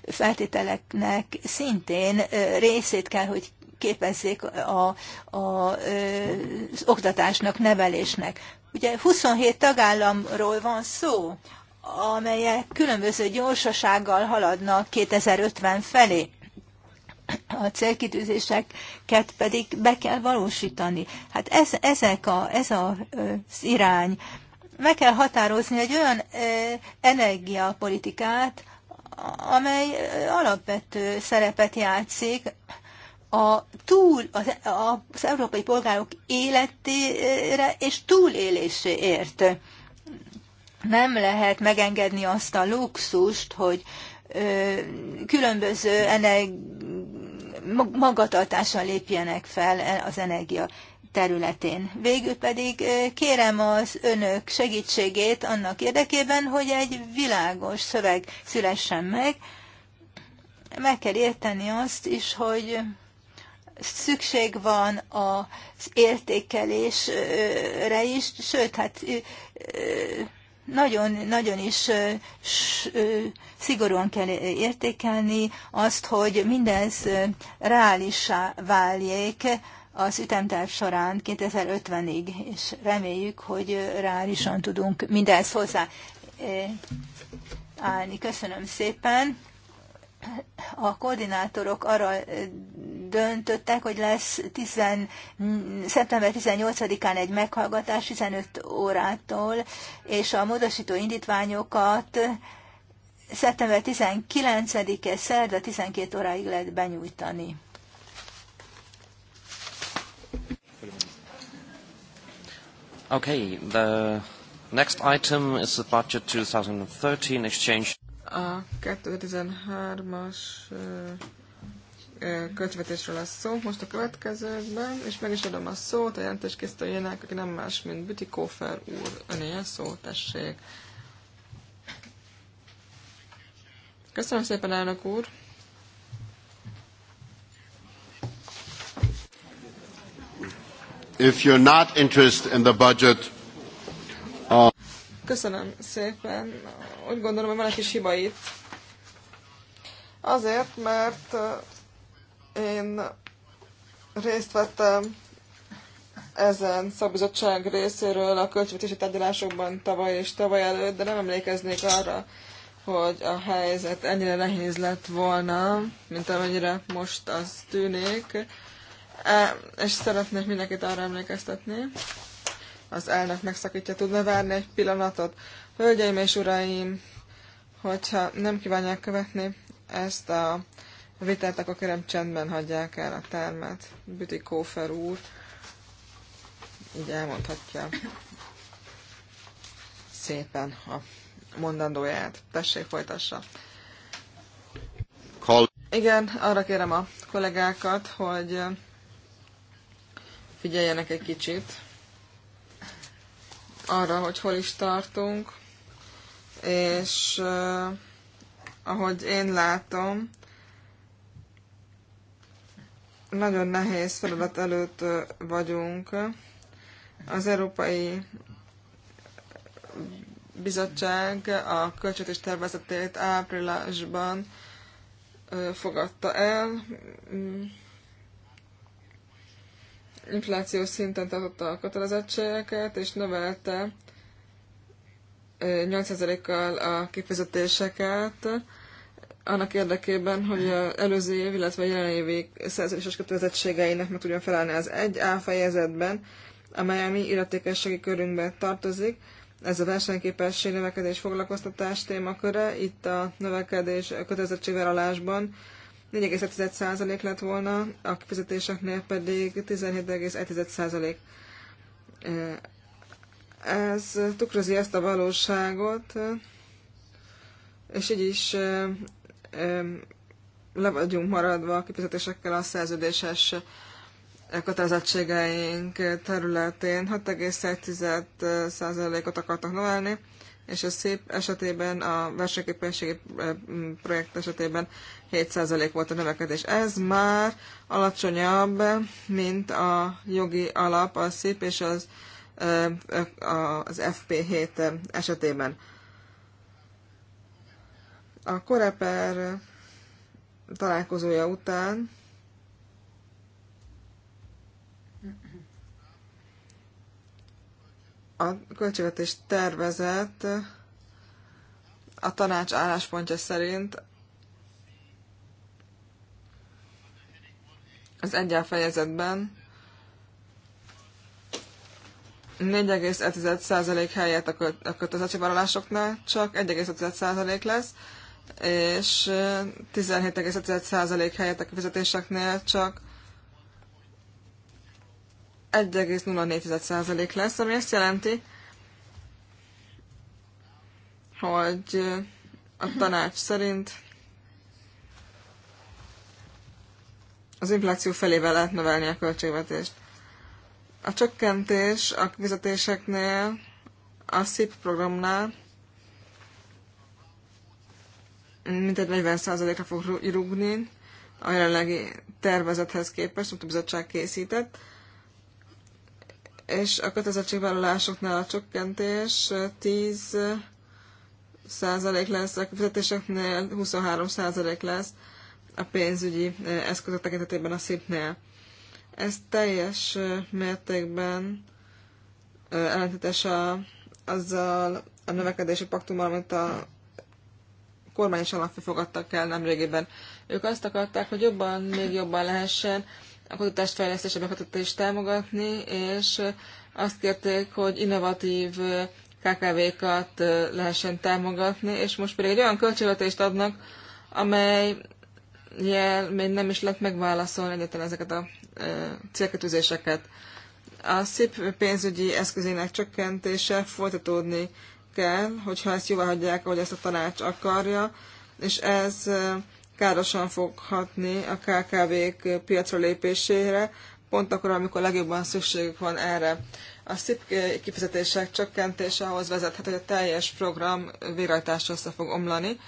feltételeknek szintén részét kell, hogy képezzék a, a, az oktatásnak, nevelésnek. Ugye 27 tagállamról van szó, amelyek különböző gyorsasággal haladnak 2050 felé a célkitűzéseket pedig be kell valósítani. Hát ez, ezek a, ez a, az irány. Meg kell határozni egy olyan energiapolitikát, amely alapvető szerepet játszik a túl, az, az európai polgárok életére és túléléséért. Nem lehet megengedni azt a luxust, hogy különböző energi magatartással lépjenek fel e- az energia területén. Végül pedig kérem az önök segítségét annak érdekében, hogy egy világos szöveg szülessen meg. Meg kell érteni azt is, hogy szükség van az értékelésre is, sőt, hát nagyon-nagyon is szigorúan kell értékelni azt, hogy mindez reálissá váljék az ütemterv során 2050-ig, és reméljük, hogy reálisan tudunk mindez hozzá állni. Köszönöm szépen! a koordinátorok arra döntöttek, hogy lesz 10, szeptember 18-án egy meghallgatás 15 órától, és a módosító indítványokat szeptember 19-e szerda 12 óráig lehet benyújtani. Okay, the next item is the budget 2013 exchange. A 2013-as költvetésről lesz szó. Most a következőkben, és meg is adom a szót a jelentéskészítőjének, aki nem más, mint Kófer úr. a szó, tessék. Köszönöm szépen, elnök úr. If you're not interested in the budget, Köszönöm szépen. Úgy gondolom, hogy van egy kis hiba itt. Azért, mert én részt vettem ezen szabizottság részéről a költségvetési tárgyalásokban tavaly és tavaly előtt, de nem emlékeznék arra, hogy a helyzet ennyire nehéz lett volna, mint amennyire most az tűnik. E, és szeretnék mindenkit arra emlékeztetni, az elnök megszakítja. Tudna várni egy pillanatot? Hölgyeim és uraim, hogyha nem kívánják követni ezt a vitát, akkor kérem csendben hagyják el a termet. Büti Kófer úr így elmondhatja szépen a mondandóját. Tessék, folytassa. Call. Igen, arra kérem a kollégákat, hogy figyeljenek egy kicsit, arra, hogy hol is tartunk, és uh, ahogy én látom, nagyon nehéz feladat előtt vagyunk. Az Európai Bizottság a költségvetés tervezetét áprilisban fogadta el inflációs szinten tartotta a kötelezettségeket, és növelte 8%-kal a kifizetéseket, annak érdekében, hogy az előző év, illetve a jelen évi szerződéses kötelezettségeinek meg tudjon felelni az egy A fejezetben, amely a mi illetékességi körünkbe tartozik. Ez a versenyképesség növekedés foglalkoztatás témaköre, itt a növekedés kötelezettségvállalásban 4,1% lett volna, a kifizetéseknél pedig 17,1%. Ez tükrözi ezt a valóságot, és így is le vagyunk maradva a kifizetésekkel a szerződéses kötelezettségeink területén. 6,1%-ot akartak növelni, és a szép esetében, a versenyképességi eh, mm, projekt esetében 7% volt a növekedés. Ez már alacsonyabb, mint a jogi alap, a szép és az, eh, az FP7 esetében. A Koreper találkozója után a költségvetés tervezet a tanács álláspontja szerint az egyel fejezetben 4,1% helyett a kötelezettségvállalásoknál csak 1,5% lesz, és 17,5% helyett a kifizetéseknél csak 1,04% lesz, ami azt jelenti, hogy a tanács szerint az infláció felével lehet növelni a költségvetést. A csökkentés a fizetéseknél, a SZIP programnál mintegy 40%-ra fog rúgni a jelenlegi tervezethez képest, amit a bizottság készített és a kötelezettségvállalásoknál a csökkentés 10 százalék lesz, a fizetéseknél 23 százalék lesz a pénzügyi eszközök tekintetében a szintnél. Ez teljes mértékben ellentétes a, azzal a növekedési paktummal, amit a kormány is alapfő fogadtak el nemrégében. Ők azt akarták, hogy jobban, még jobban lehessen a kutatást fejlesztése befektetést is támogatni, és azt kérték, hogy innovatív KKV-kat lehessen támogatni, és most pedig egy olyan költségvetést adnak, amely jel még nem is lett megválaszolni egyetlen ezeket a célkötőzéseket. A SZIP pénzügyi eszközének csökkentése folytatódni kell, hogyha ezt jóvá hagyják, ahogy ezt a tanács akarja, és ez károsan foghatni a KKV-k piacra lépésére, pont akkor, amikor legjobban szükségük van erre. A SZIP kifizetések csökkentése ahhoz vezethet, hogy a teljes program végrehajtása össze fog omlani.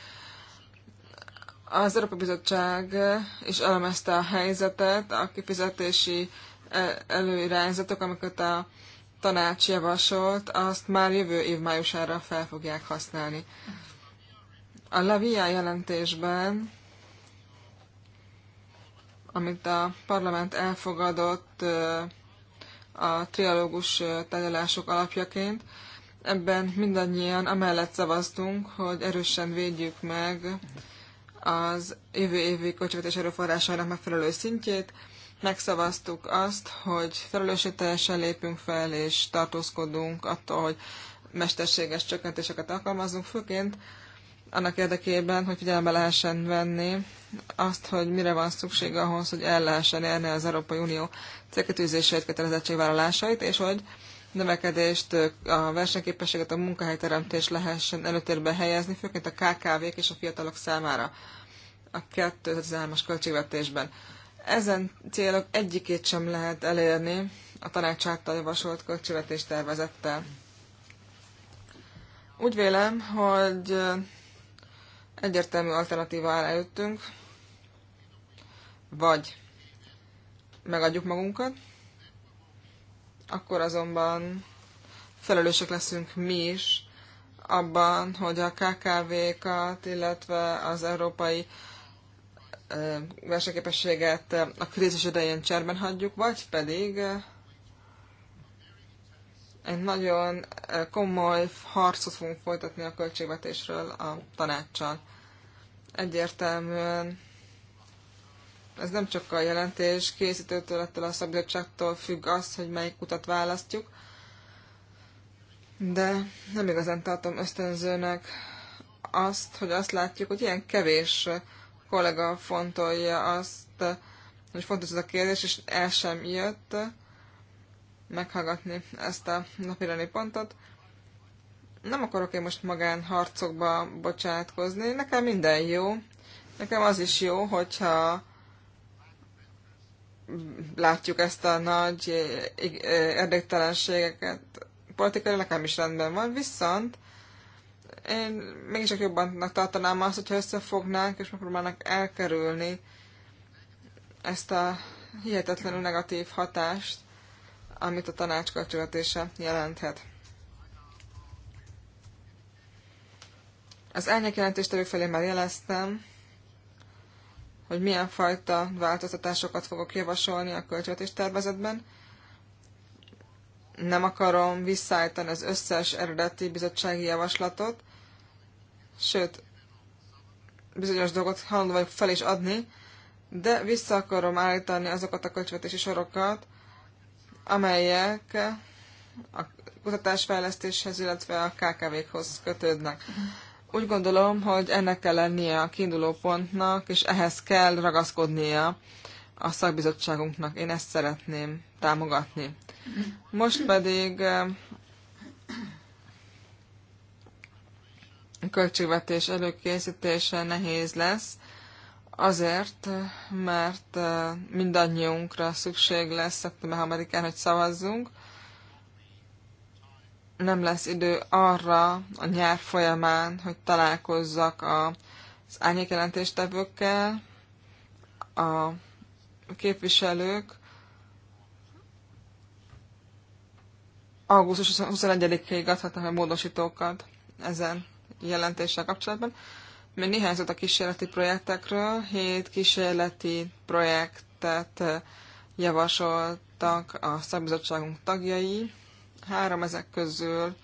Az Európai Bizottság is elemezte a helyzetet, a kifizetési e, előirányzatok, amiket a tanács javasolt, azt már jövő év májusára fel fogják használni. A Lavia jelentésben amit a parlament elfogadott a trialógus tárgyalások alapjaként. Ebben mindannyian amellett szavaztunk, hogy erősen védjük meg az jövő évi költségvetés erőforrásainak megfelelő szintjét. Megszavaztuk azt, hogy felelősségteljesen lépünk fel és tartózkodunk attól, hogy mesterséges csökkentéseket alkalmazunk, főként annak érdekében, hogy figyelembe lehessen venni azt, hogy mire van szükség ahhoz, hogy el lehessen érni az Európai Unió célkötőzéseit, kötelezettségvállalásait, és hogy növekedést, a versenyképességet, a munkahelyteremtés lehessen előtérbe helyezni, főként a KKV-k és a fiatalok számára a 2013-as költségvetésben. Ezen célok egyikét sem lehet elérni a tanács által javasolt költségvetés tervezettel. Úgy vélem, hogy Egyértelmű alternatíva áll előttünk, vagy megadjuk magunkat, akkor azonban felelősek leszünk mi is abban, hogy a KKV-kat, illetve az európai versenyképességet a krízis idején cserben hagyjuk, vagy pedig egy nagyon komoly harcot fogunk folytatni a költségvetésről a tanácssal. Egyértelműen ez nem csak a jelentés készítőtől, ettől a szabadságtól függ az, hogy melyik utat választjuk, de nem igazán tartom ösztönzőnek azt, hogy azt látjuk, hogy ilyen kevés kollega fontolja azt, hogy fontos ez a kérdés, és el sem jött meghallgatni ezt a napirani pontot. Nem akarok én most magán harcokba bocsátkozni, nekem minden jó. Nekem az is jó, hogyha látjuk ezt a nagy eh, eh, érdektelenségeket politikai, nekem is rendben van, viszont én mégiscsak jobban tartanám azt, hogyha összefognánk és megpróbálnak elkerülni ezt a hihetetlenül negatív hatást, amit a tanács költségvetése jelenthet. Az árnyék jelentéstevő felé már jeleztem, hogy milyen fajta változtatásokat fogok javasolni a költségvetés tervezetben. Nem akarom visszaállítani az összes eredeti bizottsági javaslatot, sőt, bizonyos dolgot hajlandó vagyok fel is adni, de vissza akarom állítani azokat a költségvetési sorokat, amelyek a kutatásfejlesztéshez, illetve a KKV-khoz kötődnek. Úgy gondolom, hogy ennek kell lennie a kiinduló pontnak, és ehhez kell ragaszkodnia a szakbizottságunknak. Én ezt szeretném támogatni. Most pedig a eh, költségvetés előkészítése nehéz lesz, Azért, mert mindannyiunkra szükség lesz szeptember 3 hogy szavazzunk. Nem lesz idő arra a nyár folyamán, hogy találkozzak az árnyékjelentéstevőkkel, a képviselők augusztus 21-ig adhatnak a módosítókat ezen jelentéssel kapcsolatban. Még néhány szót a kísérleti projektekről. Hét kísérleti projektet javasoltak a szakbizottságunk tagjai. Három ezek közül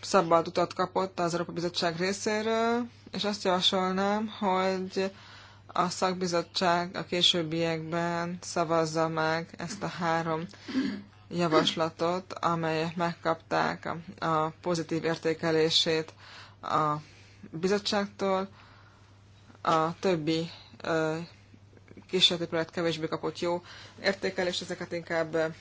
szabad utat kapott az Európa Bizottság részéről, és azt javasolnám, hogy a szakbizottság a későbbiekben szavazza meg ezt a három javaslatot, amelyek megkapták a pozitív értékelését a bizottságtól. A többi kísérleti projekt kevésbé kapott jó értékelést, ezeket inkább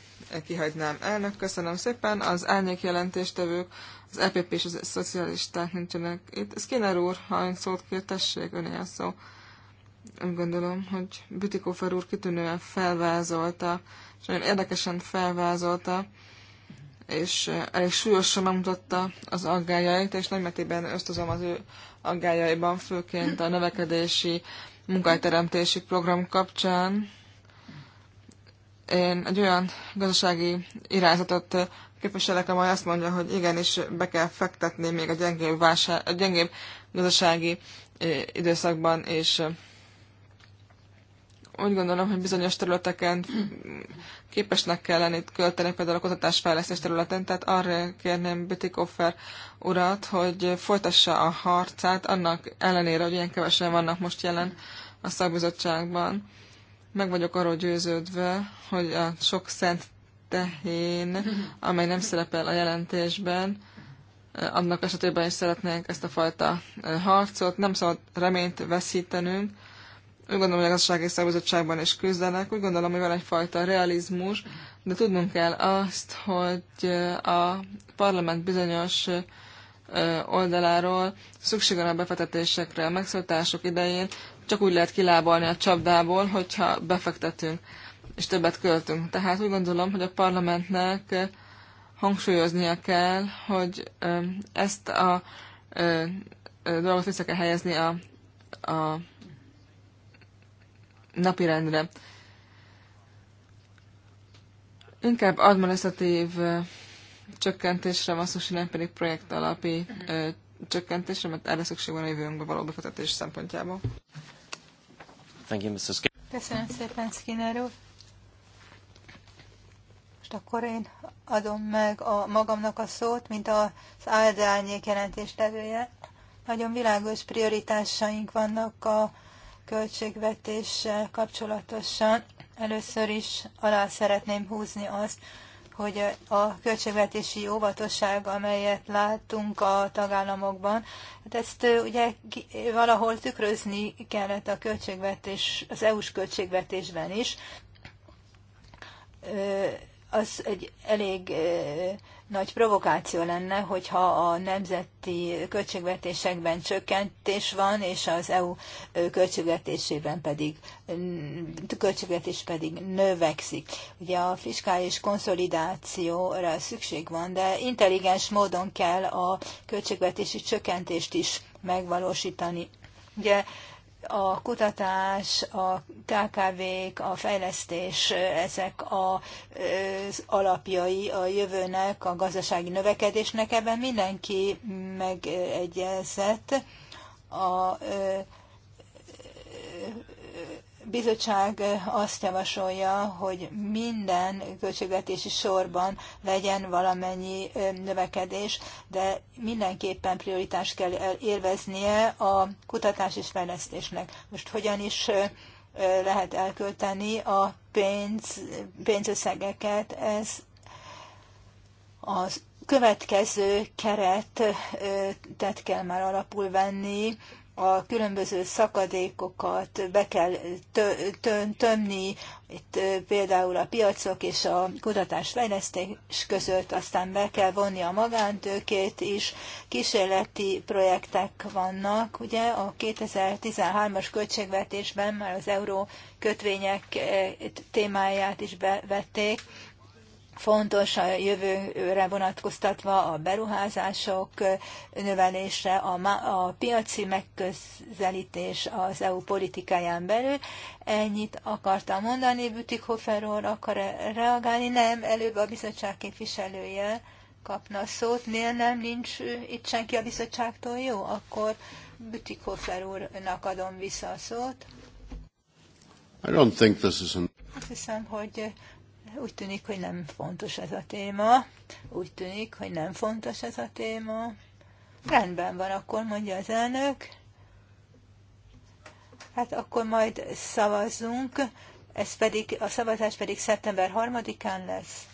kihagynám elnök. Köszönöm szépen. Az árnyék jelentéstevők, az EPP és a szocialisták nincsenek itt. Skinner úr, ha szót kér, tessék, öné a szó úgy gondolom, hogy Bütikofer úr kitűnően felvázolta, és nagyon érdekesen felvázolta, és elég súlyosan megmutatta az aggájait, és nagymetében ösztözöm az ő aggájaiban, főként a növekedési munkájteremtési program kapcsán. Én egy olyan gazdasági irányzatot képviselek, amely azt mondja, hogy igenis be kell fektetni még a gyengébb, vásár, a gyengébb gazdasági időszakban és úgy gondolom, hogy bizonyos területeken képesnek kell lenni költeni, például a kutatásfejlesztés területen, tehát arra kérném Bitikoffer urat, hogy folytassa a harcát, annak ellenére, hogy ilyen kevesen vannak most jelen a szakbizottságban. Meg vagyok arról győződve, hogy a sok szent tehén, amely nem szerepel a jelentésben, annak esetében is szeretnénk ezt a fajta harcot. Nem szabad reményt veszítenünk, úgy gondolom, hogy a gazdasági szervezettságban is küzdenek. Úgy gondolom, hogy van egyfajta realizmus, de tudnunk kell azt, hogy a parlament bizonyos oldaláról szükség van a befektetésekre, a megszólítások idején, csak úgy lehet kilábalni a csapdából, hogyha befektetünk és többet költünk. Tehát úgy gondolom, hogy a parlamentnek hangsúlyoznia kell, hogy ezt a dolgot vissza kell helyezni a, a napirendre. Inkább administratív csökkentésre van szükség, nem pedig projekt alapi csökkentésre, mert erre szükség van a jövőnkbe való befektetés szempontjából. Thank you, Mrs. Köszönöm szépen, Skinner úr. Most akkor én adom meg a magamnak a szót, mint az áldányék jelentéstevője. Nagyon világos prioritásaink vannak a költségvetéssel kapcsolatosan először is alá szeretném húzni azt, hogy a költségvetési óvatosság, amelyet láttunk a tagállamokban, hát ezt ugye valahol tükrözni kellett a költségvetés, az EU-s költségvetésben is. Az egy elég nagy provokáció lenne, hogyha a nemzeti költségvetésekben csökkentés van, és az EU költségvetésében pedig, költségvetés pedig növekszik. Ugye a fiskális konszolidációra szükség van, de intelligens módon kell a költségvetési csökkentést is megvalósítani. Ugye a kutatás, a KKV-k, a fejlesztés, ezek a, az alapjai a jövőnek, a gazdasági növekedésnek. Ebben mindenki megegyezett. A, bizottság azt javasolja, hogy minden költségvetési sorban legyen valamennyi növekedés, de mindenképpen prioritást kell élveznie a kutatás és fejlesztésnek. Most hogyan is lehet elkölteni a pénz, pénzösszegeket, ez az következő keretet kell már alapul venni, a különböző szakadékokat be kell tömni, itt például a piacok és a kutatásfejlesztés között, aztán be kell vonni a magántőkét is, kísérleti projektek vannak, ugye a 2013-as költségvetésben már az euró kötvények témáját is bevették, fontos a jövőre vonatkoztatva a beruházások növelése, a, a piaci megközelítés az EU politikáján belül. Ennyit akartam mondani, Bütikhofer úr akar -e reagálni? Nem, előbb a bizottság képviselője kapna szót. Nél nem nincs eh, itt senki a bizottságtól? Jó, akkor Bütikhofer úrnak adom vissza a szót. I don't think this is an... Azt hiszem, hogy úgy tűnik, hogy nem fontos ez a téma. Úgy tűnik, hogy nem fontos ez a téma. Rendben van, akkor mondja az elnök. Hát akkor majd szavazzunk, ez pedig, a szavazás pedig szeptember 3-án lesz.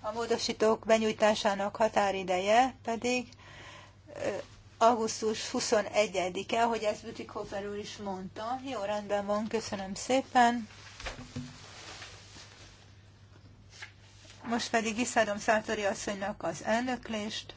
A módosítók benyújtásának határideje pedig augusztus 21-e, hogy ezt Bütikofer úr is mondta. Jó, rendben van, köszönöm szépen. Most pedig visszaadom Szátori asszonynak az elnöklést.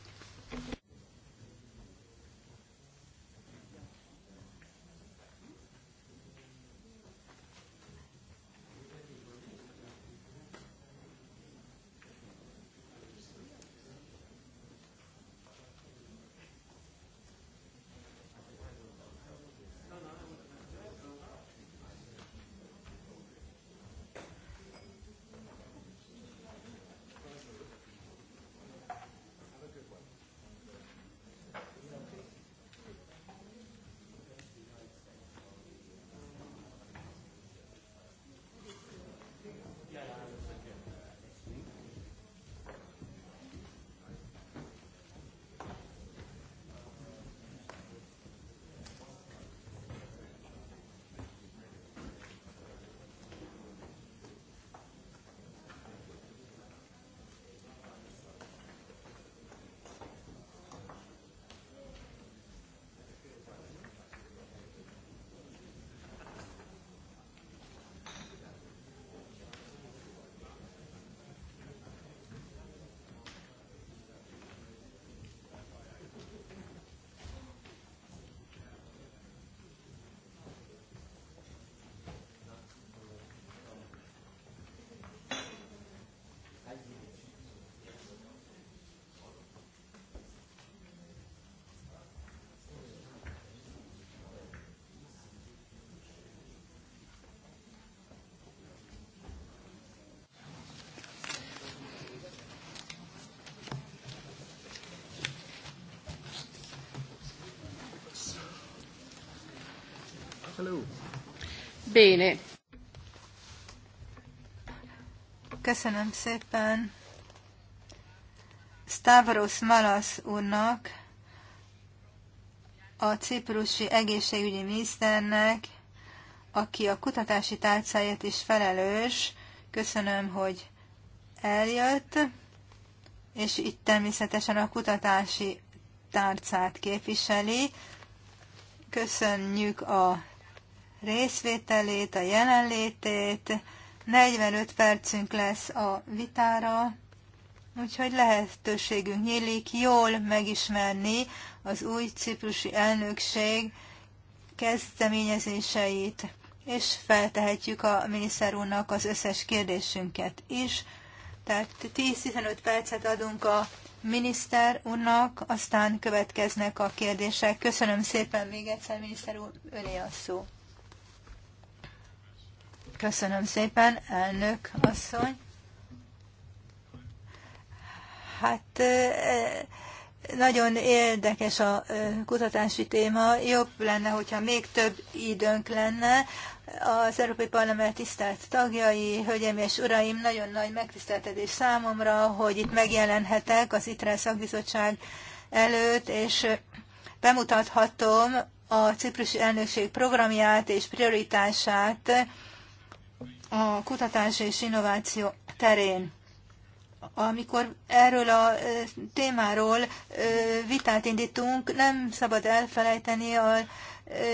Bene. Köszönöm szépen Stavros Malasz úrnak, a ciprusi egészségügyi miniszternek, aki a kutatási tárcáját is felelős. Köszönöm, hogy eljött, és itt természetesen a kutatási tárcát képviseli. Köszönjük a részvételét, a jelenlétét. 45 percünk lesz a vitára, úgyhogy lehetőségünk nyílik jól megismerni az új ciprusi elnökség kezdeményezéseit, és feltehetjük a miniszter úrnak az összes kérdésünket is. Tehát 10-15 percet adunk a miniszter úrnak, aztán következnek a kérdések. Köszönöm szépen még egyszer, miniszter úr, öné a szó. Köszönöm szépen, elnök asszony. Hát nagyon érdekes a kutatási téma. Jobb lenne, hogyha még több időnk lenne. Az Európai Parlament tisztelt tagjai, hölgyeim és uraim, nagyon nagy megtiszteltetés számomra, hogy itt megjelenhetek az ITRE szakbizottság előtt, és bemutathatom a ciprusi elnökség programját és prioritását a kutatás és innováció terén. Amikor erről a témáról vitát indítunk, nem szabad elfelejteni a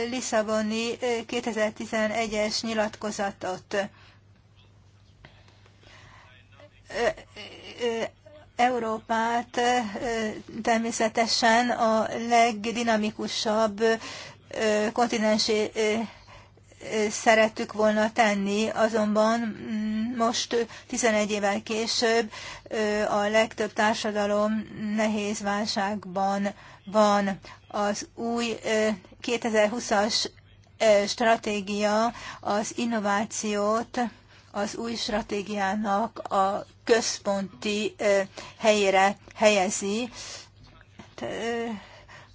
Lisszaboni 2011-es nyilatkozatot. Európát természetesen a legdinamikusabb kontinensé szerettük volna tenni, azonban mm, most 11 évvel később a legtöbb társadalom nehéz válságban van. Az új 2020-as stratégia az innovációt az új stratégiának a központi helyére helyezi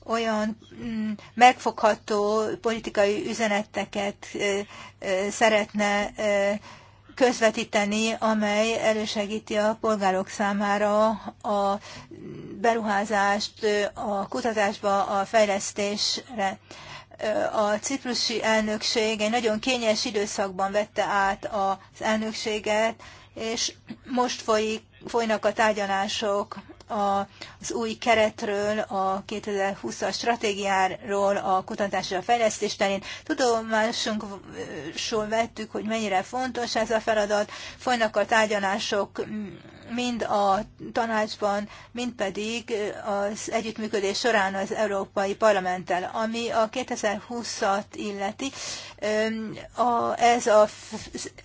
olyan mm, megfogható politikai üzeneteket szeretne közvetíteni, amely elősegíti a polgárok számára a beruházást a kutatásba, a fejlesztésre. A ciprusi elnökség egy nagyon kényes időszakban vette át az elnökséget, és most folyik, folynak a tárgyalások a az új keretről, a 2020-as stratégiáról, a kutatásra a fejlesztés terén. Tudomásunkról vettük, hogy mennyire fontos ez a feladat. Folynak a tárgyalások mind a tanácsban, mind pedig az együttműködés során az Európai Parlamenttel, ami a 2020-at illeti. A, ez az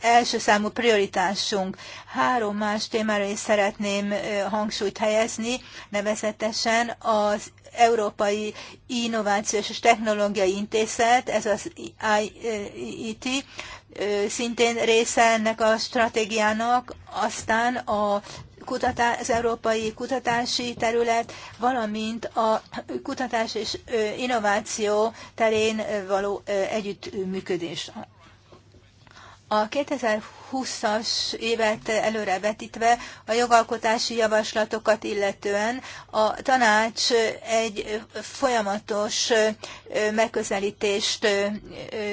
első számú prioritásunk. Három más témára is szeretném hangsúlyt helyezni, nevezetesen az Európai Innovációs és Technológiai Intézet, ez az IIT, szintén része ennek a stratégiának, aztán a kutatás, az európai kutatási terület, valamint a kutatás és innováció terén való együttműködés. A 2020-as évet előre vetítve a jogalkotási javaslatokat illetően a tanács egy folyamatos megközelítést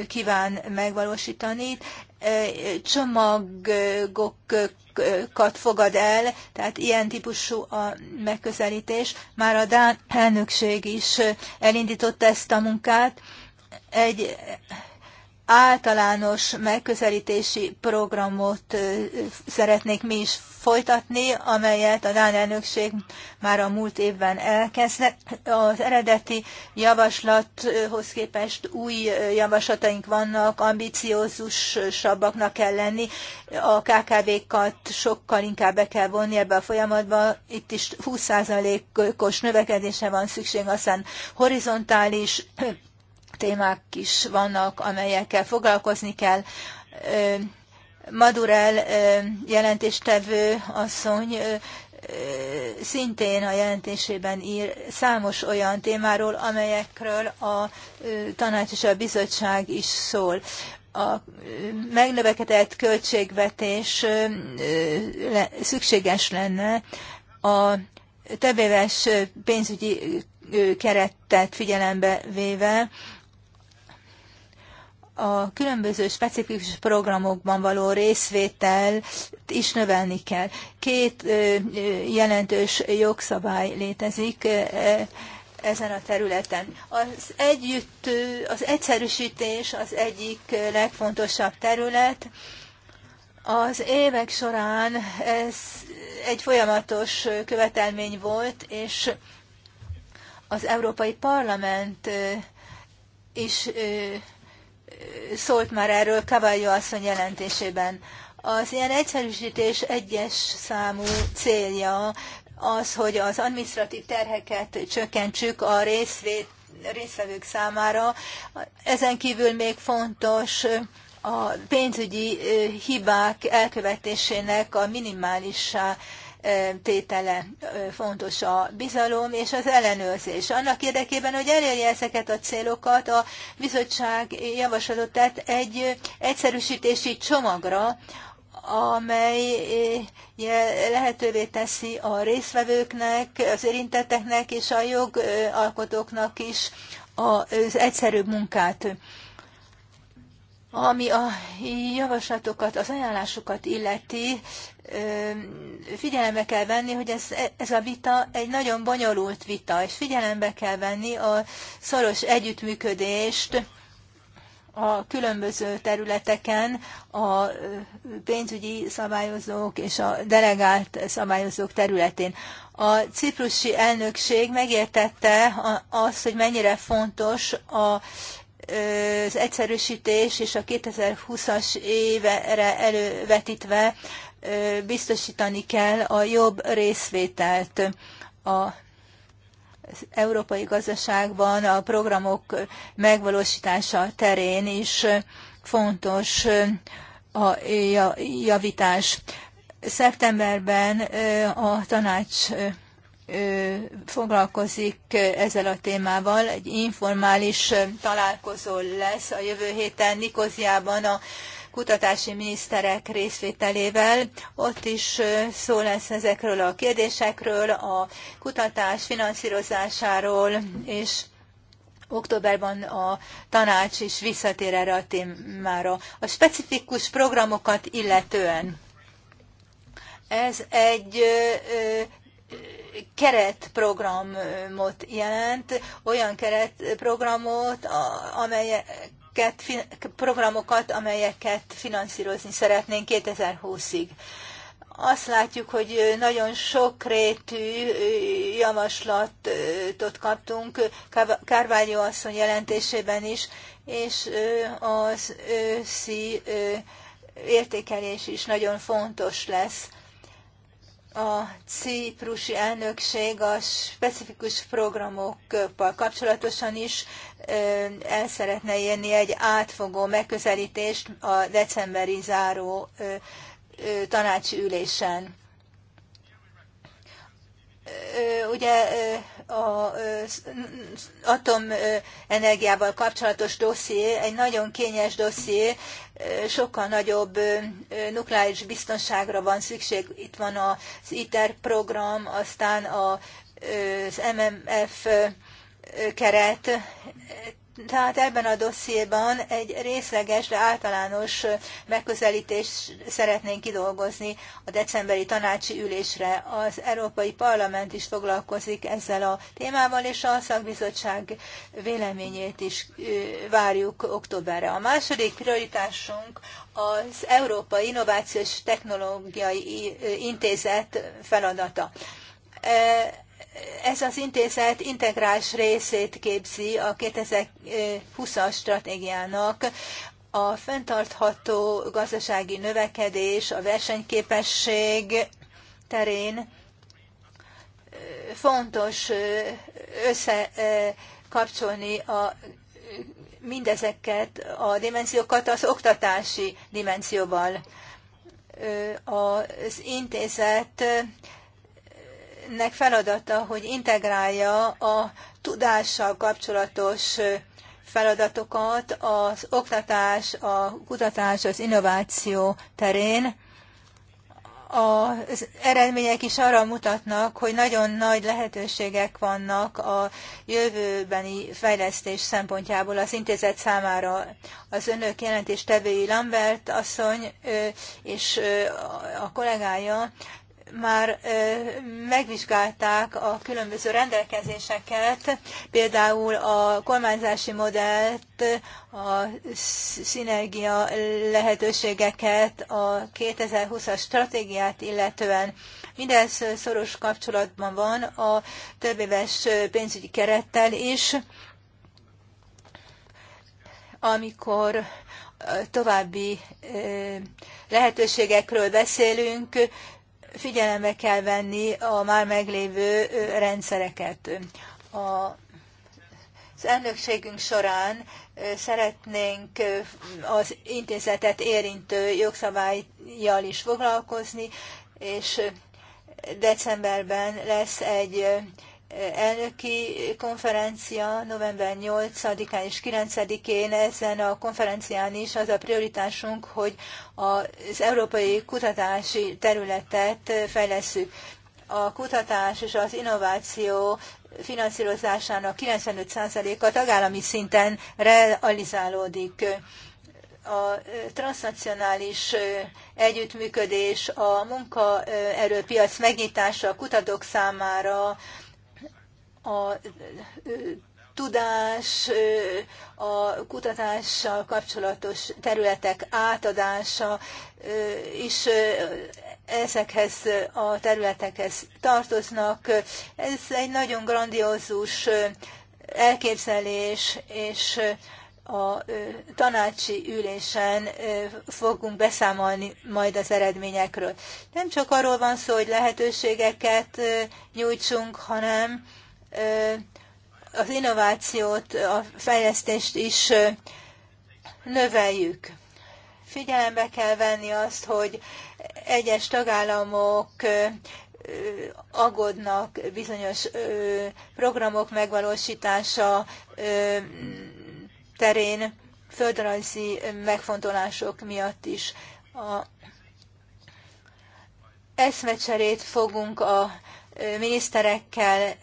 kíván megvalósítani. Csomagokat fogad el, tehát ilyen típusú a megközelítés. Már a Dán elnökség is elindította ezt a munkát. Egy általános megközelítési programot szeretnék mi is folytatni, amelyet a Dán elnökség már a múlt évben elkezdett. Az eredeti javaslathoz képest új javaslataink vannak, ambiciózusabbaknak kell lenni, a KKV-kat sokkal inkább be kell vonni ebbe a folyamatba, itt is 20%-os növekedése van szükség, aztán horizontális témák is vannak, amelyekkel foglalkozni kell. Madurel jelentéstevő asszony szintén a jelentésében ír számos olyan témáról, amelyekről a tanács és a bizottság is szól. A megnövekedett költségvetés szükséges lenne a tevéves pénzügyi kerettet figyelembe véve, a különböző specifikus programokban való részvétel is növelni kell. Két jelentős jogszabály létezik ezen a területen. Az együtt, az egyszerűsítés az egyik legfontosabb terület. Az évek során ez egy folyamatos követelmény volt, és az Európai Parlament is szólt már erről Cavallo asszony jelentésében. Az ilyen egyszerűsítés egyes számú célja az, hogy az administratív terheket csökkentsük a részvét, részvevők számára. Ezen kívül még fontos a pénzügyi hibák elkövetésének a minimálissá tétele fontos a bizalom és az ellenőrzés. Annak érdekében, hogy elérje ezeket a célokat, a bizottság javaslatot tett egy egyszerűsítési csomagra, amely e, lehetővé teszi a részvevőknek, az érintetteknek és a jogalkotóknak is az egyszerűbb munkát. Ami a javaslatokat, az ajánlásokat illeti, figyelembe kell venni, hogy ez, ez a vita egy nagyon bonyolult vita, és figyelembe kell venni a szoros együttműködést a különböző területeken a pénzügyi szabályozók és a delegált szabályozók területén. A ciprusi elnökség megértette azt, hogy mennyire fontos a az egyszerűsítés és a 2020-as évre elővetítve biztosítani kell a jobb részvételt a az európai gazdaságban a programok megvalósítása terén is fontos a javítás. Szeptemberben a tanács foglalkozik ezzel a témával. Egy informális találkozó lesz a jövő héten Nikoziában a kutatási miniszterek részvételével. Ott is szó lesz ezekről a kérdésekről, a kutatás finanszírozásáról, és októberben a tanács is visszatér erre a témára. A specifikus programokat illetően ez egy keretprogramot jelent, olyan keretprogramot, amelyeket, programokat, amelyeket finanszírozni szeretnénk 2020-ig. Azt látjuk, hogy nagyon sokrétű javaslatot kaptunk Kárványó asszony jelentésében is, és az őszi értékelés is nagyon fontos lesz a ciprusi elnökség a specifikus programokkal kapcsolatosan is el szeretne érni egy átfogó megközelítést a decemberi záró tanácsi ülésen. Ugye az atomenergiával kapcsolatos dosszié egy nagyon kényes dosszié, sokkal nagyobb nukleáris biztonságra van szükség. Itt van az ITER program, aztán az MMF keret. Tehát ebben a dossziéban egy részleges, de általános megközelítést szeretnénk kidolgozni a decemberi tanácsi ülésre. Az Európai Parlament is foglalkozik ezzel a témával, és a szakbizottság véleményét is várjuk októberre. A második prioritásunk az Európai Innovációs Technológiai Intézet feladata ez az intézet integrális részét képzi a 2020-as stratégiának, a fenntartható gazdasági növekedés, a versenyképesség terén fontos összekapcsolni a mindezeket a dimenziókat az oktatási dimenzióval. Az intézet nek feladata, hogy integrálja a tudással kapcsolatos feladatokat az oktatás, a kutatás, az innováció terén. Az eredmények is arra mutatnak, hogy nagyon nagy lehetőségek vannak a jövőbeni fejlesztés szempontjából az intézet számára. Az önök jelentéstevői Lambert asszony és a kollégája már megvizsgálták a különböző rendelkezéseket, például a kormányzási modellt, a szinergia lehetőségeket, a 2020-as stratégiát illetően. Mindez szoros kapcsolatban van a többéves pénzügyi kerettel is, amikor további lehetőségekről beszélünk, figyelembe kell venni a már meglévő rendszereket. A, az elnökségünk során szeretnénk az intézetet érintő jogszabályjal is foglalkozni, és decemberben lesz egy elnöki konferencia november 8-án és 9-én ezen a konferencián is az a prioritásunk, hogy az európai kutatási területet fejlesszük. A kutatás és az innováció finanszírozásának 95%-a tagállami szinten realizálódik a transnacionális együttműködés, a munkaerőpiac megnyitása a kutatók számára, a tudás, a kutatással kapcsolatos területek átadása is ezekhez a területekhez tartoznak. Ez egy nagyon grandiózus elképzelés, és a tanácsi ülésen fogunk beszámolni majd az eredményekről. Nem csak arról van szó, hogy lehetőségeket nyújtsunk, hanem az innovációt, a fejlesztést is növeljük. Figyelembe kell venni azt, hogy egyes tagállamok agodnak bizonyos programok megvalósítása terén, földrajzi megfontolások miatt is. A eszmecserét fogunk a miniszterekkel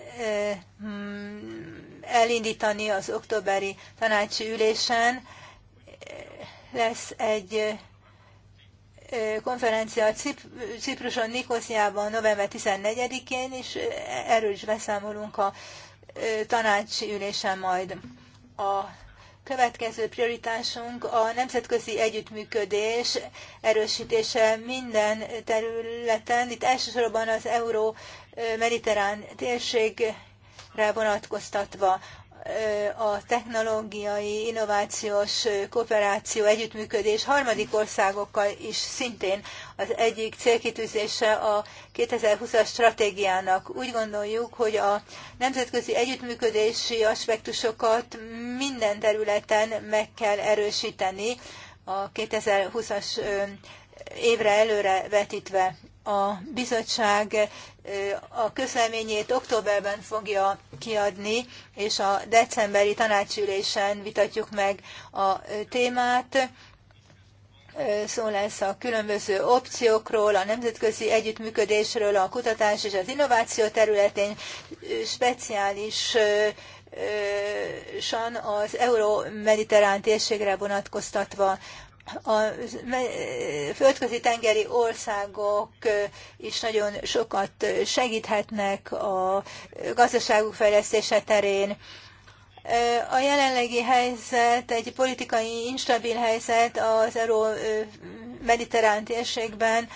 mm, elindítani az októberi tanácsi ülésen. Lesz egy konferencia Cip- Cipruson, Nikosziában november 14-én, és erről is beszámolunk a tanácsi ülésen majd. A következő prioritásunk a nemzetközi együttműködés erősítése minden területen. Itt elsősorban az euró mediterrán térségre vonatkoztatva a technológiai, innovációs kooperáció, együttműködés harmadik országokkal is szintén az egyik célkitűzése a 2020-as stratégiának. Úgy gondoljuk, hogy a nemzetközi együttműködési aspektusokat minden területen meg kell erősíteni a 2020-as évre előre vetítve a bizottság a közleményét októberben fogja kiadni, és a decemberi tanácsülésen vitatjuk meg a témát. Szó lesz a különböző opciókról, a nemzetközi együttműködésről, a kutatás és az innováció területén speciálisan az euró-mediterrán térségre vonatkoztatva a földközi tengeri országok is nagyon sokat segíthetnek a gazdaságuk fejlesztése terén. A jelenlegi helyzet, egy politikai instabil helyzet az euró-mediterrán térségben,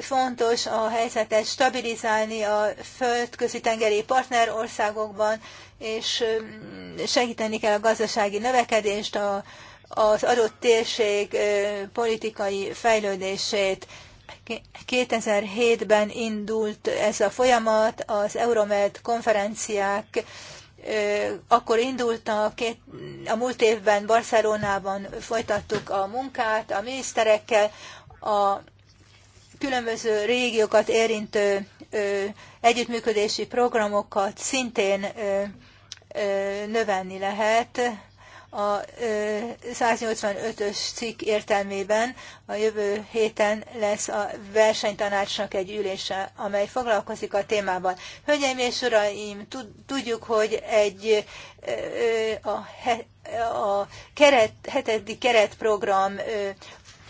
fontos a helyzetet stabilizálni a földközi tengeri partner országokban, és segíteni kell a gazdasági növekedést, a az adott térség politikai fejlődését. 2007-ben indult ez a folyamat, az Euromed konferenciák akkor indultak, a múlt évben Barcelonában folytattuk a munkát a miniszterekkel, a különböző régiókat érintő együttműködési programokat szintén növelni lehet, a 185-ös cikk értelmében a jövő héten lesz a versenytanácsnak egy ülése, amely foglalkozik a témával. Hölgyeim és uraim, tudjuk, hogy egy a, a keret, hetedik keretprogram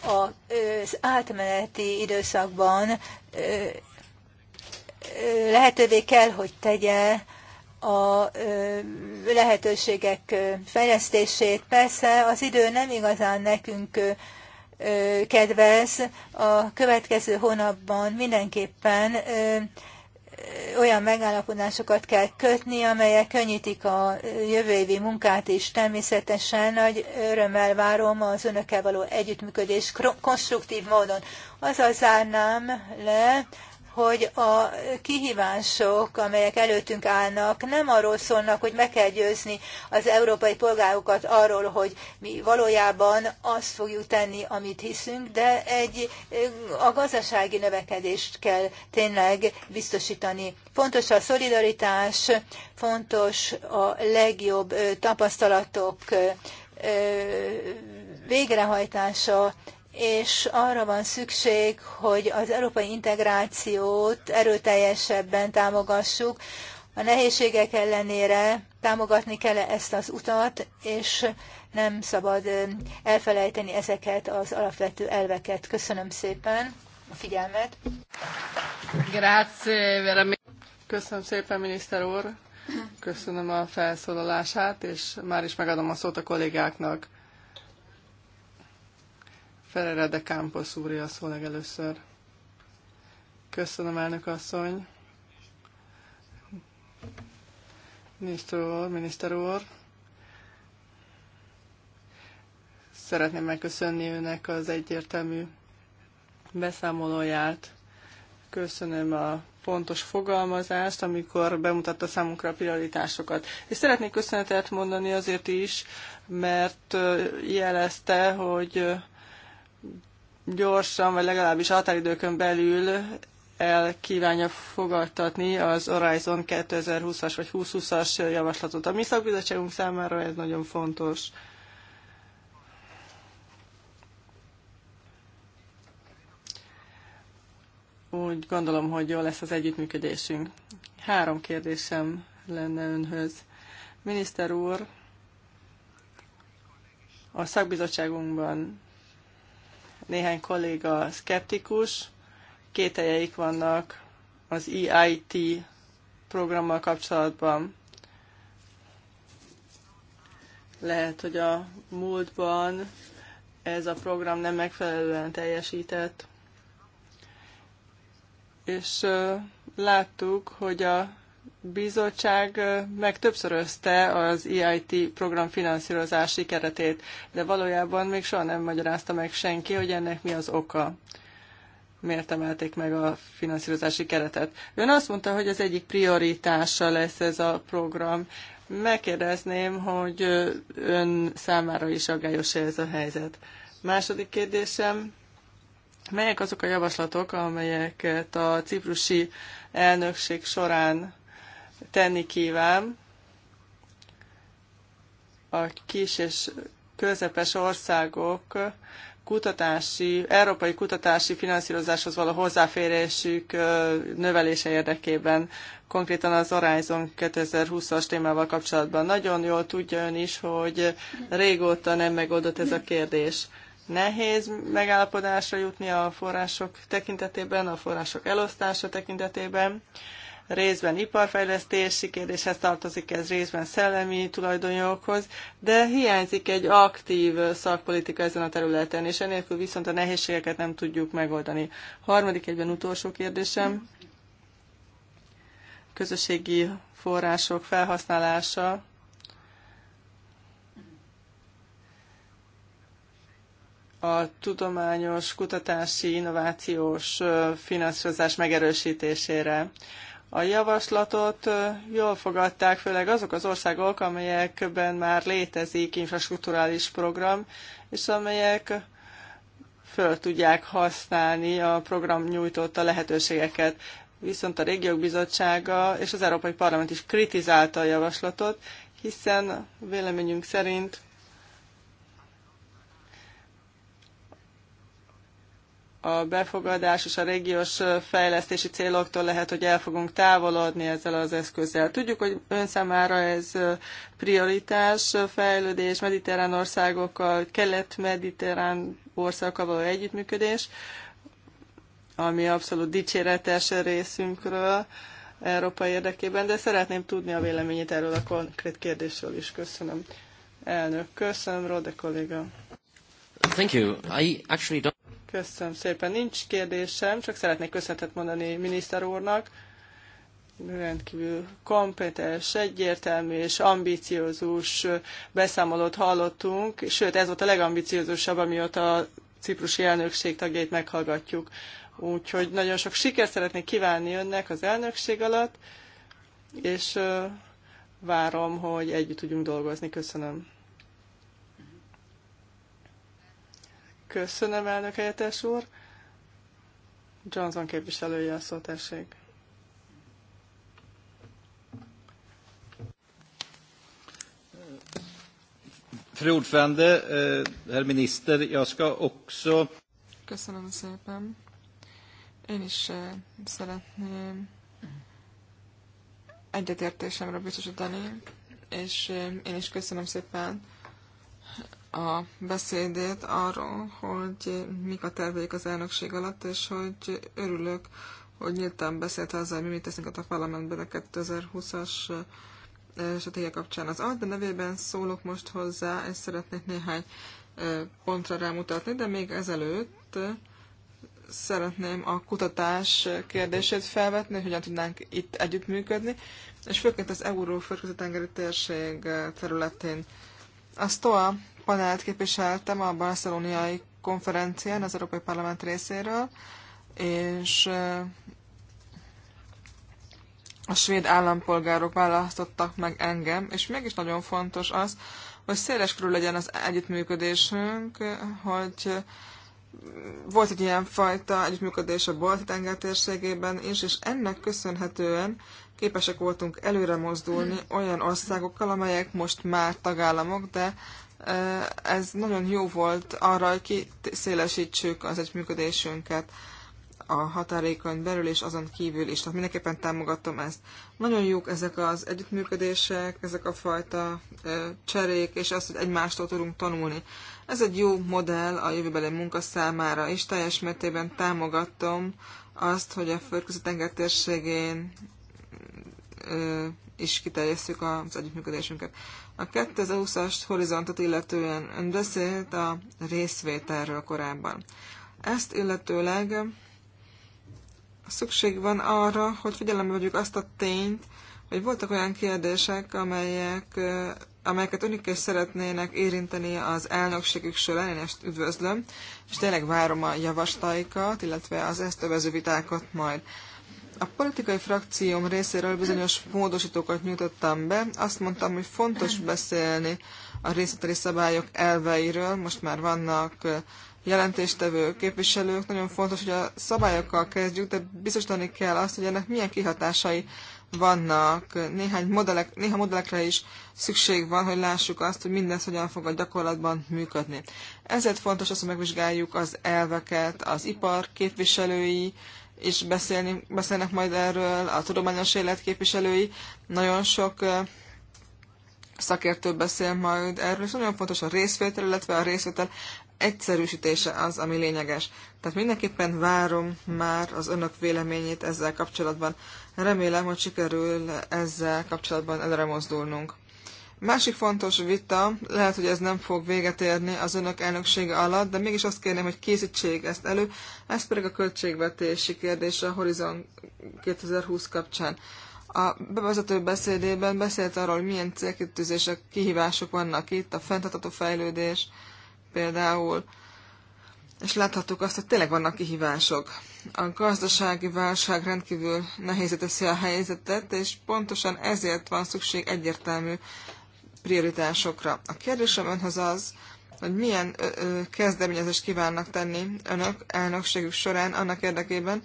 az átmeneti időszakban lehetővé kell, hogy tegye a lehetőségek fejlesztését. Persze az idő nem igazán nekünk kedvez. A következő hónapban mindenképpen olyan megállapodásokat kell kötni, amelyek könnyítik a jövő évi munkát is. Természetesen nagy örömmel várom az önökkel való együttműködés konstruktív módon. Azzal zárnám le, hogy a kihívások, amelyek előttünk állnak, nem arról szólnak, hogy meg kell győzni az európai polgárokat arról, hogy mi valójában azt fogjuk tenni, amit hiszünk, de egy, a gazdasági növekedést kell tényleg biztosítani. Fontos a szolidaritás, fontos a legjobb tapasztalatok végrehajtása, és arra van szükség, hogy az európai integrációt erőteljesebben támogassuk. A nehézségek ellenére támogatni kell ezt az utat, és nem szabad elfelejteni ezeket az alapvető elveket. Köszönöm szépen a figyelmet. Grazie, Köszönöm szépen, miniszter úr. Köszönöm a felszólalását, és már is megadom a szót a kollégáknak. Ferreira de Campos úr szó legelőször. Köszönöm, elnök asszony. Miniszter úr, miniszter úr. Szeretném megköszönni önnek az egyértelmű beszámolóját. Köszönöm a pontos fogalmazást, amikor bemutatta számunkra a prioritásokat. És szeretnék köszönetet mondani azért is, mert jelezte, hogy gyorsan, vagy legalábbis határidőkön belül el kívánja fogadtatni az Horizon 2020-as vagy 2020-as javaslatot. A mi szakbizottságunk számára ez nagyon fontos. Úgy gondolom, hogy jó lesz az együttműködésünk. Három kérdésem lenne önhöz. Miniszter úr, a szakbizottságunkban néhány kolléga szkeptikus, kételjeik vannak az EIT programmal kapcsolatban. Lehet, hogy a múltban ez a program nem megfelelően teljesített. És láttuk, hogy a bizottság meg többször özte az EIT program finanszírozási keretét, de valójában még soha nem magyarázta meg senki, hogy ennek mi az oka. Miért emelték meg a finanszírozási keretet? Ön azt mondta, hogy az egyik prioritása lesz ez a program. Megkérdezném, hogy ön számára is aggályos -e ez a helyzet. Második kérdésem, melyek azok a javaslatok, amelyeket a ciprusi elnökség során tenni kíván a kis és közepes országok kutatási, európai kutatási finanszírozáshoz való hozzáférésük növelése érdekében, konkrétan az Horizon 2020-as témával kapcsolatban. Nagyon jól tudja ön is, hogy régóta nem megoldott ez a kérdés. Nehéz megállapodásra jutni a források tekintetében, a források elosztása tekintetében részben iparfejlesztési kérdéshez tartozik, ez részben szellemi tulajdonjogokhoz, de hiányzik egy aktív szakpolitika ezen a területen, és enélkül viszont a nehézségeket nem tudjuk megoldani. Harmadik egyben utolsó kérdésem. Közösségi források felhasználása a tudományos, kutatási, innovációs finanszírozás megerősítésére. A javaslatot jól fogadták, főleg azok az országok, amelyekben már létezik infrastruktúrális program, és amelyek föl tudják használni a program nyújtotta lehetőségeket. Viszont a Régiók Bizottsága és az Európai Parlament is kritizálta a javaslatot, hiszen véleményünk szerint a befogadás és a régiós fejlesztési céloktól lehet, hogy el fogunk távolodni ezzel az eszközzel. Tudjuk, hogy ön számára ez prioritás, fejlődés, mediterrán országokkal, kelet-mediterrán országokkal való együttműködés, ami abszolút dicséretes részünkről Európa érdekében, de szeretném tudni a véleményét erről a konkrét kérdésről is. Köszönöm. Elnök, köszönöm, Rode kolléga. Thank you. I actually don't... Köszönöm szépen. Nincs kérdésem, csak szeretnék köszönetet mondani miniszter úrnak. Rendkívül kompetens, egyértelmű és ambiciózus beszámolót hallottunk, sőt ez volt a legambiciózusabb, amióta a ciprusi elnökség tagjait meghallgatjuk. Úgyhogy nagyon sok sikert szeretnék kívánni önnek az elnökség alatt, és várom, hogy együtt tudjunk dolgozni. Köszönöm. Köszönöm, elnök helyettes úr. Johnson képviselője a szó, tessék. Eh, herr miniszter, Jaska, ska också... Köszönöm szépen. Én is eh, szeretném egyetértésemre biztosítani, és eh, én is köszönöm szépen a beszédét arról, hogy mik a terveik az elnökség alatt, és hogy örülök, hogy nyíltan beszélt azzal, hogy mi mit teszünk a parlamentben a 2020-as stratégia kapcsán. Az de nevében szólok most hozzá, és szeretnék néhány pontra rámutatni, de még ezelőtt szeretném a kutatás kérdését felvetni, hogy hogyan tudnánk itt együttműködni, és főként az Euró földközi tengeri térség területén. A STOA panelt képviseltem a barceloniai konferencián az Európai Parlament részéről, és eh, a svéd állampolgárok választottak meg engem, és mégis nagyon fontos az, hogy széles körül legyen az együttműködésünk, hogy eh, volt egy ilyen fajta együttműködés a balti tengertérségében is, és ennek köszönhetően képesek voltunk előre mozdulni olyan országokkal, amelyek most már tagállamok, de Eh, ez nagyon jó volt arra, hogy kiszélesítsük az működésünket a határékony belül és azon kívül is. Tehát mindenképpen támogatom ezt. Nagyon jók ezek az együttműködések, ezek a fajta eh, cserék, és azt hogy egymástól tudunk tanulni. Ez egy jó modell a jövőbeli munka számára, és teljes mértékben támogatom azt, hogy a földközi tenger térségén eh, is kiterjesszük az együttműködésünket. A 2020-as horizontot illetően ön beszélt a részvételről korábban. Ezt illetőleg szükség van arra, hogy figyelembe vegyük azt a tényt, hogy voltak olyan kérdések, amelyek, amelyeket önök is szeretnének érinteni az elnökségük során, én ezt üdvözlöm, és tényleg várom a javaslataikat, illetve az ezt övező vitákat majd. A politikai frakcióm részéről bizonyos módosítókat nyújtottam be. Azt mondtam, hogy fontos beszélni a részleteli szabályok elveiről. Most már vannak jelentéstevő képviselők. Nagyon fontos, hogy a szabályokkal kezdjük, de biztosítani kell azt, hogy ennek milyen kihatásai vannak. Néhány modellek, néha modellekre is szükség van, hogy lássuk azt, hogy mindez hogyan fog a gyakorlatban működni. Ezért fontos az, hogy megvizsgáljuk az elveket, az ipar képviselői, is beszélni, beszélnek majd erről, a tudományos életképviselői. nagyon sok szakértő beszél majd erről, és nagyon fontos a részvétel, illetve a részvétel egyszerűsítése az, ami lényeges. Tehát mindenképpen várom már az önök véleményét ezzel kapcsolatban. Remélem, hogy sikerül ezzel kapcsolatban előre mozdulnunk. Másik fontos vita, lehet, hogy ez nem fog véget érni az önök elnöksége alatt, de mégis azt kérném, hogy készítsék ezt elő, ez pedig a költségvetési kérdés a Horizon 2020 kapcsán. A bevezető beszédében beszélt arról, hogy milyen célkitűzések, kihívások vannak itt, a fenntartható fejlődés például, és láthattuk azt, hogy tényleg vannak kihívások. A gazdasági válság rendkívül nehézé teszi a helyzetet, és pontosan ezért van szükség egyértelmű prioritásokra. A kérdésem önhöz az, hogy milyen kezdeményezést kívánnak tenni önök elnökségük során annak érdekében,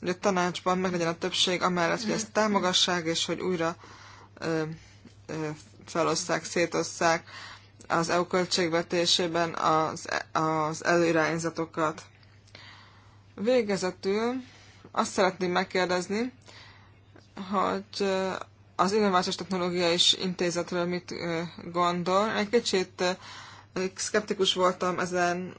hogy a tanácsban meglegyen a többség amellett, hogy ezt támogassák, és hogy újra felosszák, szétosszák az EU költségvetésében az, az előirányzatokat. Végezetül azt szeretném megkérdezni, hogy az Innovációs Technológia és Intézetről mit gondol. Egy kicsit szkeptikus voltam ezen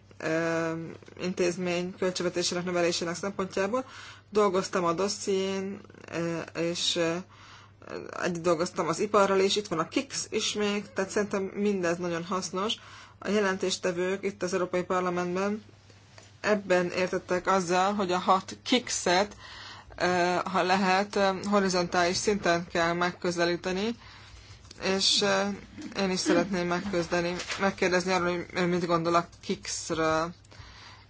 intézmény költségvetésének növelésének szempontjából. Dolgoztam a dosszín, és egy dolgoztam az iparral is, itt van a KIX is még, tehát szerintem mindez nagyon hasznos. A jelentéstevők itt az Európai Parlamentben ebben értettek azzal, hogy a hat KIX-et ha lehet, horizontális szinten kell megközelíteni, és én is szeretném megközdeni, megkérdezni arról, hogy mit gondol a Kixről,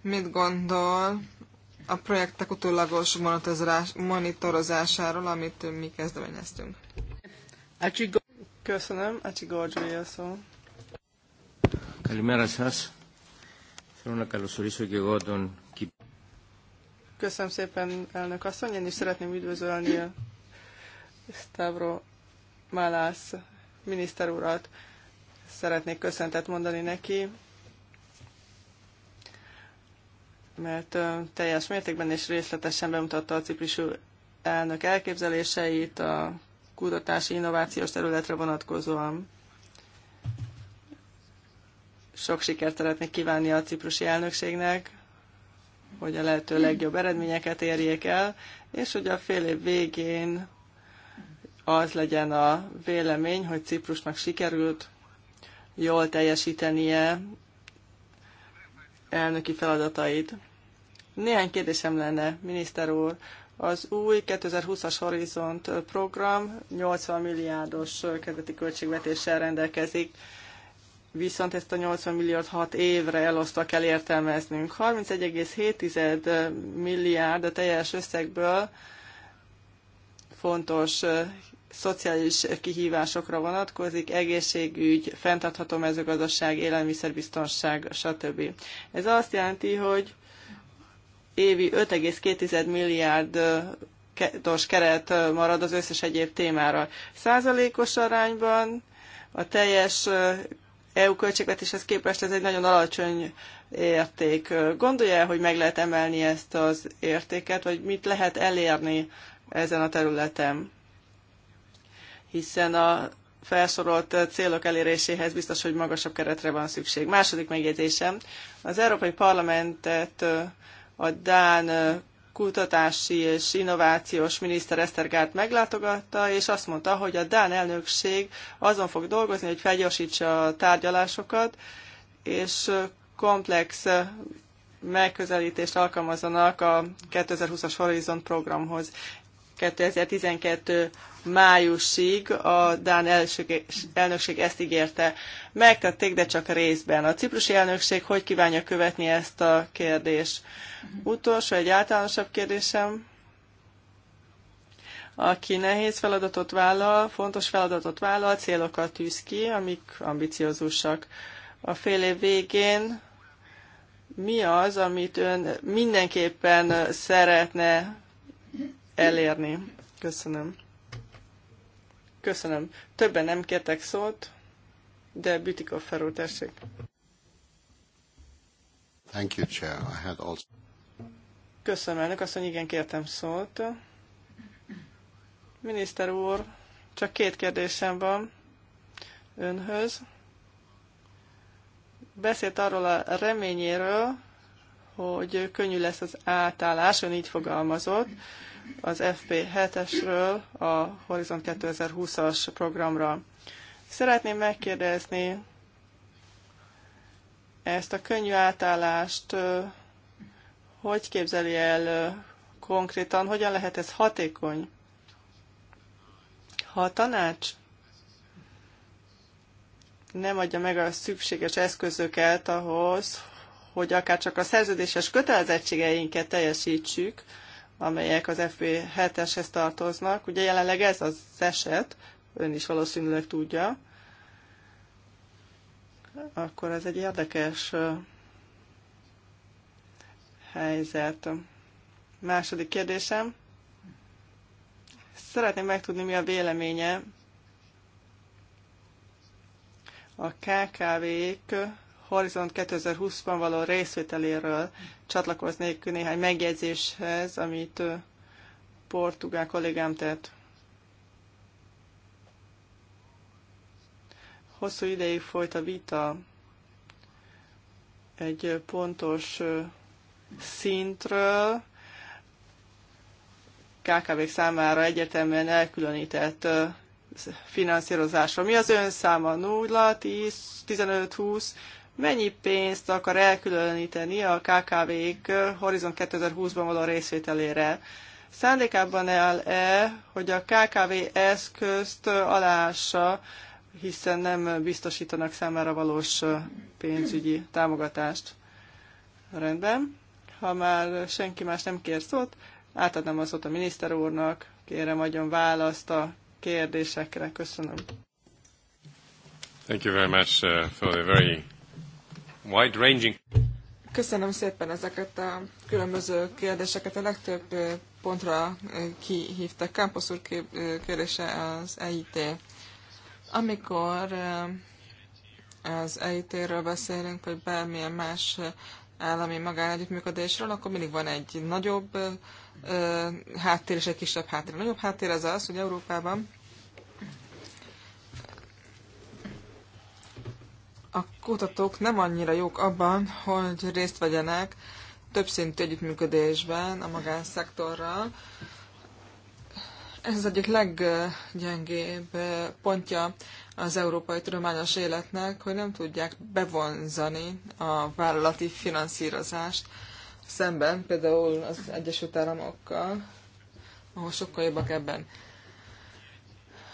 mit gondol a projektek utólagos monitorozásáról, amit mi kezdeményeztünk. Köszönöm, Acsi a szó. Kalimera Szász. Szerintem να καλωσορίσω hogy εγώ Köszönöm szépen, elnök asszony. Én is szeretném üdvözölni a Stavro Malász miniszter urat. Szeretnék köszöntet mondani neki, mert teljes mértékben és részletesen bemutatta a Ciprisú elnök elképzeléseit a kutatási innovációs területre vonatkozóan. Sok sikert szeretnék kívánni a ciprusi elnökségnek hogy a lehető legjobb eredményeket érjék el, és hogy a fél év végén az legyen a vélemény, hogy Ciprusnak sikerült jól teljesítenie elnöki feladatait. Néhány kérdésem lenne, miniszter úr. Az új 2020-as Horizont program 80 milliárdos kezdeti költségvetéssel rendelkezik viszont ezt a 80 milliárd 6 évre elosztva kell értelmeznünk. 31,7 milliárd a teljes összegből fontos szociális kihívásokra vonatkozik, egészségügy, fenntartható mezőgazdaság, élelmiszerbiztonság, stb. Ez azt jelenti, hogy évi 5,2 milliárd dos keret marad az összes egyéb témára. Százalékos arányban a teljes EU költségvetéshez képest ez egy nagyon alacsony érték. Gondolja, hogy meg lehet emelni ezt az értéket, vagy mit lehet elérni ezen a területen? Hiszen a felsorolt célok eléréséhez biztos, hogy magasabb keretre van szükség. Második megjegyzésem, az Európai Parlamentet a Dán kutatási és innovációs miniszter Esztergárt meglátogatta, és azt mondta, hogy a Dán elnökség azon fog dolgozni, hogy felgyorsítsa a tárgyalásokat, és komplex megközelítést alkalmazzanak a 2020-as Horizont programhoz. 2012 májusig a Dán elnökség ezt ígérte. Megtették, de csak részben. A ciprusi elnökség hogy kívánja követni ezt a kérdést? Utolsó, egy általánosabb kérdésem. Aki nehéz feladatot vállal, fontos feladatot vállal, célokat tűz ki, amik ambiciózusak. A fél év végén mi az, amit ön mindenképpen szeretne elérni. Köszönöm. Köszönöm. Többen nem kértek szót, de Bütikov úr, tessék. Thank you, Chair. I had also... Köszönöm, elnök asszony, igen, kértem szót. Miniszter úr, csak két kérdésem van önhöz. Beszélt arról a reményéről, hogy könnyű lesz az átállás, ön így fogalmazott az FP7-esről a Horizon 2020-as programra. Szeretném megkérdezni ezt a könnyű átállást, hogy képzeli el konkrétan, hogyan lehet ez hatékony? Ha a tanács nem adja meg a szükséges eszközöket ahhoz, hogy akár csak a szerződéses kötelezettségeinket teljesítsük, amelyek az FP7-eshez tartoznak. Ugye jelenleg ez az eset, ön is valószínűleg tudja, akkor ez egy érdekes helyzet. Második kérdésem. Szeretném megtudni, mi a véleménye a KKV-k Horizont 2020-ban való részvételéről csatlakoznék néhány megjegyzéshez, amit portugál kollégám tett. Hosszú ideig folyt a vita egy pontos szintről, kkv számára egyetemen elkülönített finanszírozásra. Mi az ön száma? 0, 10, 15, 20? mennyi pénzt akar elkülöníteni a KKV-k Horizon 2020-ban való részvételére. Szándékában áll-e, hogy a KKV eszközt alássa, hiszen nem biztosítanak számára valós pénzügyi támogatást? Rendben. Ha már senki más nem kér szót, átadnám az szót a miniszter úrnak. Kérem, adjon választ a kérdésekre. Köszönöm. Thank you very much uh, for the very wide-ranging. Köszönöm szépen ezeket a különböző kérdéseket. A legtöbb pontra kihívtak. Kámposz úr kérdése az EIT. Amikor az EIT-ről beszélünk, vagy bármilyen más állami magánegyüttműködésről, akkor mindig van egy nagyobb háttér és egy kisebb háttér. A nagyobb háttér az az, hogy Európában a kutatók nem annyira jók abban, hogy részt vegyenek többszintű együttműködésben a magánszektorral. Ez az egyik leggyengébb pontja az európai tudományos életnek, hogy nem tudják bevonzani a vállalati finanszírozást szemben például az Egyesült Államokkal, ahol sokkal jobbak ebben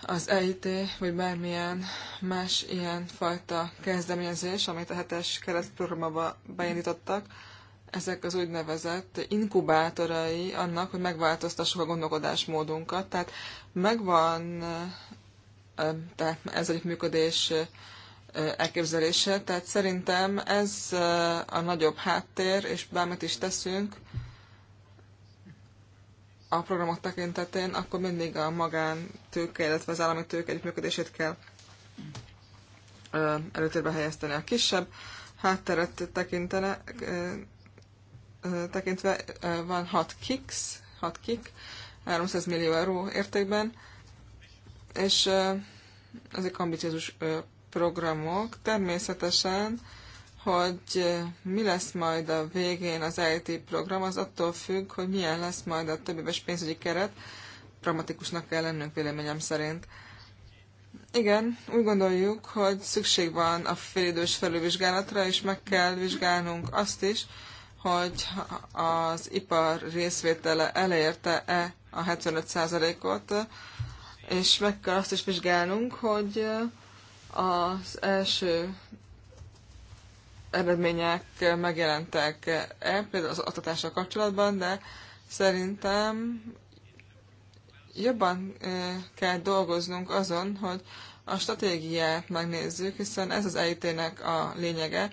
az EIT, vagy bármilyen más ilyen fajta kezdeményezés, amit a hetes keretprogramba beindítottak, ezek az úgynevezett inkubátorai annak, hogy megváltoztassuk a gondolkodásmódunkat. Tehát megvan tehát ez egy működés elképzelése, tehát szerintem ez a nagyobb háttér, és bármit is teszünk, a programok tekintetén, akkor mindig a magán tőke, illetve az állami tőke együttműködését kell előtérbe helyezteni a kisebb hátteret tekintene, tekintve van 6 kicks, 6 kick, 300 millió euró értékben, és ezek ambiciózus programok. Természetesen hogy mi lesz majd a végén az IT program, az attól függ, hogy milyen lesz majd a több éves pénzügyi keret. Pragmatikusnak kell lennünk véleményem szerint. Igen, úgy gondoljuk, hogy szükség van a félidős felülvizsgálatra, és meg kell vizsgálnunk azt is, hogy az ipar részvétele elérte-e a 75%-ot, és meg kell azt is vizsgálnunk, hogy az első eredmények megjelentek-e, például az oktatással kapcsolatban, de szerintem jobban e, kell dolgoznunk azon, hogy a stratégiát megnézzük, hiszen ez az EIT-nek a lényege,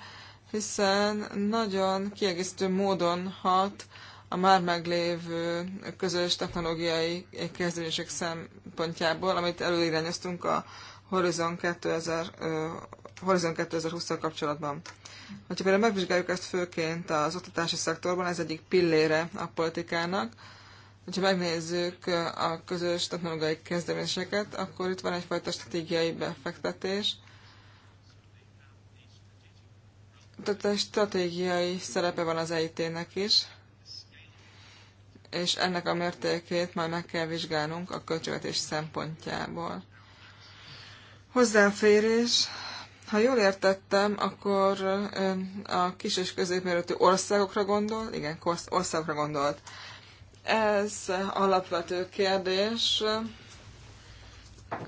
hiszen nagyon kiegészítő módon hat a már meglévő közös technológiai kezdődések szempontjából, amit előirányoztunk a Horizon 2020 Horizon 2020-szal kapcsolatban. Ha például megvizsgáljuk ezt főként az oktatási szektorban, ez egyik pillére a politikának, ha megnézzük a közös technológiai kezdeményeket, akkor itt van egyfajta stratégiai befektetés, tehát egy stratégiai szerepe van az EIT-nek is, és ennek a mértékét majd meg kell vizsgálnunk a költségvetés szempontjából. Hozzáférés, ha jól értettem, akkor a kis és középméretű országokra gondol, igen, országokra gondolt. Ez alapvető kérdés,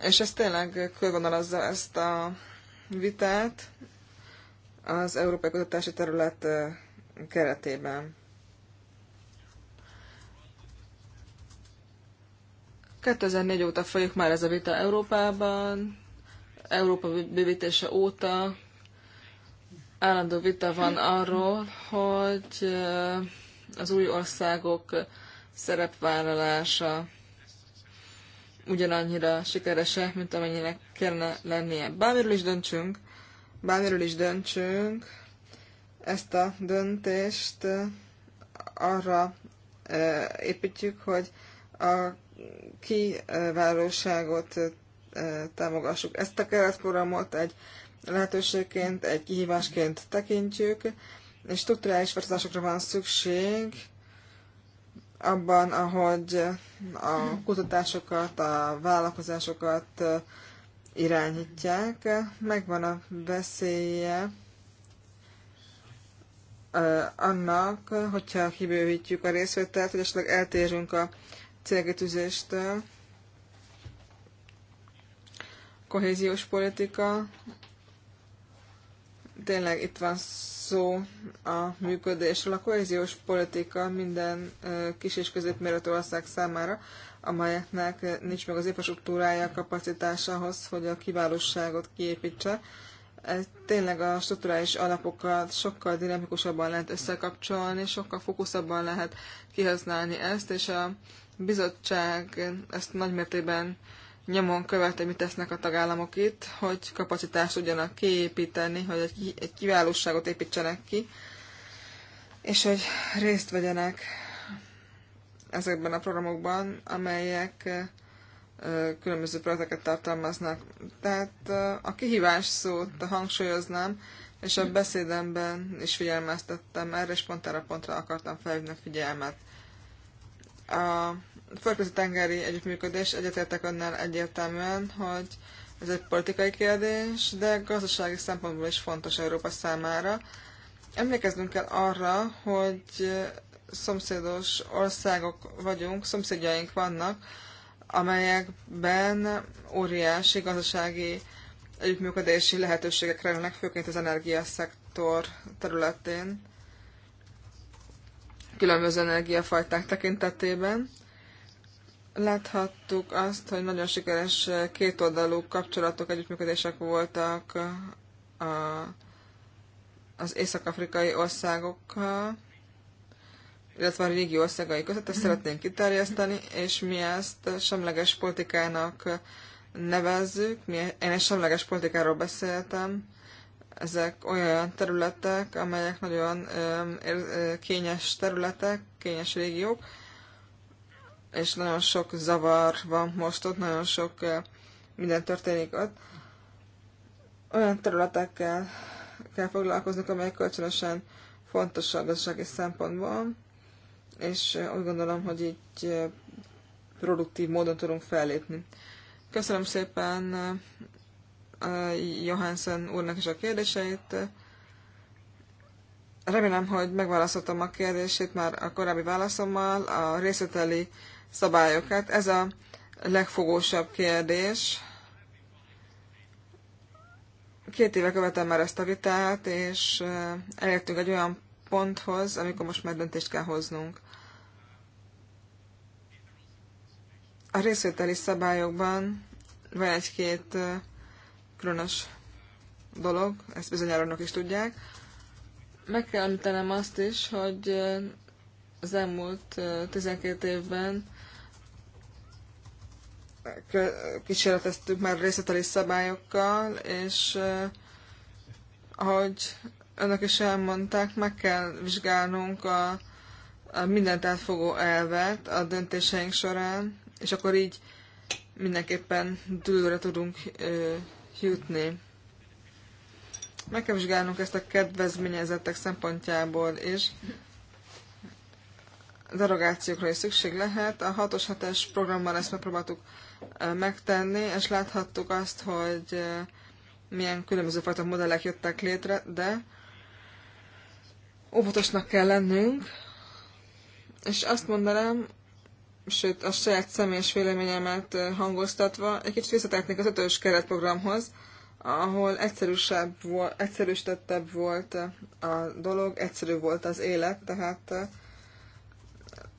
és ez tényleg körvonalazza ezt a vitát az Európai Kutatási Terület keretében. 2004 óta folyik már ez a vita Európában, Európa bővítése óta állandó vita van arról, hogy eh, az új országok szerepvállalása ugyanannyira sikerese, mint amennyinek kellene lennie. Bármiről is döntsünk, bármiről is döntsünk, ezt a döntést eh, arra eh, építjük, hogy a kiválóságot támogassuk. Ezt a keretprogramot egy lehetőségként, egy kihívásként tekintjük, és struktúrális változásokra van szükség abban, ahogy a kutatásokat, a vállalkozásokat irányítják. Megvan a veszélye annak, hogyha kibővítjük a részvételt, hogy esetleg eltérünk a célkitűzéstől, kohéziós politika. Tényleg itt van szó a működésről. A kohéziós politika minden kis és középméretű ország számára, amelyeknek nincs meg az infrastruktúrája, kapacitása ahhoz, hogy a kiválóságot kiépítse. tényleg a strukturális alapokat sokkal dinamikusabban lehet összekapcsolni, sokkal fokuszabban lehet kihasználni ezt, és a bizottság ezt nagymértékben nyomon követni, mit tesznek a tagállamok itt, hogy kapacitást tudjanak kiépíteni, hogy egy, egy kiválóságot építsenek ki, és hogy részt vegyenek ezekben a programokban, amelyek különböző projekteket tartalmaznak. Tehát a kihívás szót hangsúlyoznám, és a beszédemben is figyelmeztettem erre, és pont erre pontra akartam felhívni a figyelmet. A földközi tengeri együttműködés egyetértek önnel egyértelműen, hogy ez egy politikai kérdés, de gazdasági szempontból is fontos Európa számára. Emlékeznünk kell arra, hogy szomszédos országok vagyunk, szomszédjaink vannak, amelyekben óriási gazdasági együttműködési lehetőségek rejlenek, főként az energiaszektor területén, különböző energiafajták tekintetében. Láthattuk azt, hogy nagyon sikeres kétoldalú kapcsolatok, együttműködések voltak a, az észak-afrikai országokkal, illetve a régi országai között, ezt mhm. szeretnénk kiterjeszteni, és mi ezt semleges politikának nevezzük. Mi, én egy semleges politikáról beszéltem. Ezek olyan területek, amelyek nagyon ö, ö, kényes területek, kényes régiók, és nagyon sok zavar van most ott, nagyon sok eh, minden történik ott. Olyan területekkel kell foglalkoznunk, amelyek kölcsönösen a gazdasági szempontból, és eh, úgy gondolom, hogy így eh, produktív módon tudunk fellépni. Köszönöm szépen Johansen úrnak is a kérdéseit. Remélem, hogy megválaszoltam a kérdését már a korábbi válaszommal. A részleteli szabályokat. Ez a legfogósabb kérdés. Két éve követem már ezt a vitát, és eh, elértünk egy olyan ponthoz, amikor most már döntést kell hoznunk. A részvételi szabályokban van egy-két eh, különös dolog, ezt bizonyára önök is tudják. Meg kell említenem azt is, hogy eh, az elmúlt 12 évben kísérleteztük már részleteli szabályokkal, és eh, ahogy önök is elmondták, meg kell vizsgálnunk a, a mindent átfogó elvet a döntéseink során, és akkor így mindenképpen dőlőre tudunk ö, eh, jutni. Meg kell vizsgálnunk ezt a kedvezményezettek szempontjából is. Derogációkra is szükség lehet. A 6-os 7-es programmal ezt megpróbáltuk megtenni, és láthattuk azt, hogy milyen különböző fajta modellek jöttek létre, de óvatosnak kell lennünk, és azt mondanám, sőt a saját személyes véleményemet hangoztatva, egy kicsit visszatérnék az ötös keretprogramhoz, ahol egyszerűsebb volt, egyszerűsítettebb volt a dolog, egyszerű volt az élet, tehát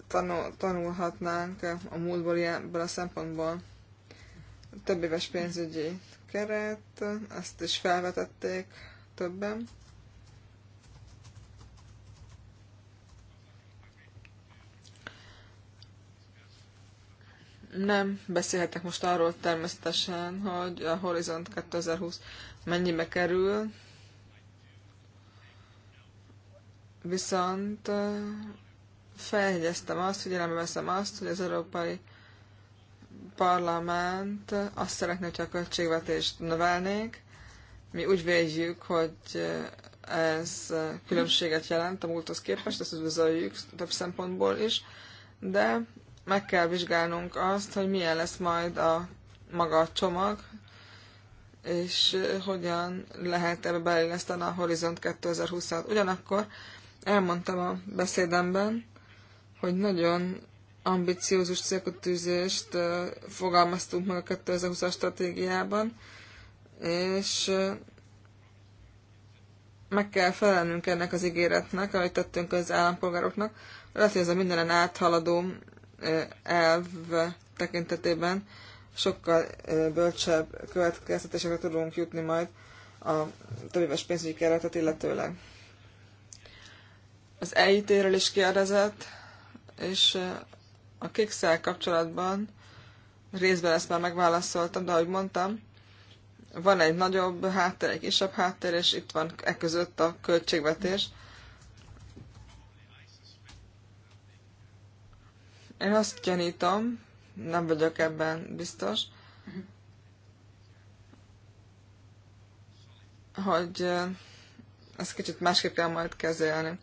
tanul, tanulhatnánk a múltból ilyenből a szempontból több éves pénzügyi keret, azt is felvetették többen. Nem beszélhetek most arról természetesen, hogy a Horizont 2020 mennyibe kerül, viszont eh, felhegyeztem azt, figyelembe veszem azt, hogy az Európai Parlament azt szeretné, hogy a költségvetést növelnék. Mi úgy véljük, hogy ez különbséget jelent a múlthoz képest, ezt üdvözöljük több szempontból is, de meg kell vizsgálnunk azt, hogy milyen lesz majd a maga a csomag, és hogyan lehet ebbe beilleszteni a Horizont 2020 Ugyanakkor elmondtam a beszédemben, hogy nagyon ambiciózus célkötűzést fogalmaztunk meg a 2020-as stratégiában, és meg kell felelnünk ennek az ígéretnek, amit tettünk az állampolgároknak. Lehet, hogy ez a mindenen áthaladó elv tekintetében sokkal bölcsebb következtetésekre tudunk jutni majd a többéves pénzügyi keretet illetőleg. Az EIT-ről is kérdezett, és a kikszel kapcsolatban részben ezt már megválaszoltam, de ahogy mondtam, van egy nagyobb háttér, egy kisebb háttér, és itt van e között a költségvetés. Én azt gyanítom, nem vagyok ebben biztos, hogy ezt kicsit másképp kell majd kezelni.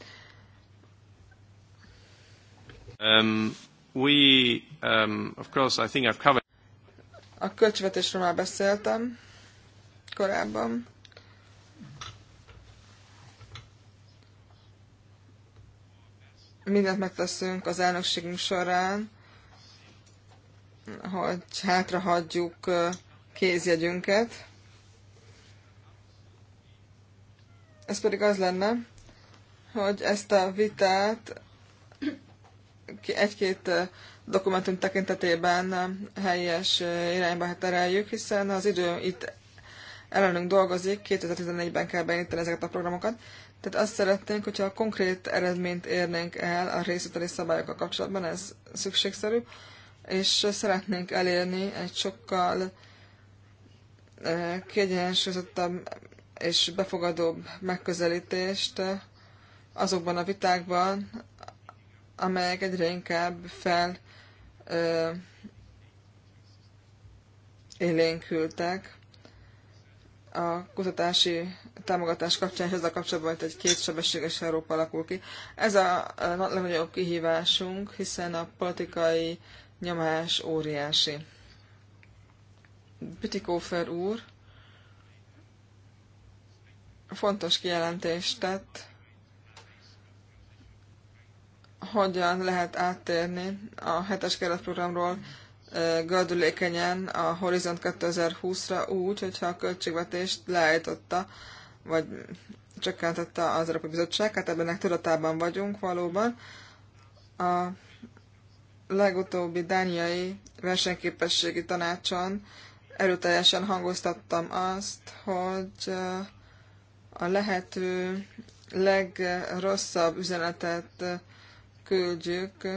Um, We, um, of course, I think I've covered... A költségvetésről már beszéltem korábban. Mindent megteszünk az elnökségünk során, hogy hátrahagyjuk kézjegyünket. Ez pedig az lenne, hogy ezt a vitát egy-két dokumentum tekintetében helyes irányba tereljük, hiszen az idő itt ellenünk dolgozik, 2014-ben kell beindítani ezeket a programokat. Tehát azt szeretnénk, hogyha a konkrét eredményt érnénk el a részleteli szabályokkal kapcsolatban, ez szükségszerű, és szeretnénk elérni egy sokkal kiegyensúlyozottabb és befogadóbb megközelítést azokban a vitákban, amelyek egyre inkább fel ö, élénkültek. A kutatási támogatás kapcsán és ezzel kapcsolatban egy kétsebességes Európa alakul ki. Ez a legnagyobb kihívásunk, hiszen a politikai nyomás óriási. Bütikófer úr fontos kijelentést tett hogyan lehet áttérni a hetes keretprogramról gördülékenyen a Horizont 2020-ra úgy, hogyha a költségvetést leállította, vagy csökkentette az Európai Bizottság, hát ebben tudatában vagyunk valóban. A legutóbbi dániai versenyképességi tanácson erőteljesen hangoztattam azt, hogy a lehető legrosszabb üzenetet küldjük,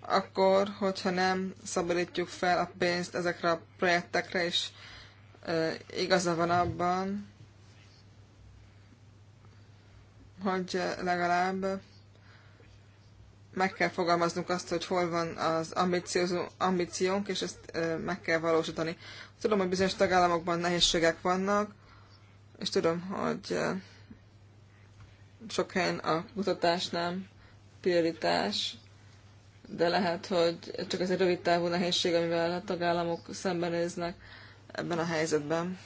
akkor, hogyha nem szabadítjuk fel a pénzt ezekre a projektekre, és igaza van abban, hogy legalább meg kell fogalmaznunk azt, hogy hol van az ambíciónk, és ezt meg kell valósítani. Tudom, hogy bizonyos tagállamokban nehézségek vannak, és tudom, hogy sok helyen a kutatás nem prioritás, de lehet, hogy csak ez egy rövid távú nehézség, amivel a tagállamok szembenéznek ebben a helyzetben.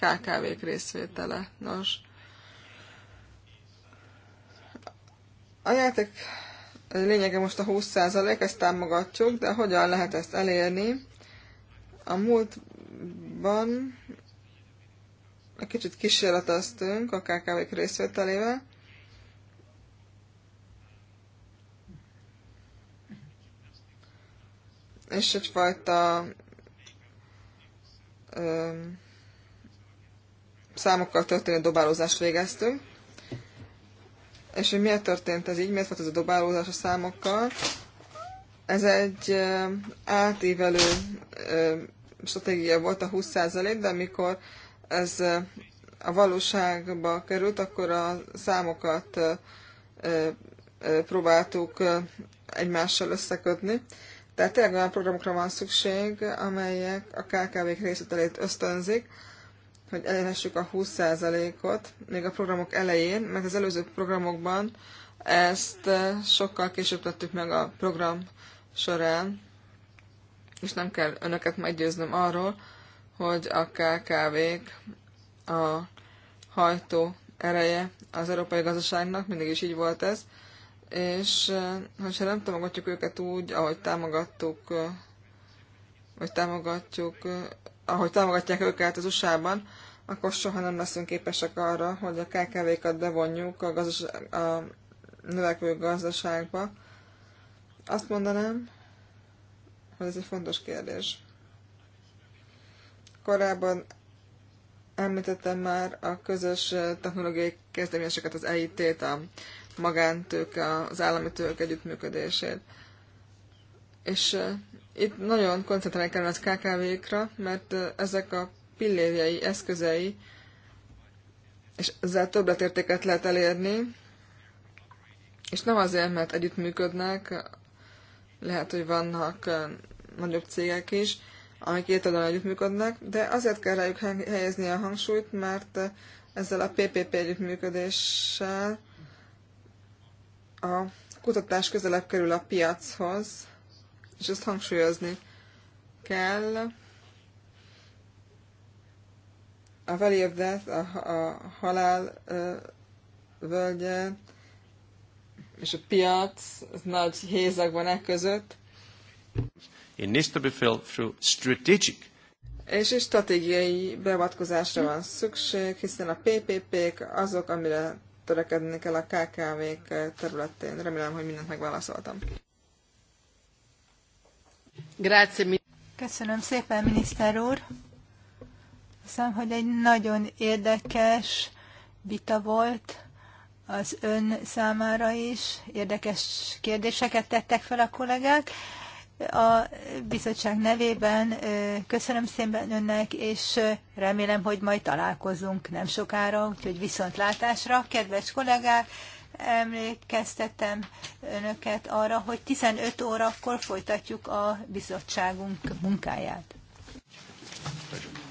KKV-k részvétele. Nos, a játék lényege most a 20%, ezt támogatjuk, de hogyan lehet ezt elérni? A múltban egy kicsit kísérleteztünk a KKV-k részvételével, és egyfajta ö, számokkal történő dobálózást végeztünk. És hogy miért történt ez így, miért volt ez a dobálózás a számokkal? Ez egy átívelő stratégia volt a 20%, de amikor ez a valóságba került, akkor a számokat próbáltuk egymással összekötni. Tehát tényleg olyan programokra van szükség, amelyek a KKV-k részvételét ösztönzik, hogy elérhessük a 20%-ot még a programok elején, mert az előző programokban ezt eh, sokkal később tettük meg a program során, és nem kell önöket meggyőznöm arról, hogy a KKV-k a hajtó ereje az európai gazdaságnak, mindig is így volt ez, és ha nem támogatjuk őket úgy, ahogy támogattuk, vagy támogatjuk, ahogy támogatják őket az USA-ban, akkor soha nem leszünk képesek arra, hogy a KKV-kat bevonjuk a, gazdaság, a növekvő gazdaságba. Azt mondanám, hogy ez egy fontos kérdés. Korábban említettem már a közös technológiai kezdeményeseket, az EIT-t, a magántőke, az állami tőke együttműködését. És eh, itt nagyon koncentrálni kellene az KKV-kra, mert eh, ezek a pillérjei, eszközei, és ezzel többletértéket lehet elérni, és nem azért, mert együttműködnek, lehet, hogy vannak eh, nagyobb cégek is, amik két oldalon együttműködnek, de azért kell rájuk helyezni a hangsúlyt, mert ezzel a PPP együttműködéssel a kutatás közelebb kerül a piachoz, és ezt hangsúlyozni kell. A Valley of Death, a, a halál ö, völgye, és a piac, az nagy hézag e között. It needs to be filled through strategic és is stratégiai beavatkozásra van szükség, hiszen a PPP-k azok, amire törekedni kell a KKV-k területén. Remélem, hogy mindent megválaszoltam. Grazie. Köszönöm szépen, miniszter úr. Hiszem, hogy egy nagyon érdekes vita volt az ön számára is. Érdekes kérdéseket tettek fel a kollégák. A bizottság nevében köszönöm szépen önnek, és remélem, hogy majd találkozunk nem sokára, úgyhogy viszontlátásra, kedves kollégák! emlékeztetem önöket arra, hogy 15 órakor folytatjuk a bizottságunk munkáját. Köszönöm.